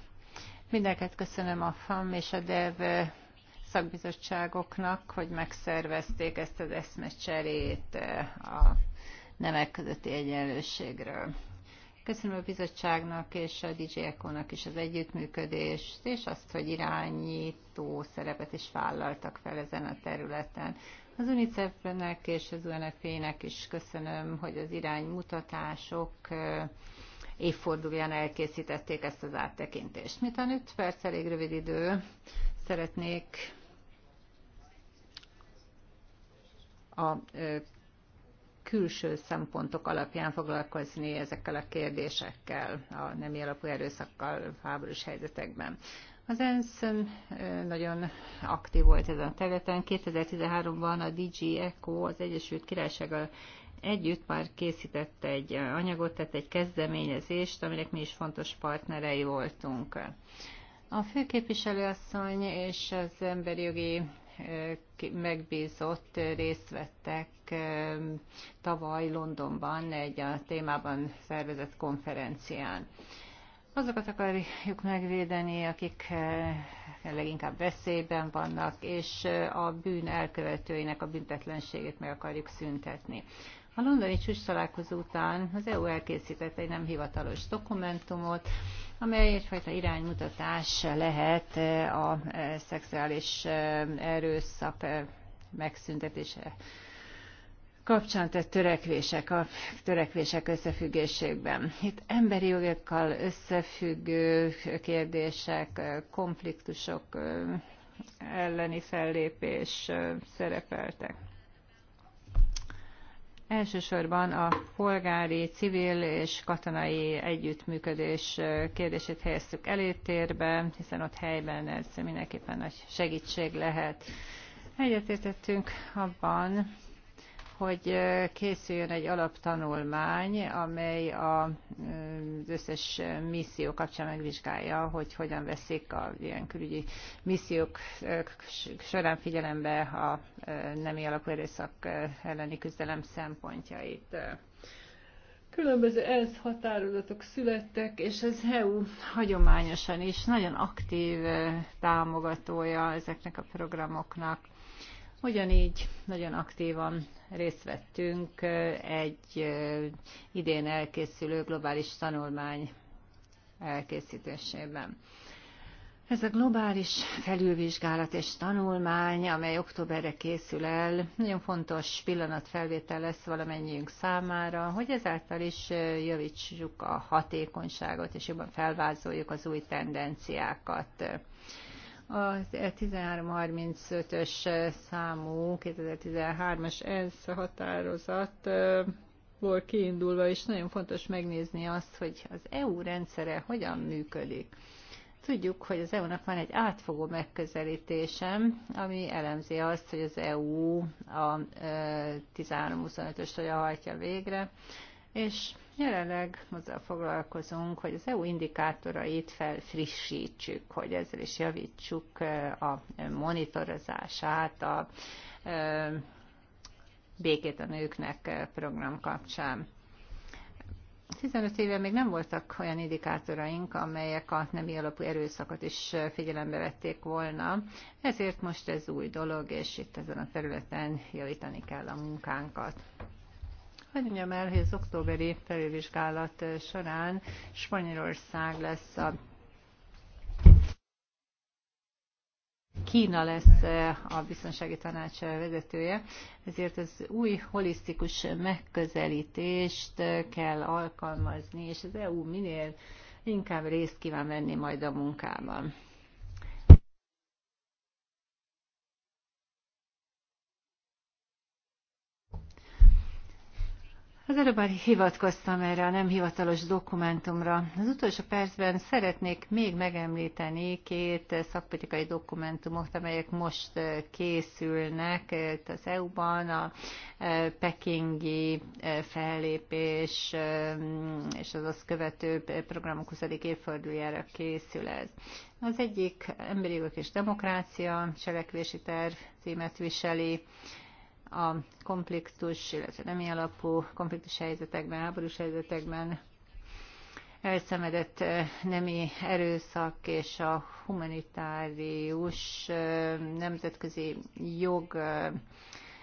Mindenket köszönöm a FAM és a DEV szakbizottságoknak, hogy megszervezték ezt az eszmecserét eh, a nemek közötti egyenlőségről. Köszönöm a bizottságnak és a DJ eko nak is az együttműködést, és azt, hogy irányító szerepet is vállaltak fel ezen a területen. Az UNICEF-nek és az UNFP-nek is köszönöm, hogy az iránymutatások eh, évfordulján elkészítették ezt az áttekintést. Mit a nőtt perc elég rövid idő, szeretnék a külső szempontok alapján foglalkozni ezekkel a kérdésekkel, a nemi alapú erőszakkal háborús helyzetekben. Az ENSZ nagyon aktív volt ezen a területen. 2013-ban a DG ECO, az Egyesült Királysággal együtt már készített egy anyagot, tehát egy kezdeményezést, aminek mi is fontos partnerei voltunk. A főképviselőasszony és az emberi jogi megbízott részt vettek tavaly Londonban egy a témában szervezett konferencián. Azokat akarjuk megvédeni, akik leginkább veszélyben vannak, és a bűn elkövetőinek a büntetlenségét meg akarjuk szüntetni. A londoni csúcs találkozó után az EU elkészített egy nem hivatalos dokumentumot, amely egyfajta iránymutatás lehet e, a e, szexuális e, erőszak megszüntetése kapcsán tett törekvések, a törekvések összefüggésében. Itt emberi jogokkal összefüggő kérdések, konfliktusok elleni fellépés szerepeltek. Elsősorban a polgári, civil és katonai együttműködés kérdését helyeztük előtérbe, hiszen ott helyben ez mindenképpen nagy segítség lehet. Egyetértettünk abban, hogy készüljön egy alaptanulmány, amely az összes misszió kapcsán megvizsgálja, hogy hogyan veszik a ilyen külügyi missziók során figyelembe a nemi alapú erőszak elleni küzdelem szempontjait. Különböző ENSZ határozatok születtek, és az EU hagyományosan is nagyon aktív támogatója ezeknek a programoknak Ugyanígy nagyon aktívan részt vettünk egy idén elkészülő globális tanulmány elkészítésében. Ez a globális felülvizsgálat és tanulmány, amely októberre készül el, nagyon fontos pillanatfelvétel lesz valamennyiünk számára, hogy ezáltal is javítsuk a hatékonyságot, és jobban felvázoljuk az új tendenciákat. A 1335-ös számú 2013-as ENSZ határozat volt kiindulva is nagyon fontos megnézni azt, hogy az EU rendszere hogyan működik. Tudjuk, hogy az EU-nak van egy átfogó megközelítése, ami elemzi azt, hogy az EU a 13 ös hogyan hajtja végre, és jelenleg azzal foglalkozunk, hogy az EU indikátorait felfrissítsük, hogy ezzel is javítsuk a monitorozását a Békét a nőknek program kapcsán. 15 éve még nem voltak olyan indikátoraink, amelyek a nemi alapú erőszakot is figyelembe vették volna, ezért most ez új dolog, és itt ezen a területen javítani kell a munkánkat. Hogy mondjam el, hogy az októberi felülvizsgálat eh, során Spanyolország lesz a Kína lesz eh, a biztonsági tanács eh, vezetője, ezért az új holisztikus megközelítést kell alkalmazni, és az EU minél inkább részt kíván venni majd a munkában. Az előbb már hivatkoztam erre a nem hivatalos dokumentumra. Az utolsó percben szeretnék még megemlíteni két szakpolitikai dokumentumot, amelyek most készülnek az EU-ban, a pekingi fellépés és az azt követő programok 20. évfordulójára készül ez. Az egyik emberi jogok és demokrácia cselekvési terv címet viseli, a konfliktus, illetve ilyen alapú konfliktus helyzetekben, háborús helyzetekben elszenvedett eh, nemi erőszak és a humanitárius eh, nemzetközi jog eh,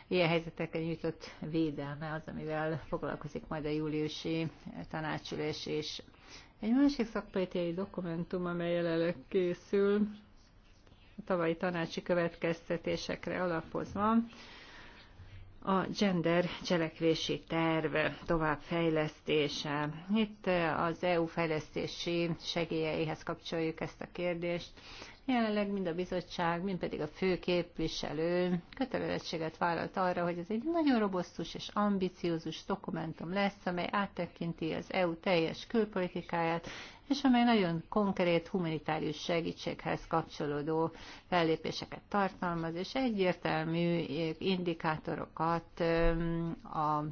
ilyen helyzeteken nyújtott védelme az, amivel foglalkozik majd a júliusi tanácsülés is. Egy másik szakpolitikai dokumentum, amely jelenleg készül, a tavalyi tanácsi következtetésekre alapozva, a gender cselekvési terv továbbfejlesztése. Itt az EU fejlesztési segélyeihez kapcsoljuk ezt a kérdést. Jelenleg mind a bizottság, mind pedig a fő képviselő kötelezettséget vállalt arra, hogy ez egy nagyon robosztus és ambiciózus dokumentum lesz, amely áttekinti az EU teljes külpolitikáját, és amely nagyon konkrét humanitárius segítséghez kapcsolódó fellépéseket tartalmaz, és egyértelmű indikátorokat a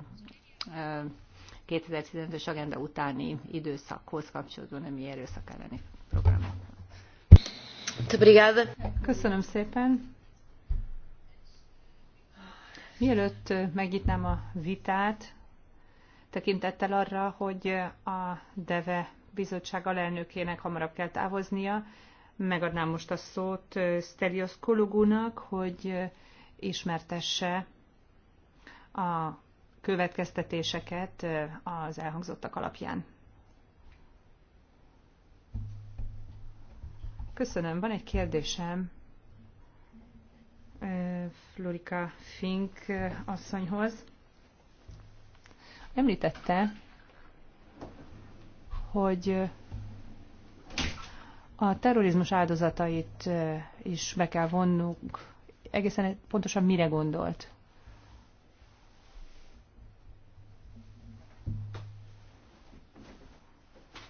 2015-ös agenda utáni időszakhoz kapcsolódó nemi erőszak elleni programot. Köszönöm szépen. Mielőtt megnyitnám a vitát, tekintettel arra, hogy a DEVE bizottság alelnökének hamarabb kell távoznia. Megadnám most a szót Stelios Kolugúnak, hogy ismertesse a következtetéseket az elhangzottak alapján. Köszönöm. Van egy kérdésem Florika Fink asszonyhoz. Említette, hogy a terrorizmus áldozatait is be kell vonnunk. Egészen pontosan mire gondolt?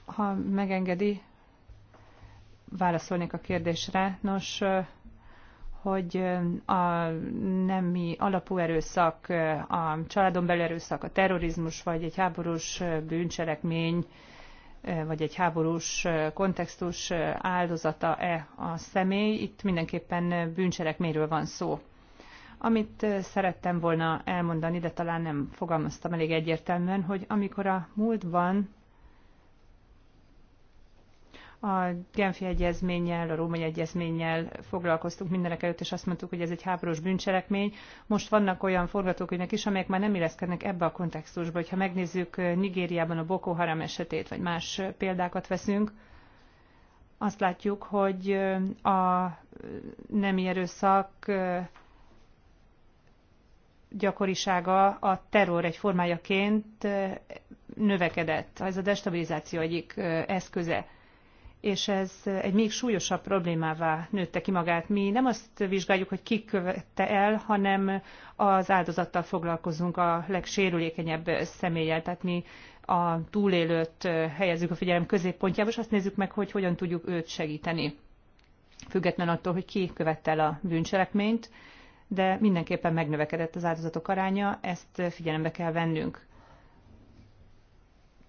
Ha megengedi, válaszolnék a kérdésre. Nos, hogy a nemi alapú erőszak, a családon belül erőszak, a terrorizmus vagy egy háborús bűncselekmény vagy egy háborús kontextus áldozata-e a személy. Itt mindenképpen bűncselekményről van szó. Amit szerettem volna elmondani, de talán nem fogalmaztam elég egyértelműen, hogy amikor a múltban a Genfi egyezménnyel, a Római egyezménnyel foglalkoztunk mindenek előtt, és azt mondtuk, hogy ez egy háborús bűncselekmény. Most vannak olyan forgatókönyvek is, amelyek már nem illeszkednek ebbe a kontextusba. ha megnézzük Nigériában a Boko Haram esetét, vagy más példákat veszünk, azt látjuk, hogy a nemi erőszak gyakorisága a terror egy formájaként növekedett. Ez a destabilizáció egyik eszköze és ez egy még súlyosabb problémává nőtte ki magát. Mi nem azt vizsgáljuk, hogy ki követte el, hanem az áldozattal foglalkozunk a legsérülékenyebb személlyel, tehát mi a túlélőt helyezzük a figyelem középpontjába, és azt nézzük meg, hogy hogyan tudjuk őt segíteni. Független attól, hogy ki követte el a bűncselekményt, de mindenképpen megnövekedett az áldozatok aránya, ezt figyelembe kell vennünk.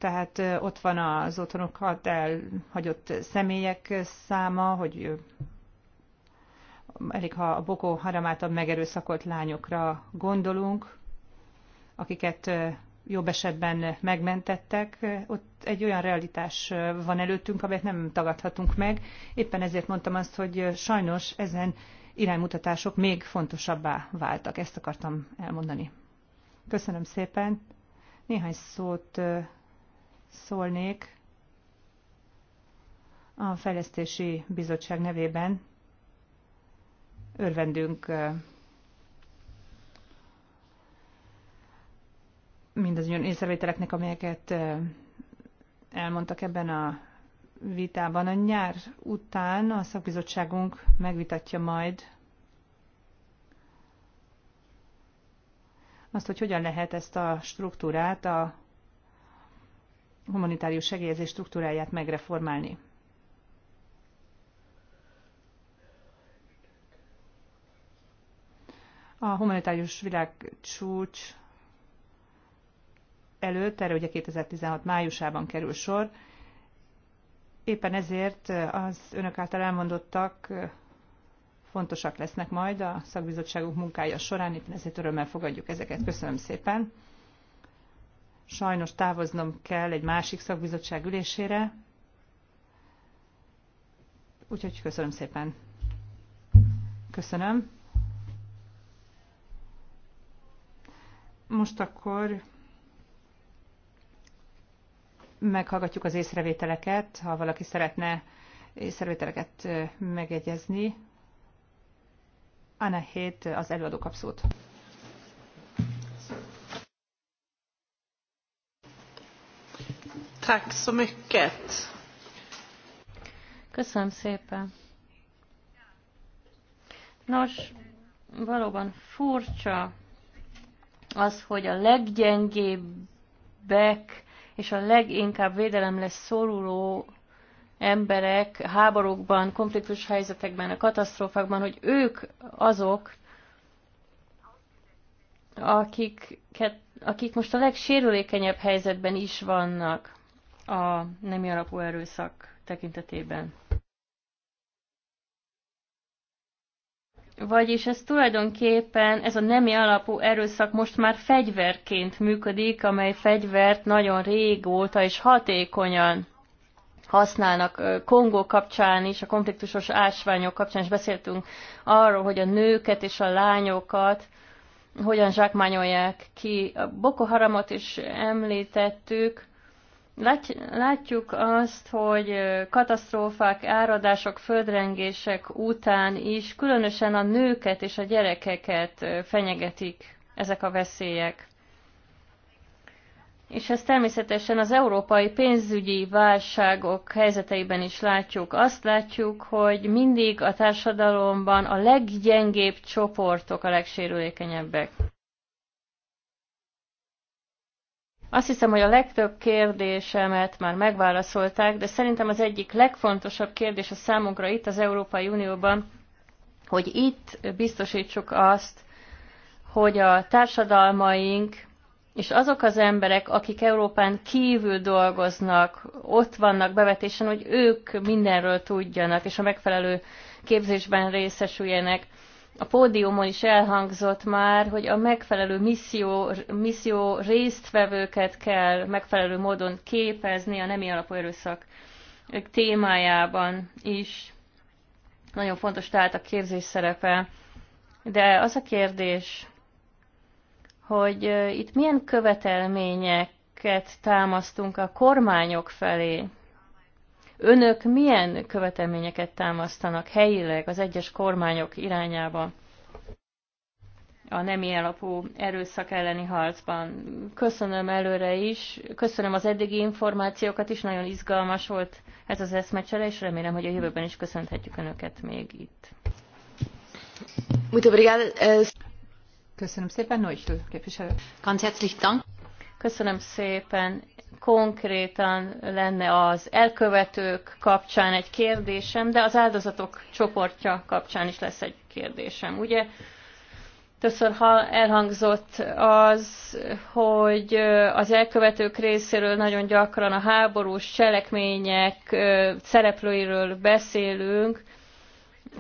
Tehát ott van az otthonokat elhagyott személyek száma, hogy elég ha a Boko Haram által megerőszakolt lányokra gondolunk, akiket jobb esetben megmentettek, ott egy olyan realitás van előttünk, amelyet nem tagadhatunk meg. Éppen ezért mondtam azt, hogy sajnos ezen iránymutatások még fontosabbá váltak. Ezt akartam elmondani. Köszönöm szépen. Néhány szót szólnék a Fejlesztési Bizottság nevében. Örvendünk mindaz olyan észrevételeknek, amelyeket elmondtak ebben a vitában. A nyár után a szakbizottságunk megvitatja majd azt, hogy hogyan lehet ezt a struktúrát a humanitárius segélyezés struktúráját megreformálni. A humanitárius világcsúcs előtt, erre ugye 2016 májusában kerül sor, éppen ezért az önök által elmondottak fontosak lesznek majd a szakbizottságunk munkája során, éppen ezért örömmel fogadjuk ezeket. Köszönöm szépen! Sajnos távoznom kell egy másik szakbizottság ülésére. Úgyhogy köszönöm szépen. Köszönöm. Most akkor meghallgatjuk az észrevételeket, ha valaki szeretne észrevételeket megegyezni. Anna Hét az előadó kapszót. Tack så mycket. Köszönöm szépen. Nos, valóban furcsa az, hogy a leggyengébbek és a leginkább védelemre szoruló emberek háborúkban, konfliktus helyzetekben, a katasztrófákban, hogy ők azok, akik, akik most a legsérülékenyebb helyzetben is vannak a nemi alapú erőszak tekintetében. Vagyis ez tulajdonképpen, ez a nemi alapú erőszak most már fegyverként működik, amely fegyvert nagyon régóta és hatékonyan használnak Kongó kapcsán is, a konfliktusos ásványok kapcsán is beszéltünk arról, hogy a nőket és a lányokat hogyan zsákmányolják ki. A Boko Haramot is említettük, Látjuk azt, hogy katasztrófák, áradások, földrengések után is különösen a nőket és a gyerekeket fenyegetik ezek a veszélyek. És ezt természetesen az európai pénzügyi válságok helyzeteiben is látjuk. Azt látjuk, hogy mindig a társadalomban a leggyengébb csoportok a legsérülékenyebbek. Azt hiszem, hogy a legtöbb kérdésemet már megválaszolták, de szerintem az egyik legfontosabb kérdés a számunkra itt az Európai Unióban, hogy itt biztosítsuk azt, hogy a társadalmaink és azok az emberek, akik Európán kívül dolgoznak, ott vannak bevetésen, hogy ők mindenről tudjanak, és a megfelelő képzésben részesüljenek a pódiumon is elhangzott már, hogy a megfelelő misszió, misszió résztvevőket kell megfelelő módon képezni a nemi alapú erőszak témájában is. Nagyon fontos tehát a képzés szerepe. De az a kérdés, hogy itt milyen követelményeket támasztunk a kormányok felé, Önök milyen követelményeket támasztanak helyileg az egyes kormányok irányába a nemi alapú erőszak elleni harcban? Köszönöm előre is, köszönöm az eddigi információkat is, nagyon izgalmas volt ez az eszmecsere, és remélem, hogy a jövőben is köszönhetjük Önöket még itt. Muito obrigada. Eh, köszönöm szépen, Neuchel képviselő. Ganz herzlich Dank. Köszönöm szépen konkrétan lenne az elkövetők kapcsán egy kérdésem, de az áldozatok csoportja kapcsán is lesz egy kérdésem. Ugye többször elhangzott az, hogy az elkövetők részéről nagyon gyakran a háborús cselekmények szereplőiről beszélünk,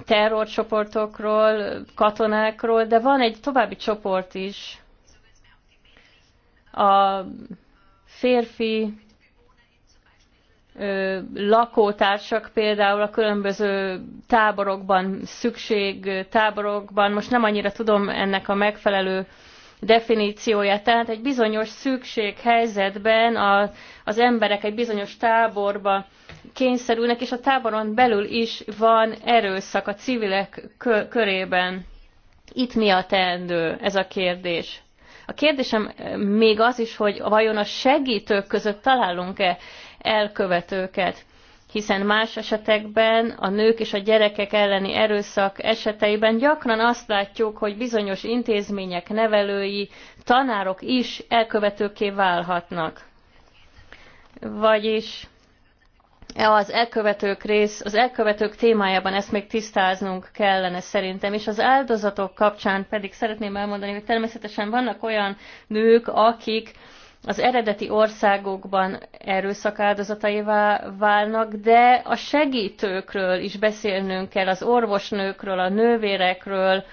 terrorcsoportokról, katonákról, de van egy további csoport is, a férfi lakótársak például a különböző táborokban, szükség táborokban, most nem annyira tudom ennek a megfelelő definícióját, tehát egy bizonyos szükség helyzetben a, az emberek egy bizonyos táborba kényszerülnek, és a táboron belül is van erőszak a civilek körében. Itt mi a teendő? Ez a kérdés. A kérdésem még az is, hogy vajon a segítők között találunk-e elkövetőket, hiszen más esetekben a nők és a gyerekek elleni erőszak eseteiben gyakran azt látjuk, hogy bizonyos intézmények nevelői, tanárok is elkövetőké válhatnak. Vagyis E az elkövetők rész, az elkövetők témájában ezt még tisztáznunk kellene szerintem, és az áldozatok kapcsán pedig szeretném elmondani, hogy természetesen vannak olyan nők, akik az eredeti országokban erőszak áldozataivá válnak, de a segítőkről is beszélnünk kell, az orvosnőkről, a nővérekről,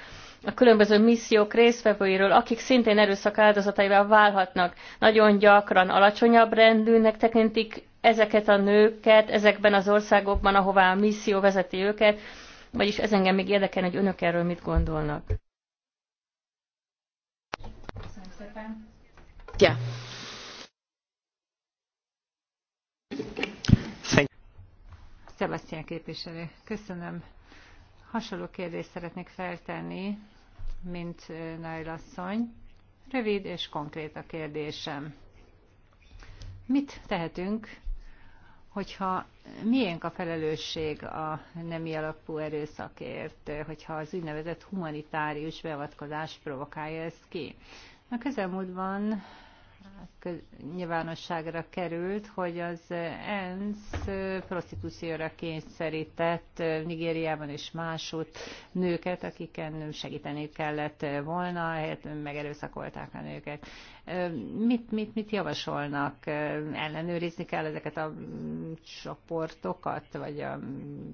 a különböző missziók résztvevőiről, akik szintén erőszak áldozataivá válhatnak. Nagyon gyakran alacsonyabb rendűnek tekintik ezeket a nőket ezekben az országokban, ahová a misszió vezeti őket, vagyis ez engem még érdekel, hogy önök erről mit gondolnak. Köszönöm szépen. Sebastian képviselő, köszönöm. Hasonló kérdést szeretnék feltenni, mint Nail Rövid és konkrét a kérdésem. Mit tehetünk hogyha milyen a felelősség a nemi alapú erőszakért, hogyha az úgynevezett humanitárius beavatkozás provokálja ezt ki. A közelmúltban nyilvánosságra került, hogy az ENSZ prostitúcióra kényszerített Nigériában és másút nőket, akiken segíteni kellett volna, megerőszakolták a nőket. Mit, mit, mit javasolnak? Ellenőrizni kell ezeket a mm, csoportokat, vagy a mm,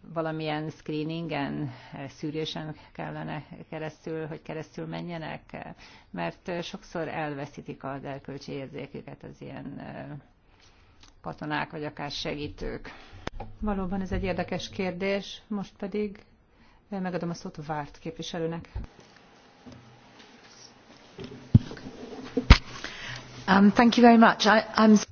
valamilyen screeningen, eh, szűrésen kellene keresztül, hogy keresztül menjenek, mert eh, sokszor elveszítik az elkölcsi érzéküket az ilyen eh, katonák, vagy akár segítők. Valóban ez egy érdekes kérdés, most pedig megadom a szót Várt képviselőnek. Um, thank you very much. I, I'm...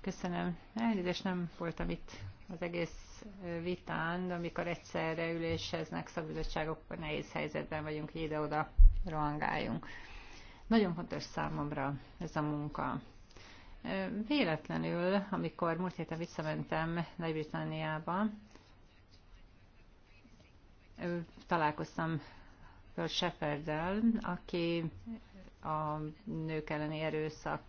Köszönöm. Elnézést nem voltam itt az egész vitán, de amikor egyszerre üléseznek akkor nehéz helyzetben vagyunk, hogy ide-oda rohangáljunk. Nagyon fontos számomra ez a munka. Véletlenül, amikor múlt héten visszamentem Nagy-Britanniába, találkoztam Pearl Shepherddel, aki a nők elleni erőszak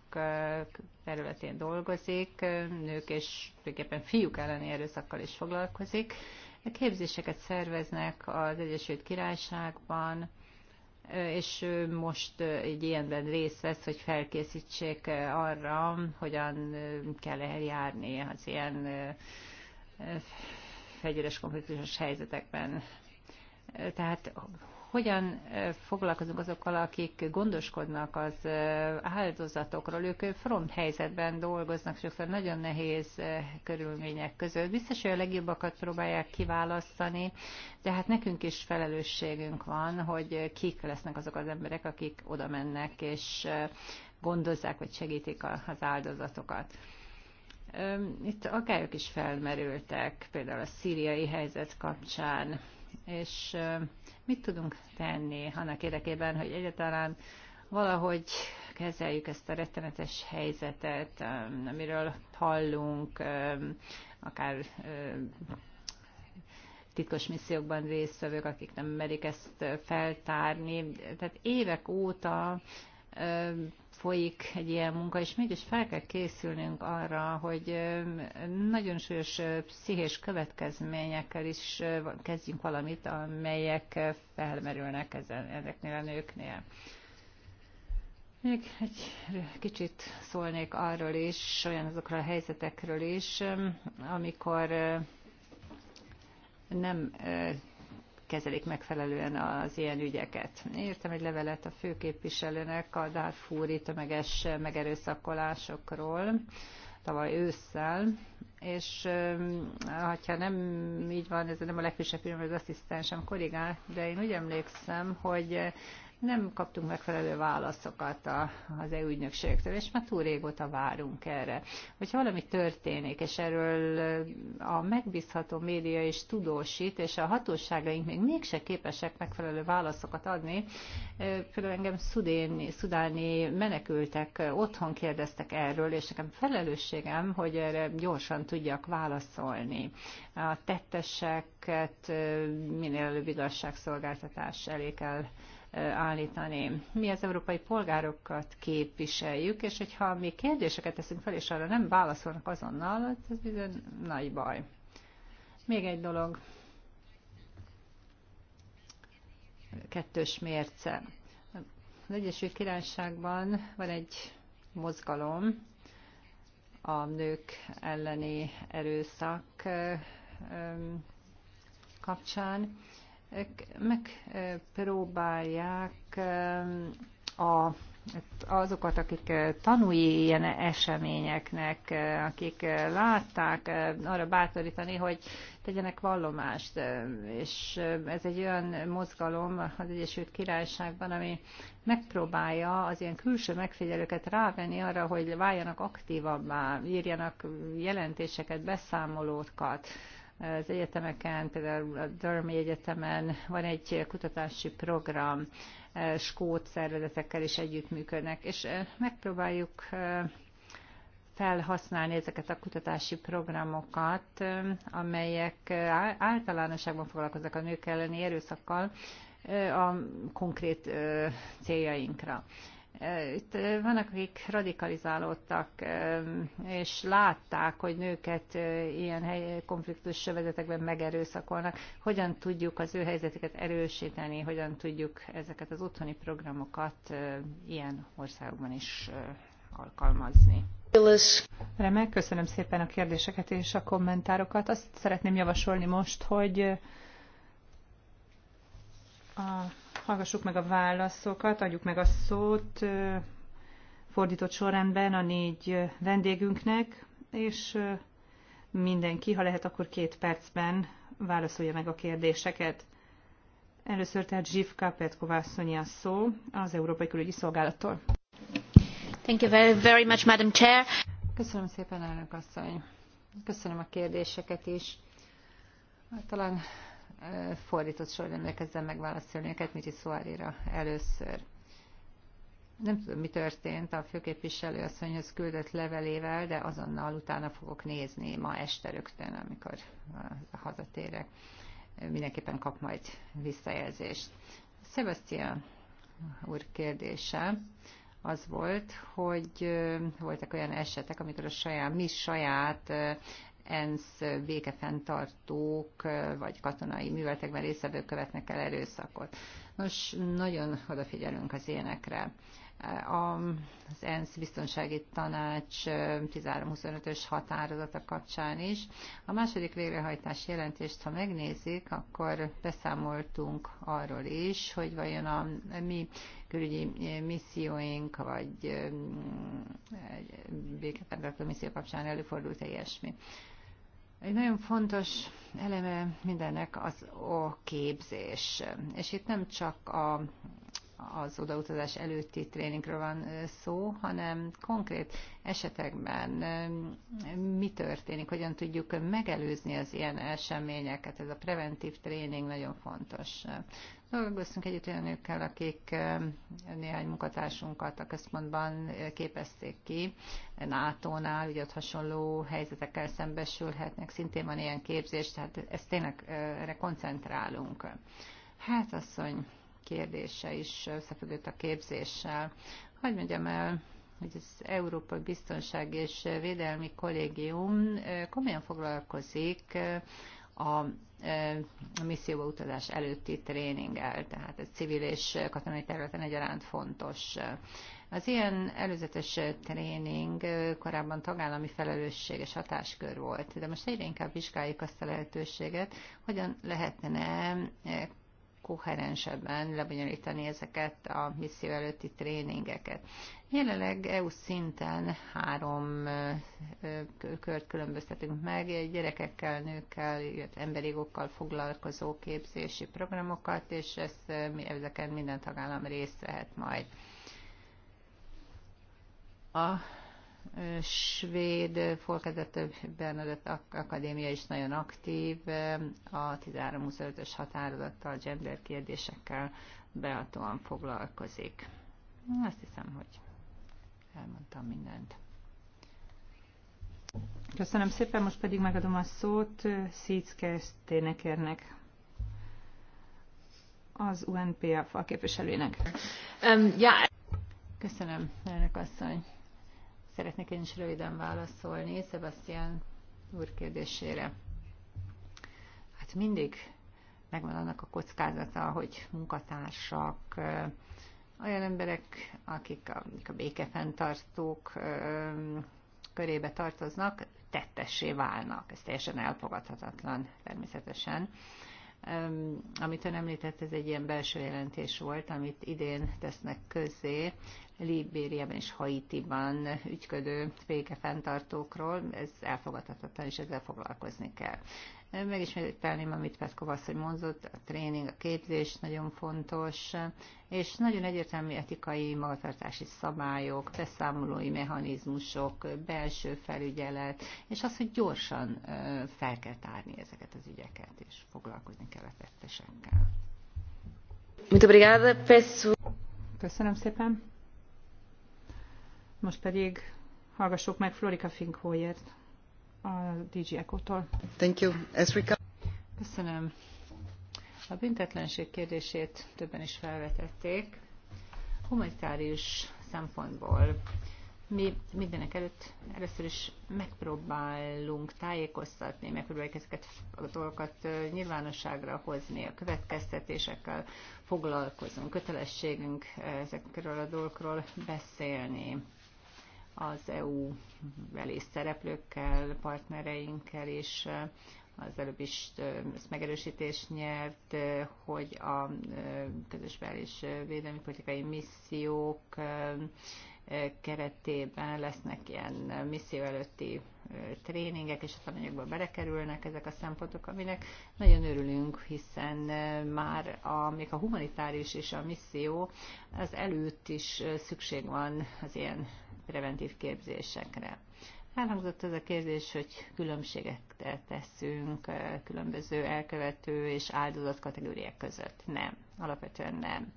területén dolgozik, nők és tulajdonképpen fiúk elleni erőszakkal is foglalkozik. Képzéseket szerveznek az Egyesült Királyságban, és most egy ilyenben részt vesz, hogy felkészítsék arra, hogyan kell eljárni az ilyen fegyveres konfliktusos helyzetekben. Tehát hogyan foglalkozunk azokkal, akik gondoskodnak az áldozatokról. Ők front helyzetben dolgoznak, sokszor nagyon nehéz körülmények között. Biztos, hogy a legjobbakat próbálják kiválasztani, de hát nekünk is felelősségünk van, hogy kik lesznek azok az emberek, akik oda mennek és gondozzák vagy segítik az áldozatokat. Itt aggályok is felmerültek, például a szíriai helyzet kapcsán és mit tudunk tenni annak érdekében, hogy egyáltalán valahogy kezeljük ezt a rettenetes helyzetet, amiről hallunk, akár titkos missziókban résztvevők, akik nem merik ezt feltárni. Tehát évek óta folyik egy ilyen munka, és mégis fel kell készülnünk arra, hogy nagyon súlyos pszichés következményekkel is kezdjünk valamit, amelyek felmerülnek ezen, ezeknél a nőknél. Még egy kicsit szólnék arról is, olyan azokról a helyzetekről is, amikor nem kezelik megfelelően az ilyen ügyeket. Értem egy levelet a főképviselőnek a Darfúri tömeges megerőszakolásokról tavaly ősszel, és ha nem így van, ez nem a legfrissebb film, az asszisztensem korrigál, de én úgy emlékszem, hogy nem kaptunk megfelelő válaszokat a, az EU ügynökségektől, és már túl régóta várunk erre. Hogyha valami történik, és erről a megbízható média is tudósít, és a hatóságaink még mégse képesek megfelelő válaszokat adni, például engem szudéni, szudáni menekültek otthon kérdeztek erről, és nekem felelősségem, hogy erre gyorsan tudjak válaszolni. A tetteseket minél előbb igazságszolgáltatás elé kell állítani. Mi az európai polgárokat képviseljük, és hogyha mi kérdéseket teszünk fel, és arra nem válaszolnak azonnal, hát ez bizony nagy baj. Még egy dolog. Kettős mérce. Az Egyesült Királyságban van egy mozgalom, a nők elleni erőszak kapcsán megpróbálják eh, a azokat, akik eh, tanulj ilyen eseményeknek, eh, akik látták, arra bátorítani, hogy tegyenek vallomást. És ez egy olyan mozgalom az Egyesült Királyságban, ami megpróbálja az ilyen külső megfigyelőket rávenni arra, hogy váljanak aktívabbá, írjanak jelentéseket, beszámolókat, az egyetemeken, például a Durham Egyetemen van egy kutatási program, eh, skót szervezetekkel is együttműködnek, és eh, megpróbáljuk eh, felhasználni ezeket a kutatási programokat, amelyek általánosságban foglalkoznak a nők elleni erőszakkal a konkrét céljainkra. Itt vannak, akik radikalizálódtak, és látták, hogy nőket ilyen konfliktus sövezetekben megerőszakolnak. Hogyan tudjuk az ő helyzetüket erősíteni, hogyan tudjuk ezeket az otthoni programokat ilyen országokban is alkalmazni. Remek, köszönöm szépen a kérdéseket és a kommentárokat. Azt szeretném javasolni most, hogy a Hallgassuk meg a válaszokat, adjuk meg a szót fordított sorrendben a négy vendégünknek, és mindenki, ha lehet, akkor két percben válaszolja meg a kérdéseket. Először tehát Zsivka Petkova a szó az Európai Külügyi Szolgálattól. Thank you very, very much, Madam Chair. Köszönöm szépen, elnök asszony. Köszönöm a kérdéseket is. Hát talán fordított sorrendben kezdem megválaszolni őket, Miri Szuárira először. Nem tudom, mi történt a főképviselő asszonyhoz küldött levelével, de azonnal utána fogok nézni ma este rögtön, amikor hazatérek. Mindenképpen kap majd visszajelzést. Sebastian úr kérdése az volt, hogy voltak olyan esetek, amikor a saját, mi saját ENSZ békefenntartók vagy katonai műveletekben részvevők követnek el erőszakot. Nos, nagyon odafigyelünk az ilyenekre. Az ENSZ biztonsági tanács 25 ös határozata kapcsán is. A második végrehajtás jelentést, ha megnézik, akkor beszámoltunk arról is, hogy vajon a mi külügyi misszióink, vagy békefenntartó misszió kapcsán előfordult-e ilyesmi. Egy nagyon fontos eleme mindennek az a képzés. És itt nem csak a, az odautazás előtti tréningről van szó, hanem konkrét esetekben mi történik, hogyan tudjuk megelőzni az ilyen eseményeket. Ez a preventív tréning nagyon fontos. Dolgoztunk együtt olyan nőkkel, akik néhány munkatársunkat a központban képezték ki. NATO-nál, ugye ott hasonló helyzetekkel szembesülhetnek, szintén van ilyen képzés, tehát ezt tényleg erre koncentrálunk. Hát asszony kérdése is összefüggött a képzéssel. Hogy mondjam el, hogy az Európai Biztonság és Védelmi Kollégium komolyan foglalkozik a a misszióba utazás előtti tréninggel, tehát ez civil és katonai területen egyaránt fontos. Az ilyen előzetes tréning korábban tagállami felelősség és hatáskör volt, de most egyre inkább vizsgáljuk azt a lehetőséget, hogyan lehetne koherensebben lebonyolítani ezeket a misszió előtti tréningeket. Jelenleg EU szinten három kört különböztetünk meg, gyerekekkel, nőkkel, illetve emberi jogokkal foglalkozó képzési programokat, és ezt, ezeken minden tagállam részt vehet majd. A svéd Folkezettöbben akadémia is nagyon aktív a 13-25-ös határozattal, gender kérdésekkel behatóan foglalkozik. Azt hiszem, hogy elmondtam mindent. Köszönöm szépen, most pedig megadom a szót Szicke Ténekernek, az UNPF a képviselőnek. Um, yeah. Köszönöm, elnök asszony. Szeretnék én is röviden válaszolni Sebastian úr kérdésére. Hát mindig megvan annak a kockázata, hogy munkatársak, olyan emberek, akik a, a békefenntartók körébe tartoznak, tettessé válnak. Ez teljesen elfogadhatatlan természetesen amit ön említett, ez egy ilyen belső jelentés volt, amit idén tesznek közé Libériában és Haitiban ügyködő békefenntartókról. Ez elfogadhatatlan, és ezzel foglalkozni kell. Megismételném, amit Peszkov asszony mondott, a tréning, a képzés nagyon fontos, és nagyon egyértelmű etikai magatartási szabályok, beszámolói mechanizmusok, belső felügyelet, és az, hogy gyorsan fel kell tárni ezeket az ügyeket, és foglalkozni kell a tettesekkel. Köszönöm szépen. Most pedig hallgassuk meg Florika Finkóért a DG Eco-tól. Thank you. As we Köszönöm. A büntetlenség kérdését többen is felvetették. Humanitárius szempontból mi mindenek előtt először is megpróbálunk tájékoztatni, megpróbáljuk ezeket a dolgokat nyilvánosságra hozni, a következtetésekkel foglalkozunk, kötelességünk ezekről a dolgokról beszélni az EU velész szereplőkkel, partnereinkkel, és az előbb is ezt megerősítés nyert, hogy a közös bel- és védelmi politikai missziók keretében lesznek ilyen misszió előtti tréningek, és a tananyagba belekerülnek ezek a szempontok, aminek nagyon örülünk, hiszen már a, még a humanitárius és a misszió az előtt is szükség van az ilyen preventív képzésekre. Elhangzott az a kérdés, hogy különbséget teszünk különböző elkövető és áldozat kategóriák között. Nem, alapvetően nem.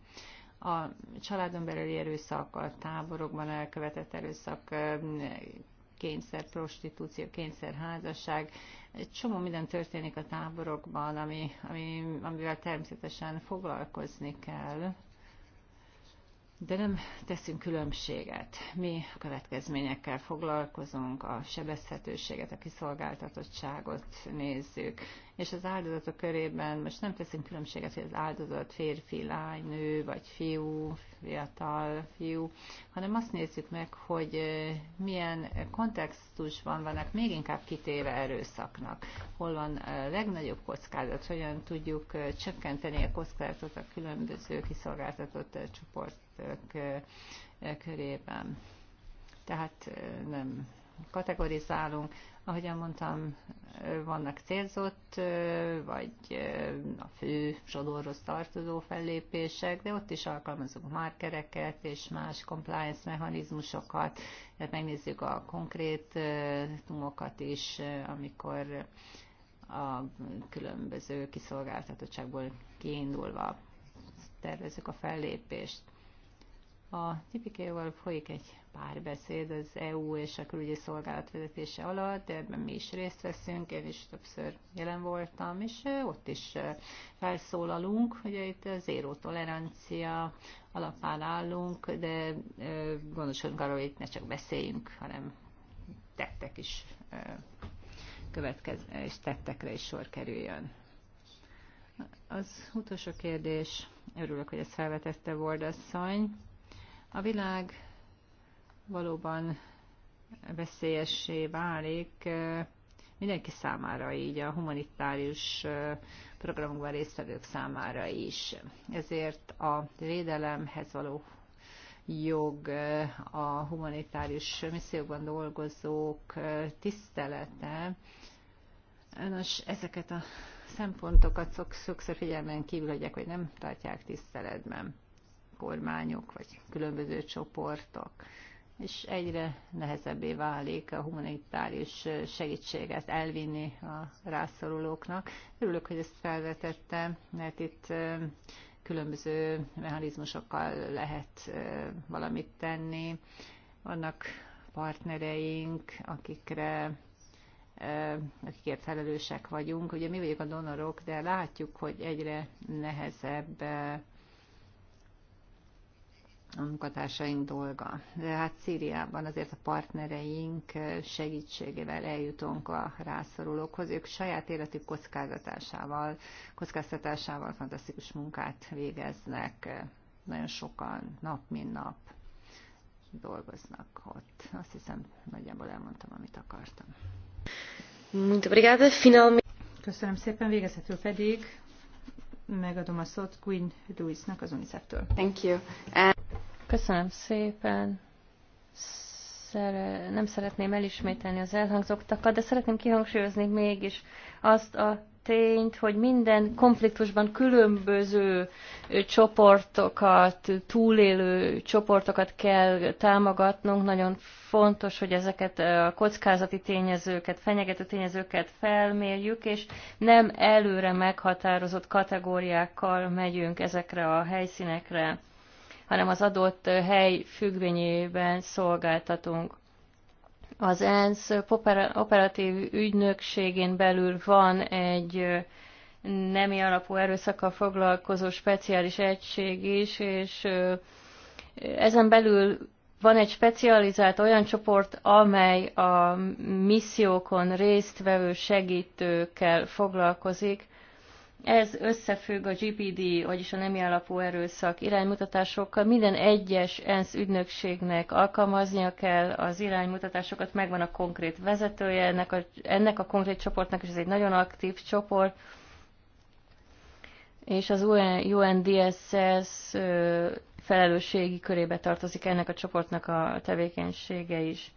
A családon belüli erőszak, a táborokban elkövetett erőszak, kényszer prostitúció, kényszer házasság, egy csomó minden történik a táborokban, ami, ami, amivel természetesen foglalkozni kell de nem teszünk különbséget. Mi a következményekkel foglalkozunk, a sebezhetőséget, a kiszolgáltatottságot nézzük, és az áldozatok körében most nem teszünk különbséget, hogy az áldozat férfi, lány, nő, vagy fiú, fiatal fiú, hanem azt nézzük meg, hogy milyen kontextusban vannak még inkább kitéve erőszaknak, hol van a legnagyobb kockázat, hogyan tudjuk csökkenteni a kockázatot a különböző kiszolgáltatott csoportok körében. Tehát nem kategorizálunk, Ahogyan mondtam, vannak célzott, vagy a fő sodorhoz tartozó fellépések, de ott is alkalmazunk markereket és más compliance mechanizmusokat, tehát megnézzük a konkrét tumokat is, amikor a különböző kiszolgáltatottságból kiindulva tervezzük a fellépést. A tipikéval folyik egy párbeszéd az EU és a külügyi szolgálat vezetése alatt, ebben mi is részt veszünk, én is többször jelen voltam, és ott is felszólalunk, ugye itt a zéró tolerancia alapán állunk, de gondosodunk arról, hogy ne csak beszéljünk, hanem tettek is következ, és tettekre is sor kerüljön. Az utolsó kérdés, örülök, hogy ezt felvetette Vordasszony, a világ valóban veszélyessé válik mindenki számára, így a humanitárius programokban résztvevők számára is. Ezért a védelemhez való jog, a humanitárius misszióban dolgozók tisztelete. Nos, ezeket a szempontokat sokszor figyelmen kívül hagyják, hogy nem tartják tiszteletben kormányok vagy különböző csoportok, és egyre nehezebbé válik a humanitárius segítséget elvinni a rászorulóknak. Örülök, hogy ezt felvetettem, mert itt különböző mechanizmusokkal lehet valamit tenni. Vannak partnereink, akikre akikért felelősek vagyunk. Ugye mi vagyunk a donorok, de látjuk, hogy egyre nehezebb a munkatársaink dolga. De hát Szíriában azért a partnereink segítségével eljutunk a rászorulókhoz. Ők saját életük kockázatásával, kockáztatásával fantasztikus munkát végeznek. Nagyon sokan nap, mint nap dolgoznak ott. Azt hiszem, nagyjából elmondtam, amit akartam. Köszönöm szépen, végezetül pedig megadom a szót Queen louise nak az UNICEF-től. Thank you. Köszönöm szépen. Szere, nem szeretném elismételni az elhangzottakat, de szeretném kihangsúlyozni mégis azt a tényt, hogy minden konfliktusban különböző csoportokat, túlélő csoportokat kell támogatnunk. Nagyon fontos, hogy ezeket a kockázati tényezőket, fenyegető tényezőket felmérjük, és nem előre meghatározott kategóriákkal megyünk ezekre a helyszínekre hanem az adott hely függvényében szolgáltatunk. Az ENSZ operatív ügynökségén belül van egy nemi alapú erőszakkal foglalkozó speciális egység is, és ezen belül van egy specializált olyan csoport, amely a missziókon résztvevő segítőkkel foglalkozik, ez összefügg a GPD, vagyis a nemi alapú erőszak iránymutatásokkal. Minden egyes ENSZ ügynökségnek alkalmaznia kell az iránymutatásokat, megvan a konkrét vezetője ennek a, ennek a konkrét csoportnak, és ez egy nagyon aktív csoport. És az UNDSS felelősségi körébe tartozik ennek a csoportnak a tevékenysége is.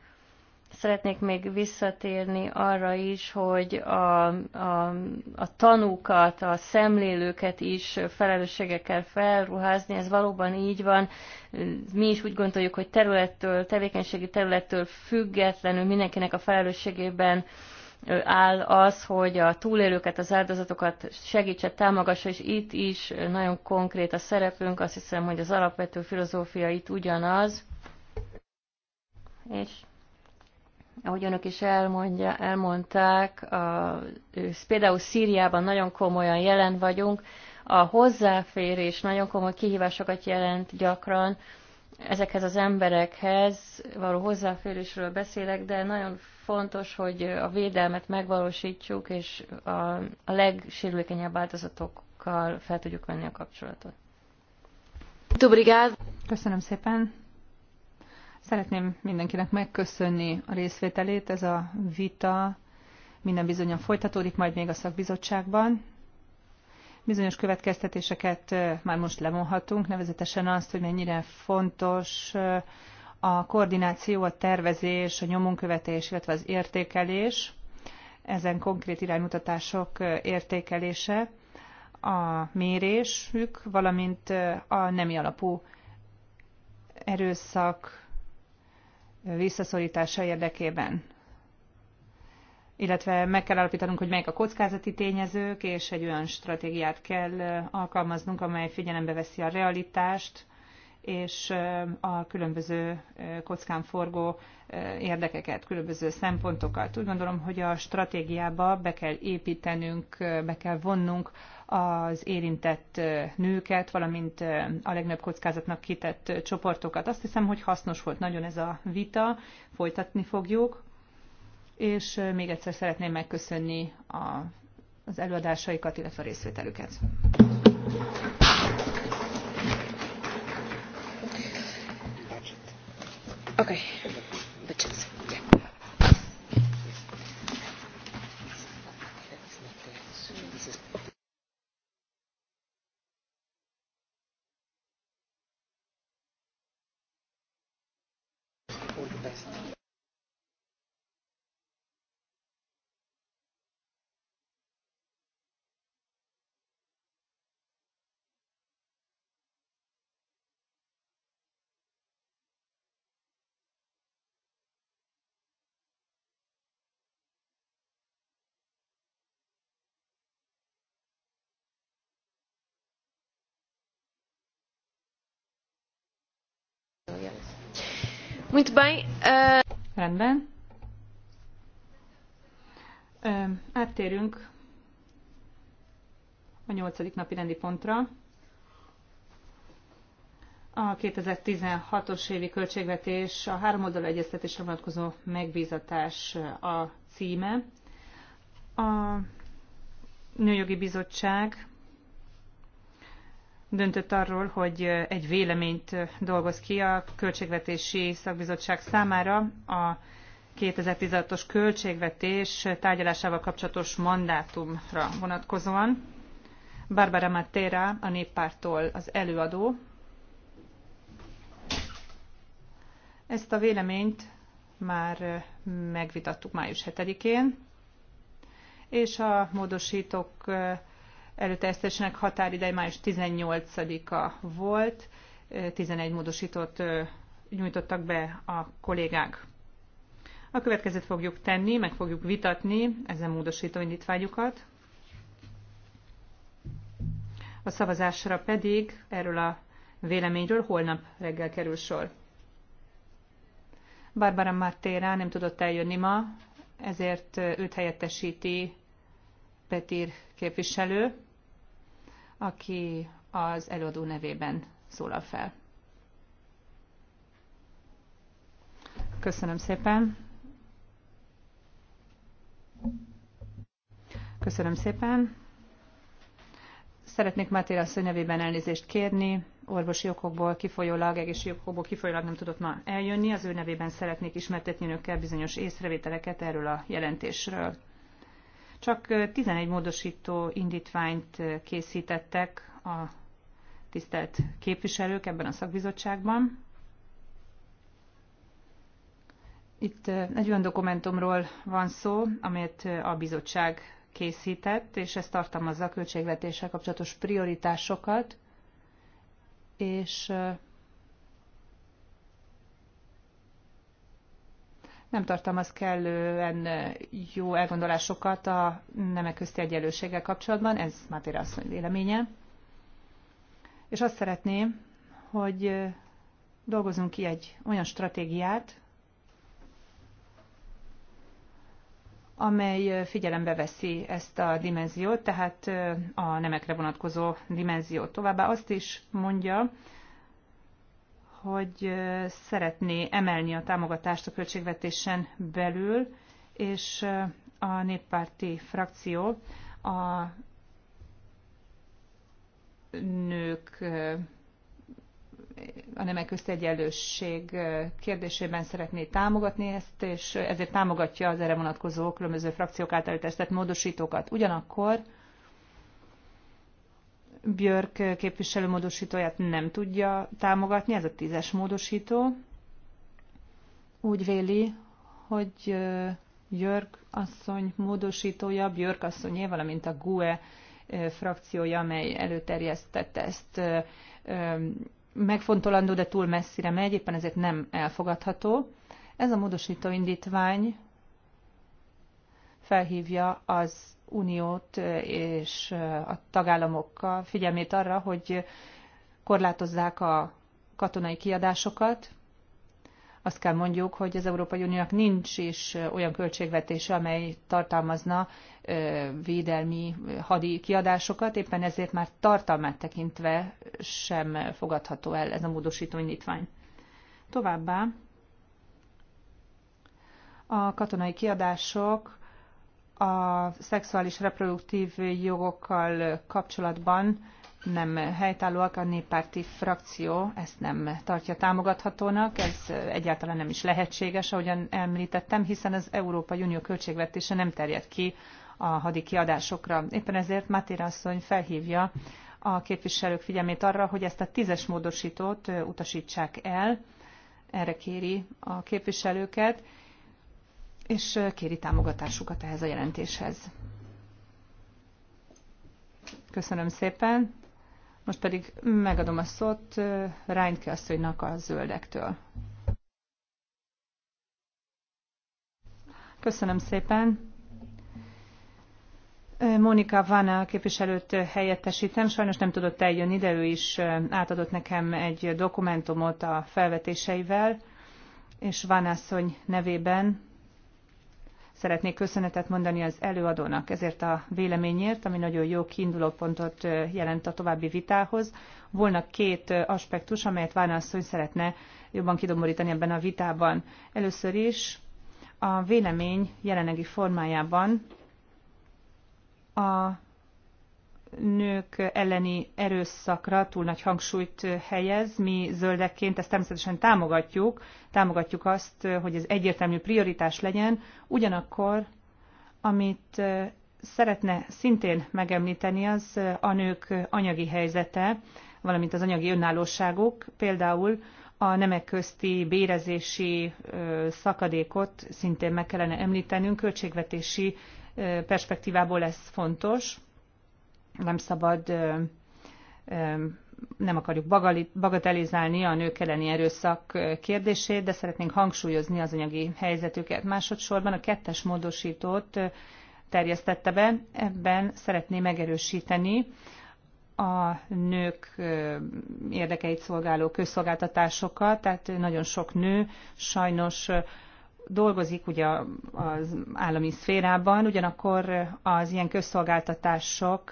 Szeretnék még visszatérni arra is, hogy a, a, a tanúkat, a szemlélőket is felelősségekkel felruházni, ez valóban így van. Mi is úgy gondoljuk, hogy területtől, tevékenységi területtől függetlenül mindenkinek a felelősségében áll az, hogy a túlélőket, az áldozatokat segítse, támogassa, és itt is nagyon konkrét a szerepünk, azt hiszem, hogy az alapvető filozófia itt ugyanaz. És ahogy önök is elmondja, elmondták, a, például Szíriában nagyon komolyan jelen vagyunk, a hozzáférés nagyon komoly kihívásokat jelent gyakran, ezekhez az emberekhez való hozzáférésről beszélek, de nagyon fontos, hogy a védelmet megvalósítsuk, és a, a legsérülékenyebb áldozatokkal fel tudjuk venni a kapcsolatot. Köszönöm szépen. Szeretném mindenkinek megköszönni a részvételét. Ez a vita minden bizonyan folytatódik, majd még a szakbizottságban. Bizonyos következtetéseket már most levonhatunk, nevezetesen azt, hogy mennyire fontos a koordináció, a tervezés, a nyomonkövetés, illetve az értékelés, ezen konkrét iránymutatások értékelése, a mérésük, valamint a nemi alapú erőszak visszaszorítása érdekében. Illetve meg kell állapítanunk, hogy melyek a kockázati tényezők, és egy olyan stratégiát kell alkalmaznunk, amely figyelembe veszi a realitást, és a különböző kockán forgó érdekeket, különböző szempontokat. Úgy gondolom, hogy a stratégiába be kell építenünk, be kell vonnunk az érintett nőket, valamint a legnagyobb kockázatnak kitett csoportokat. Azt hiszem, hogy hasznos volt nagyon ez a vita, folytatni fogjuk, és még egyszer szeretném megköszönni a, az előadásaikat, illetve a részvételüket. Okay. Budgets. aliás. Muito bem. Uh... Rendben. áttérünk a nyolcadik napi rendi pontra. A 2016-os évi költségvetés a háromoldalú egyeztetésre vonatkozó megbízatás a címe. A Nőjogi Bizottság döntött arról, hogy egy véleményt dolgoz ki a Költségvetési Szakbizottság számára a 2016-os költségvetés tárgyalásával kapcsolatos mandátumra vonatkozóan. Barbara Matera a néppártól az előadó. Ezt a véleményt már megvitattuk május 7-én, és a módosítók előterjesztésnek határideje május 18-a volt, 11 módosított nyújtottak be a kollégák. A következőt fogjuk tenni, meg fogjuk vitatni ezen módosító indítványokat. A szavazásra pedig erről a véleményről holnap reggel kerül sor. Barbara Martéra nem tudott eljönni ma, ezért őt helyettesíti Petir képviselő aki az előadó nevében szólal fel. Köszönöm szépen. Köszönöm szépen. Szeretnék Máté asszony nevében elnézést kérni. Orvosi okokból kifolyólag, egészségügyi okokból kifolyólag nem tudott ma eljönni. Az ő nevében szeretnék ismertetni önökkel bizonyos észrevételeket erről a jelentésről. Csak 11 módosító indítványt készítettek a tisztelt képviselők ebben a szakbizottságban. Itt egy olyan dokumentumról van szó, amelyet a bizottság készített, és ez tartalmazza a költségvetéssel kapcsolatos prioritásokat, és nem tartalmaz kellően jó elgondolásokat a nemek közti egyenlőséggel kapcsolatban, ez Máté asszony véleménye. És azt szeretném, hogy dolgozunk ki egy olyan stratégiát, amely figyelembe veszi ezt a dimenziót, tehát a nemekre vonatkozó dimenziót. Továbbá azt is mondja, hogy szeretné emelni a támogatást a költségvetésen belül, és a néppárti frakció a nők a nemek közt kérdésében szeretné támogatni ezt, és ezért támogatja az erre vonatkozó különböző frakciók által tesztett módosítókat. Ugyanakkor Björk képviselő módosítóját nem tudja támogatni, ez a tízes módosító. Úgy véli, hogy Björk asszony módosítója, Björk asszonyé, valamint a GUE frakciója, amely előterjesztette ezt megfontolandó, de túl messzire megy, éppen ezért nem elfogadható. Ez a módosító indítvány felhívja az Uniót és a tagállamokkal figyelmét arra, hogy korlátozzák a katonai kiadásokat. Azt kell mondjuk, hogy az Európai Uniónak nincs is olyan költségvetése, amely tartalmazna védelmi hadi kiadásokat, éppen ezért már tartalmát tekintve sem fogadható el ez a módosító indítvány. Továbbá a katonai kiadások a szexuális reproduktív jogokkal kapcsolatban nem helytállóak, a néppárti frakció ezt nem tartja támogathatónak, ez egyáltalán nem is lehetséges, ahogyan említettem, hiszen az Európai Unió költségvetése nem terjed ki a hadi kiadásokra. Éppen ezért Mátér asszony felhívja a képviselők figyelmét arra, hogy ezt a tízes módosítót utasítsák el, erre kéri a képviselőket, és kéri támogatásukat ehhez a jelentéshez. Köszönöm szépen. Most pedig megadom a szót Reinke asszonynak a zöldektől. Köszönöm szépen. Monika Vana képviselőt helyettesítem, sajnos nem tudott eljönni, de ő is átadott nekem egy dokumentumot a felvetéseivel, és asszony nevében Szeretnék köszönetet mondani az előadónak ezért a véleményért, ami nagyon jó kiindulópontot jelent a további vitához. Volna két aspektus, amelyet Várna asszony szeretne jobban kidomborítani ebben a vitában. Először is a vélemény jelenlegi formájában a nők elleni erőszakra túl nagy hangsúlyt helyez. Mi zöldekként ezt természetesen támogatjuk, támogatjuk azt, hogy ez egyértelmű prioritás legyen, ugyanakkor amit szeretne szintén megemlíteni, az a nők anyagi helyzete, valamint az anyagi önállóságuk, például a nemek közti bérezési szakadékot szintén meg kellene említenünk, költségvetési perspektívából ez fontos nem szabad nem akarjuk bagatelizálni a nők elleni erőszak kérdését, de szeretnénk hangsúlyozni az anyagi helyzetüket. Másodszorban a kettes módosítót terjesztette be, ebben szeretné megerősíteni a nők érdekeit szolgáló közszolgáltatásokat, tehát nagyon sok nő sajnos dolgozik ugye az állami szférában, ugyanakkor az ilyen közszolgáltatások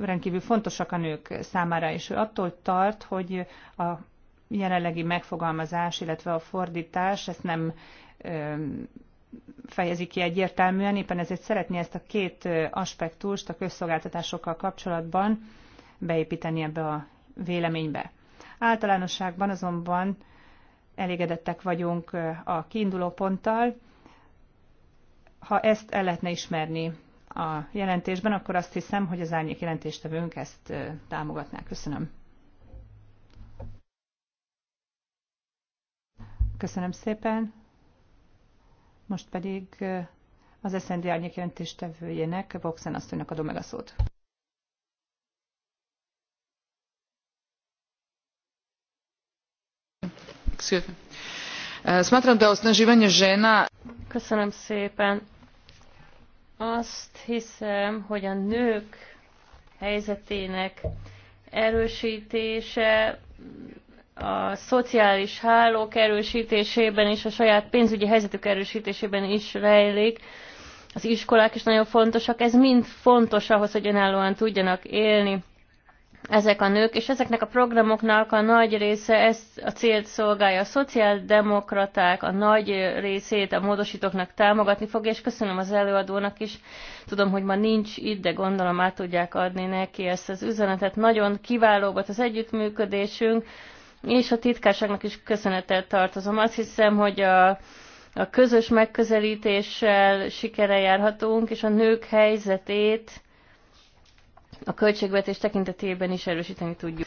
rendkívül fontosak a nők számára, és ő attól tart, hogy a jelenlegi megfogalmazás, illetve a fordítás ezt nem fejezi ki egyértelműen, éppen ezért szeretné ezt a két aspektust a közszolgáltatásokkal kapcsolatban beépíteni ebbe a véleménybe. Általánosságban azonban elégedettek vagyunk a kiinduló ponttal, ha ezt el lehetne ismerni a jelentésben, akkor azt hiszem, hogy az árnyék jelentéstevőnk ezt támogatná. Köszönöm. Köszönöm szépen. Most pedig az SZND árnyék jelentéstevőjének, Voxen asszonynak adom meg a szót. Köszönöm szépen. Azt hiszem, hogy a nők helyzetének erősítése a szociális hálók erősítésében és a saját pénzügyi helyzetük erősítésében is rejlik. Az iskolák is nagyon fontosak, ez mind fontos ahhoz, hogy önállóan tudjanak élni ezek a nők, és ezeknek a programoknak a nagy része ezt a célt szolgálja. A szociáldemokraták a nagy részét a módosítóknak támogatni fog, és köszönöm az előadónak is. Tudom, hogy ma nincs itt, de gondolom át tudják adni neki ezt az üzenetet. Nagyon kiváló volt az együttműködésünk, és a titkárságnak is köszönetet tartozom. Azt hiszem, hogy a a közös megközelítéssel sikere járhatunk, és a nők helyzetét a költségvetés tekintetében is erősíteni tudjuk.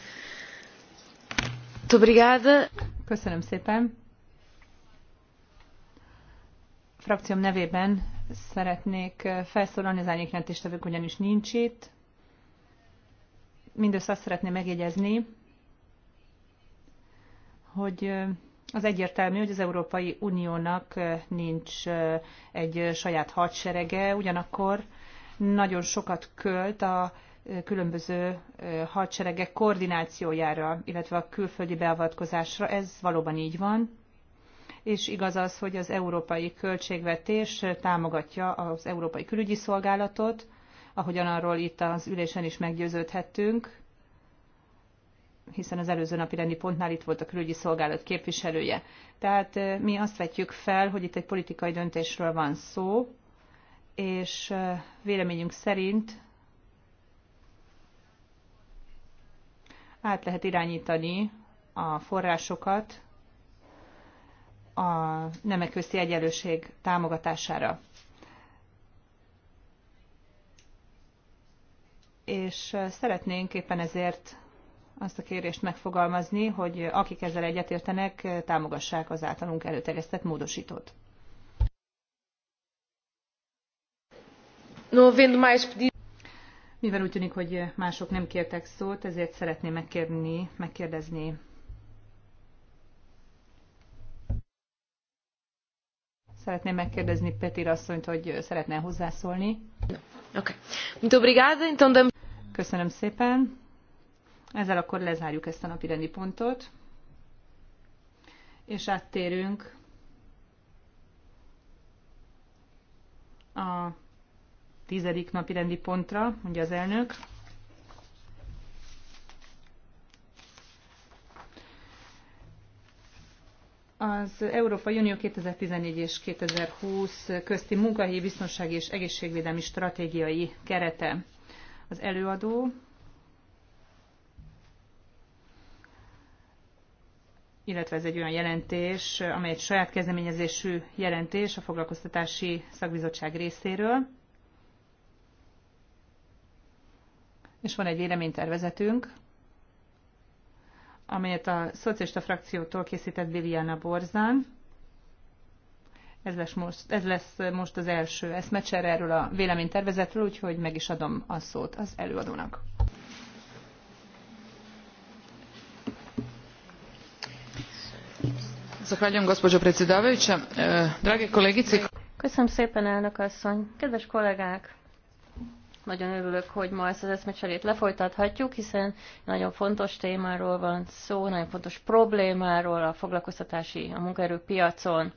Köszönöm szépen. Frakcióm nevében szeretnék felszólalni, az árnyékjelentéstevők ugyanis nincs itt. Mindössze azt szeretném megjegyezni, hogy az egyértelmű, hogy az Európai Uniónak nincs egy saját hadserege, ugyanakkor nagyon sokat költ a különböző hadseregek koordinációjára, illetve a külföldi beavatkozásra. Ez valóban így van, és igaz az, hogy az európai költségvetés támogatja az Európai Külügyi Szolgálatot, ahogyan arról itt az ülésen is meggyőződhettünk, hiszen az előző napi rendi pontnál itt volt a külügyi szolgálat képviselője. Tehát mi azt vetjük fel, hogy itt egy politikai döntésről van szó, és véleményünk szerint át lehet irányítani a forrásokat a nemek közti egyenlőség támogatására. És szeretnénk éppen ezért azt a kérést megfogalmazni, hogy akik ezzel egyetértenek, támogassák az általunk előterjesztett módosítót. Mivel úgy tűnik, hogy mások nem kértek szót, ezért szeretném megkérni, megkérdezni Szeretném megkérdezni Petir asszonyt, hogy szeretne hozzászólni. Oké. Okay. Köszönöm szépen. Ezzel akkor lezárjuk ezt a napi rendi pontot. És áttérünk a tizedik napi rendi pontra, mondja az elnök. Az Európai Unió 2014 és 2020 közti munkahelyi biztonsági és egészségvédelmi stratégiai kerete. Az előadó illetve ez egy olyan jelentés, amely egy saját kezdeményezésű jelentés a foglalkoztatási szakbizottság részéről. és van egy véleménytervezetünk, amelyet a szocialista frakciótól készített Bibiana Borzán. Ez lesz, most, ez lesz most az első eszmecsere erről a véleménytervezetről, úgyhogy meg is adom a szót az előadónak. E, Köszönöm szépen, elnök asszony! Kedves kollégák! Nagyon örülök, hogy ma ezt az eszmecserét lefolytathatjuk, hiszen nagyon fontos témáról van szó, nagyon fontos problémáról a foglalkoztatási, a munkaerőpiacon.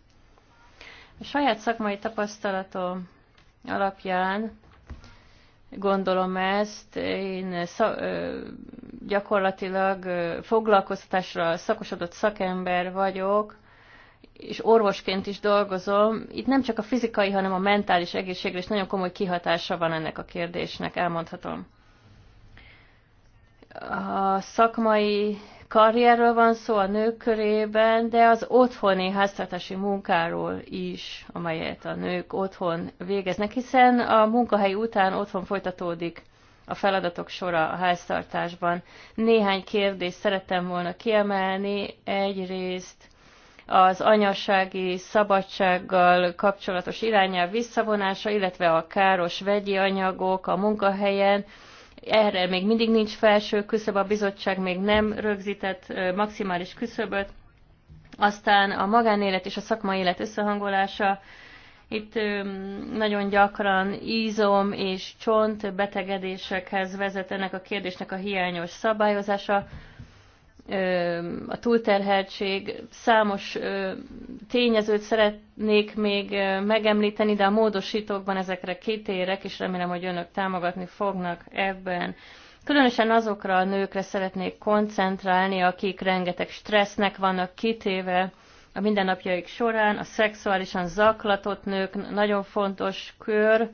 A saját szakmai tapasztalatom alapján gondolom ezt. Én szak, gyakorlatilag foglalkoztatásra szakosodott szakember vagyok, és orvosként is dolgozom, itt nem csak a fizikai, hanem a mentális egészségre is nagyon komoly kihatása van ennek a kérdésnek, elmondhatom. A szakmai karrierről van szó a nők körében, de az otthoni háztartási munkáról is, amelyet a nők otthon végeznek, hiszen a munkahely után otthon folytatódik a feladatok sora a háztartásban. Néhány kérdést szerettem volna kiemelni. Egyrészt az anyasági szabadsággal kapcsolatos irányelv visszavonása, illetve a káros vegyi anyagok a munkahelyen, erre még mindig nincs felső küszöb, a bizottság még nem rögzített maximális küszöböt. Aztán a magánélet és a szakmai élet összehangolása, itt nagyon gyakran ízom és csont betegedésekhez vezet ennek a kérdésnek a hiányos szabályozása a túlterheltség. Számos tényezőt szeretnék még megemlíteni, de a módosítókban ezekre kitérek, és remélem, hogy önök támogatni fognak ebben. Különösen azokra a nőkre szeretnék koncentrálni, akik rengeteg stressznek vannak kitéve a mindennapjaik során. A szexuálisan zaklatott nők nagyon fontos kör,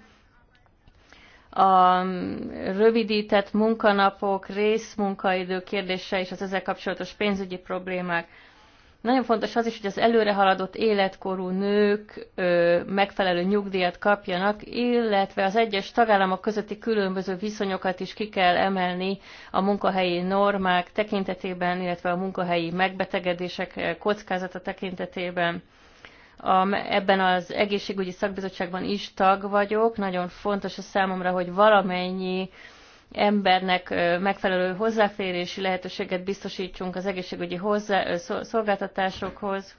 a rövidített munkanapok, részmunkaidő kérdése és az ezzel kapcsolatos pénzügyi problémák. Nagyon fontos az is, hogy az haladott életkorú nők ö, megfelelő nyugdíjat kapjanak, illetve az egyes tagállamok közötti különböző viszonyokat is ki kell emelni a munkahelyi normák tekintetében, illetve a munkahelyi megbetegedések kockázata tekintetében a, ebben az egészségügyi szakbizottságban is tag vagyok. Nagyon fontos a számomra, hogy valamennyi embernek megfelelő hozzáférési lehetőséget biztosítsunk az egészségügyi hozzá, szolgáltatásokhoz.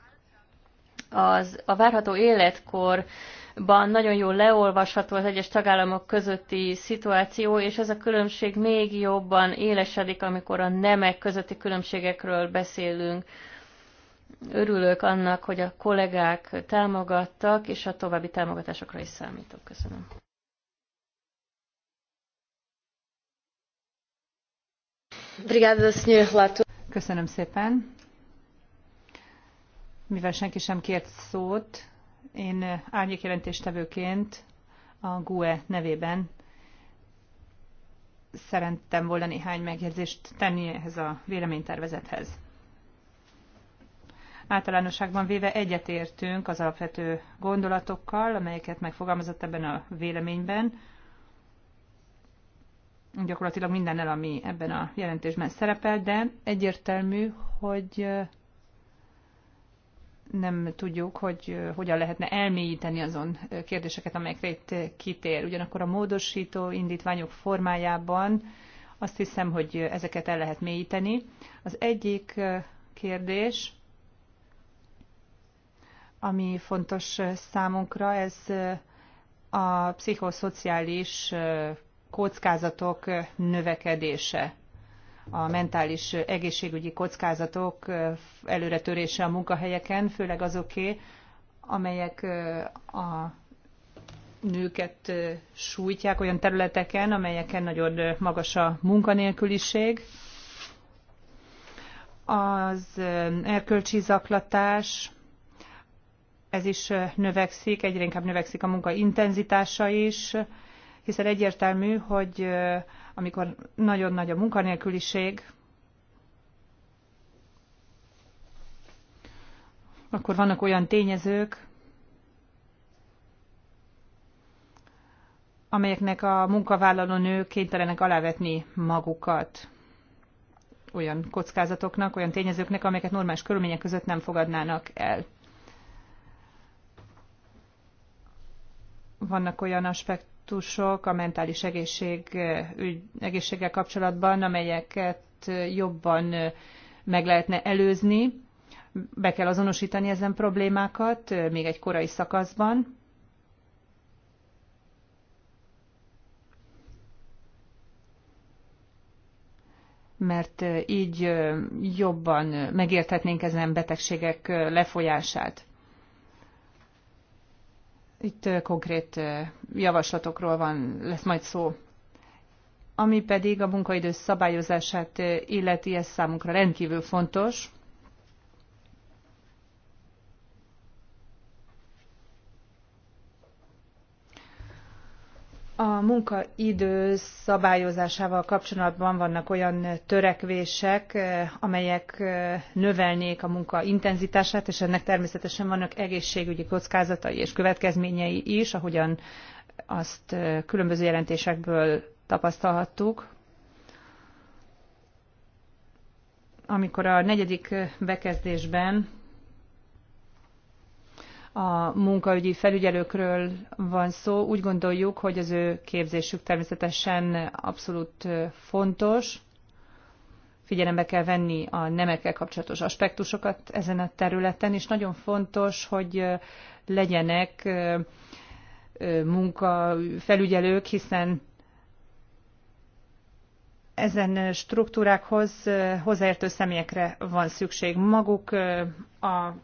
Az, a várható életkorban nagyon jól leolvasható az egyes tagállamok közötti szituáció, és ez a különbség még jobban élesedik, amikor a nemek közötti különbségekről beszélünk Örülök annak, hogy a kollégák támogattak, és a további támogatásokra is számítok. Köszönöm. Köszönöm szépen. Mivel senki sem kért szót, én árnyékjelentéstevőként a GUE nevében szerettem volna néhány megjegyzést tenni ehhez a véleménytervezethez. Általánosságban véve egyetértünk az alapvető gondolatokkal, amelyeket megfogalmazott ebben a véleményben. Gyakorlatilag mindennel, ami ebben a jelentésben szerepel, de egyértelmű, hogy nem tudjuk, hogy hogyan lehetne elmélyíteni azon kérdéseket, amelyekre itt kitér. Ugyanakkor a módosító indítványok formájában azt hiszem, hogy ezeket el lehet mélyíteni. Az egyik kérdés ami fontos számunkra, ez a pszichoszociális kockázatok növekedése, a mentális egészségügyi kockázatok előretörése a munkahelyeken, főleg azoké, amelyek a nőket sújtják olyan területeken, amelyeken nagyon magas a munkanélküliség. Az erkölcsi zaklatás, ez is növekszik, egyre inkább növekszik a munka intenzitása is, hiszen egyértelmű, hogy amikor nagyon nagy a munkanélküliség, akkor vannak olyan tényezők, amelyeknek a munkavállaló nők kénytelenek alávetni magukat olyan kockázatoknak, olyan tényezőknek, amelyeket normális körülmények között nem fogadnának el. vannak olyan aspektusok a mentális egészség, ügy, egészséggel kapcsolatban, amelyeket jobban meg lehetne előzni. Be kell azonosítani ezen problémákat még egy korai szakaszban. mert így jobban megérthetnénk ezen betegségek lefolyását. Itt konkrét javaslatokról van, lesz majd szó. Ami pedig a munkaidő szabályozását illeti, ez számunkra rendkívül fontos. A munkaidő szabályozásával kapcsolatban vannak olyan törekvések, eh, amelyek eh, növelnék a munka intenzitását, és ennek természetesen vannak egészségügyi kockázatai és következményei is, ahogyan azt eh, különböző jelentésekből tapasztalhattuk. Amikor a negyedik bekezdésben a munkaügyi felügyelőkről van szó. Úgy gondoljuk, hogy az ő képzésük természetesen abszolút fontos. Figyelembe kell venni a nemekkel kapcsolatos aspektusokat ezen a területen, és nagyon fontos, hogy legyenek munkafelügyelők, hiszen ezen struktúrákhoz hozzáértő személyekre van szükség. Maguk a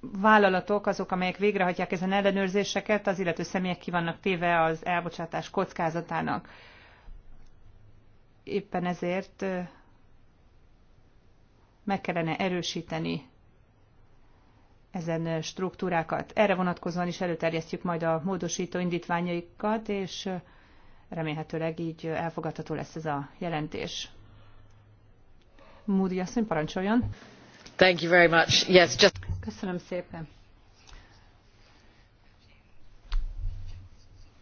vállalatok azok, amelyek végrehajtják ezen ellenőrzéseket, az illető személyek ki vannak téve az elbocsátás kockázatának. Éppen ezért meg kellene erősíteni ezen struktúrákat. Erre vonatkozóan is előterjesztjük majd a módosító indítványaikat, és remélhetőleg így elfogadható lesz ez a jelentés. Moody asszony, parancsoljon! Thank you very much. Yes, just... Köszönöm szépen.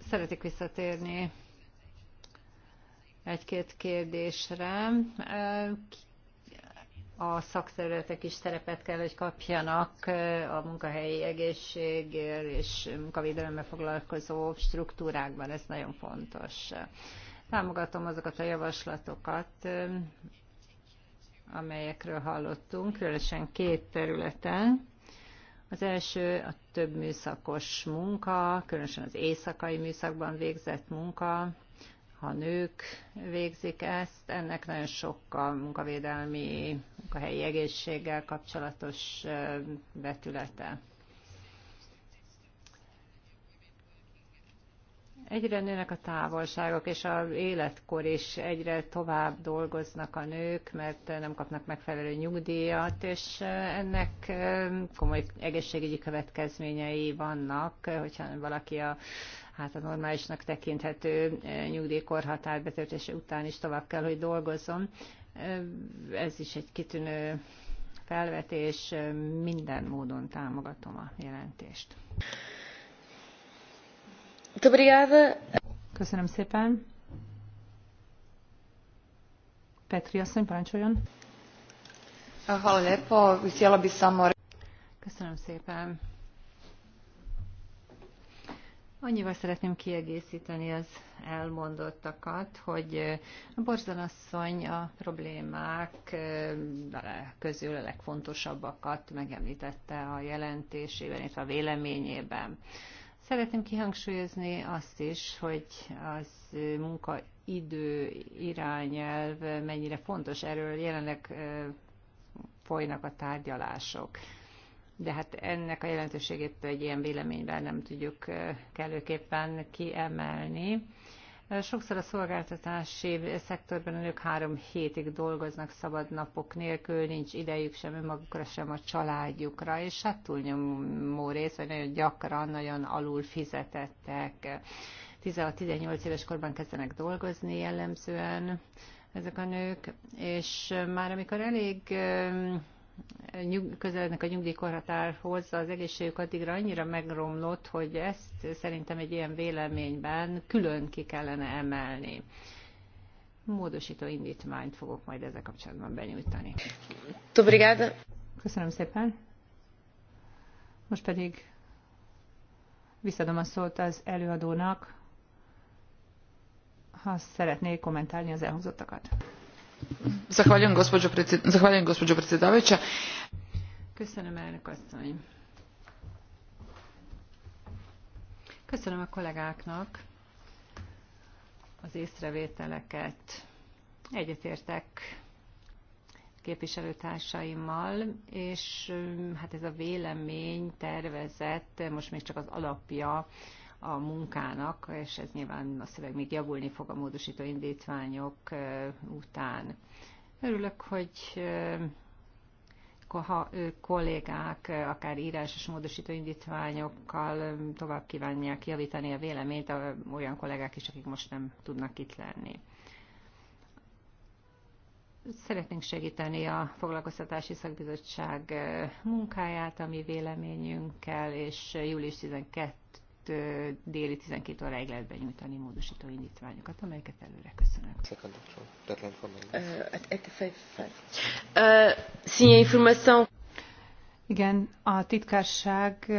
Szeretik visszatérni egy-két kérdésre. A szakterületek is szerepet kell, hogy kapjanak a munkahelyi egészségér és munkavédelemmel foglalkozó struktúrákban. Ez nagyon fontos. Támogatom azokat a javaslatokat, amelyekről hallottunk, különösen két területen. Az első a több műszakos munka, különösen az éjszakai műszakban végzett munka, ha nők végzik ezt, ennek nagyon sok a munkavédelmi, munkahelyi egészséggel kapcsolatos vetülete. Egyre nőnek a távolságok, és az életkor is egyre tovább dolgoznak a nők, mert nem kapnak megfelelő nyugdíjat, és ennek komoly egészségügyi következményei vannak, hogyha valaki a hát a normálisnak tekinthető nyugdíjkorhatár betöltése után is tovább kell, hogy dolgozzon. Ez is egy kitűnő felvetés, minden módon támogatom a jelentést. Köszönöm szépen. Petri asszony, parancsoljon. Köszönöm szépen. Annyival szeretném kiegészíteni az elmondottakat, hogy a borzanasszony a problémák közül a legfontosabbakat megemlítette a jelentésében, illetve a véleményében. Szeretném kihangsúlyozni azt is, hogy az munkaidő irányelv mennyire fontos erről jelenleg folynak a tárgyalások. De hát ennek a jelentőségét egy ilyen véleményben nem tudjuk kellőképpen kiemelni. Sokszor a szolgáltatási szektorban ők három hétig dolgoznak szabad napok nélkül, nincs idejük sem önmagukra, sem a családjukra, és hát túlnyomó rész, vagy nagyon gyakran, nagyon alul fizetettek. 16-18 éves korban kezdenek dolgozni jellemzően ezek a nők, és már amikor elég közelednek a nyugdíjkorhatárhoz, az egészségük addigra annyira megromlott, hogy ezt szerintem egy ilyen véleményben külön ki kellene emelni. Módosító indítványt fogok majd ezzel kapcsolatban benyújtani. Tobrigáda. Köszönöm szépen. Most pedig visszadom a szót az előadónak, ha szeretné kommentálni az elhangzottakat. Zahvaljujem, gospođo predsjedavajuća. Köszönöm, elnök asszony. Köszönöm a kollégáknak az észrevételeket. Egyetértek képviselőtársaimmal, és hát ez a vélemény tervezett most még csak az alapja a munkának, és ez nyilván a szöveg még javulni fog a módosító indítványok után. Örülök, hogy ha kollégák akár írásos módosító indítványokkal tovább kívánják javítani a véleményt, olyan kollégák is, akik most nem tudnak itt lenni. Szeretnénk segíteni a foglalkoztatási szakbizottság munkáját, ami véleményünkkel, és július 12 déli 12 óráig lehet benyújtani módosító indítványokat, amelyeket előre köszönök. igen, a titkárság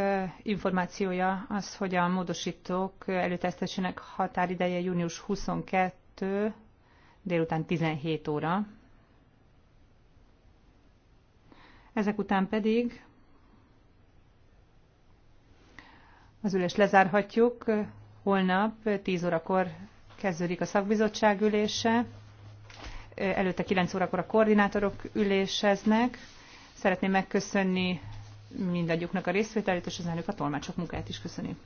információja az, hogy a módosítók előtesztesének határideje június 22 délután 17 óra. Ezek után pedig Az ülés lezárhatjuk. Holnap 10 órakor kezdődik a szakbizottság ülése. Előtte 9 órakor a koordinátorok üléseznek. Szeretném megköszönni mindannyiuknak a részvételét, és az elnök a tolmácsok munkáját is köszönöm.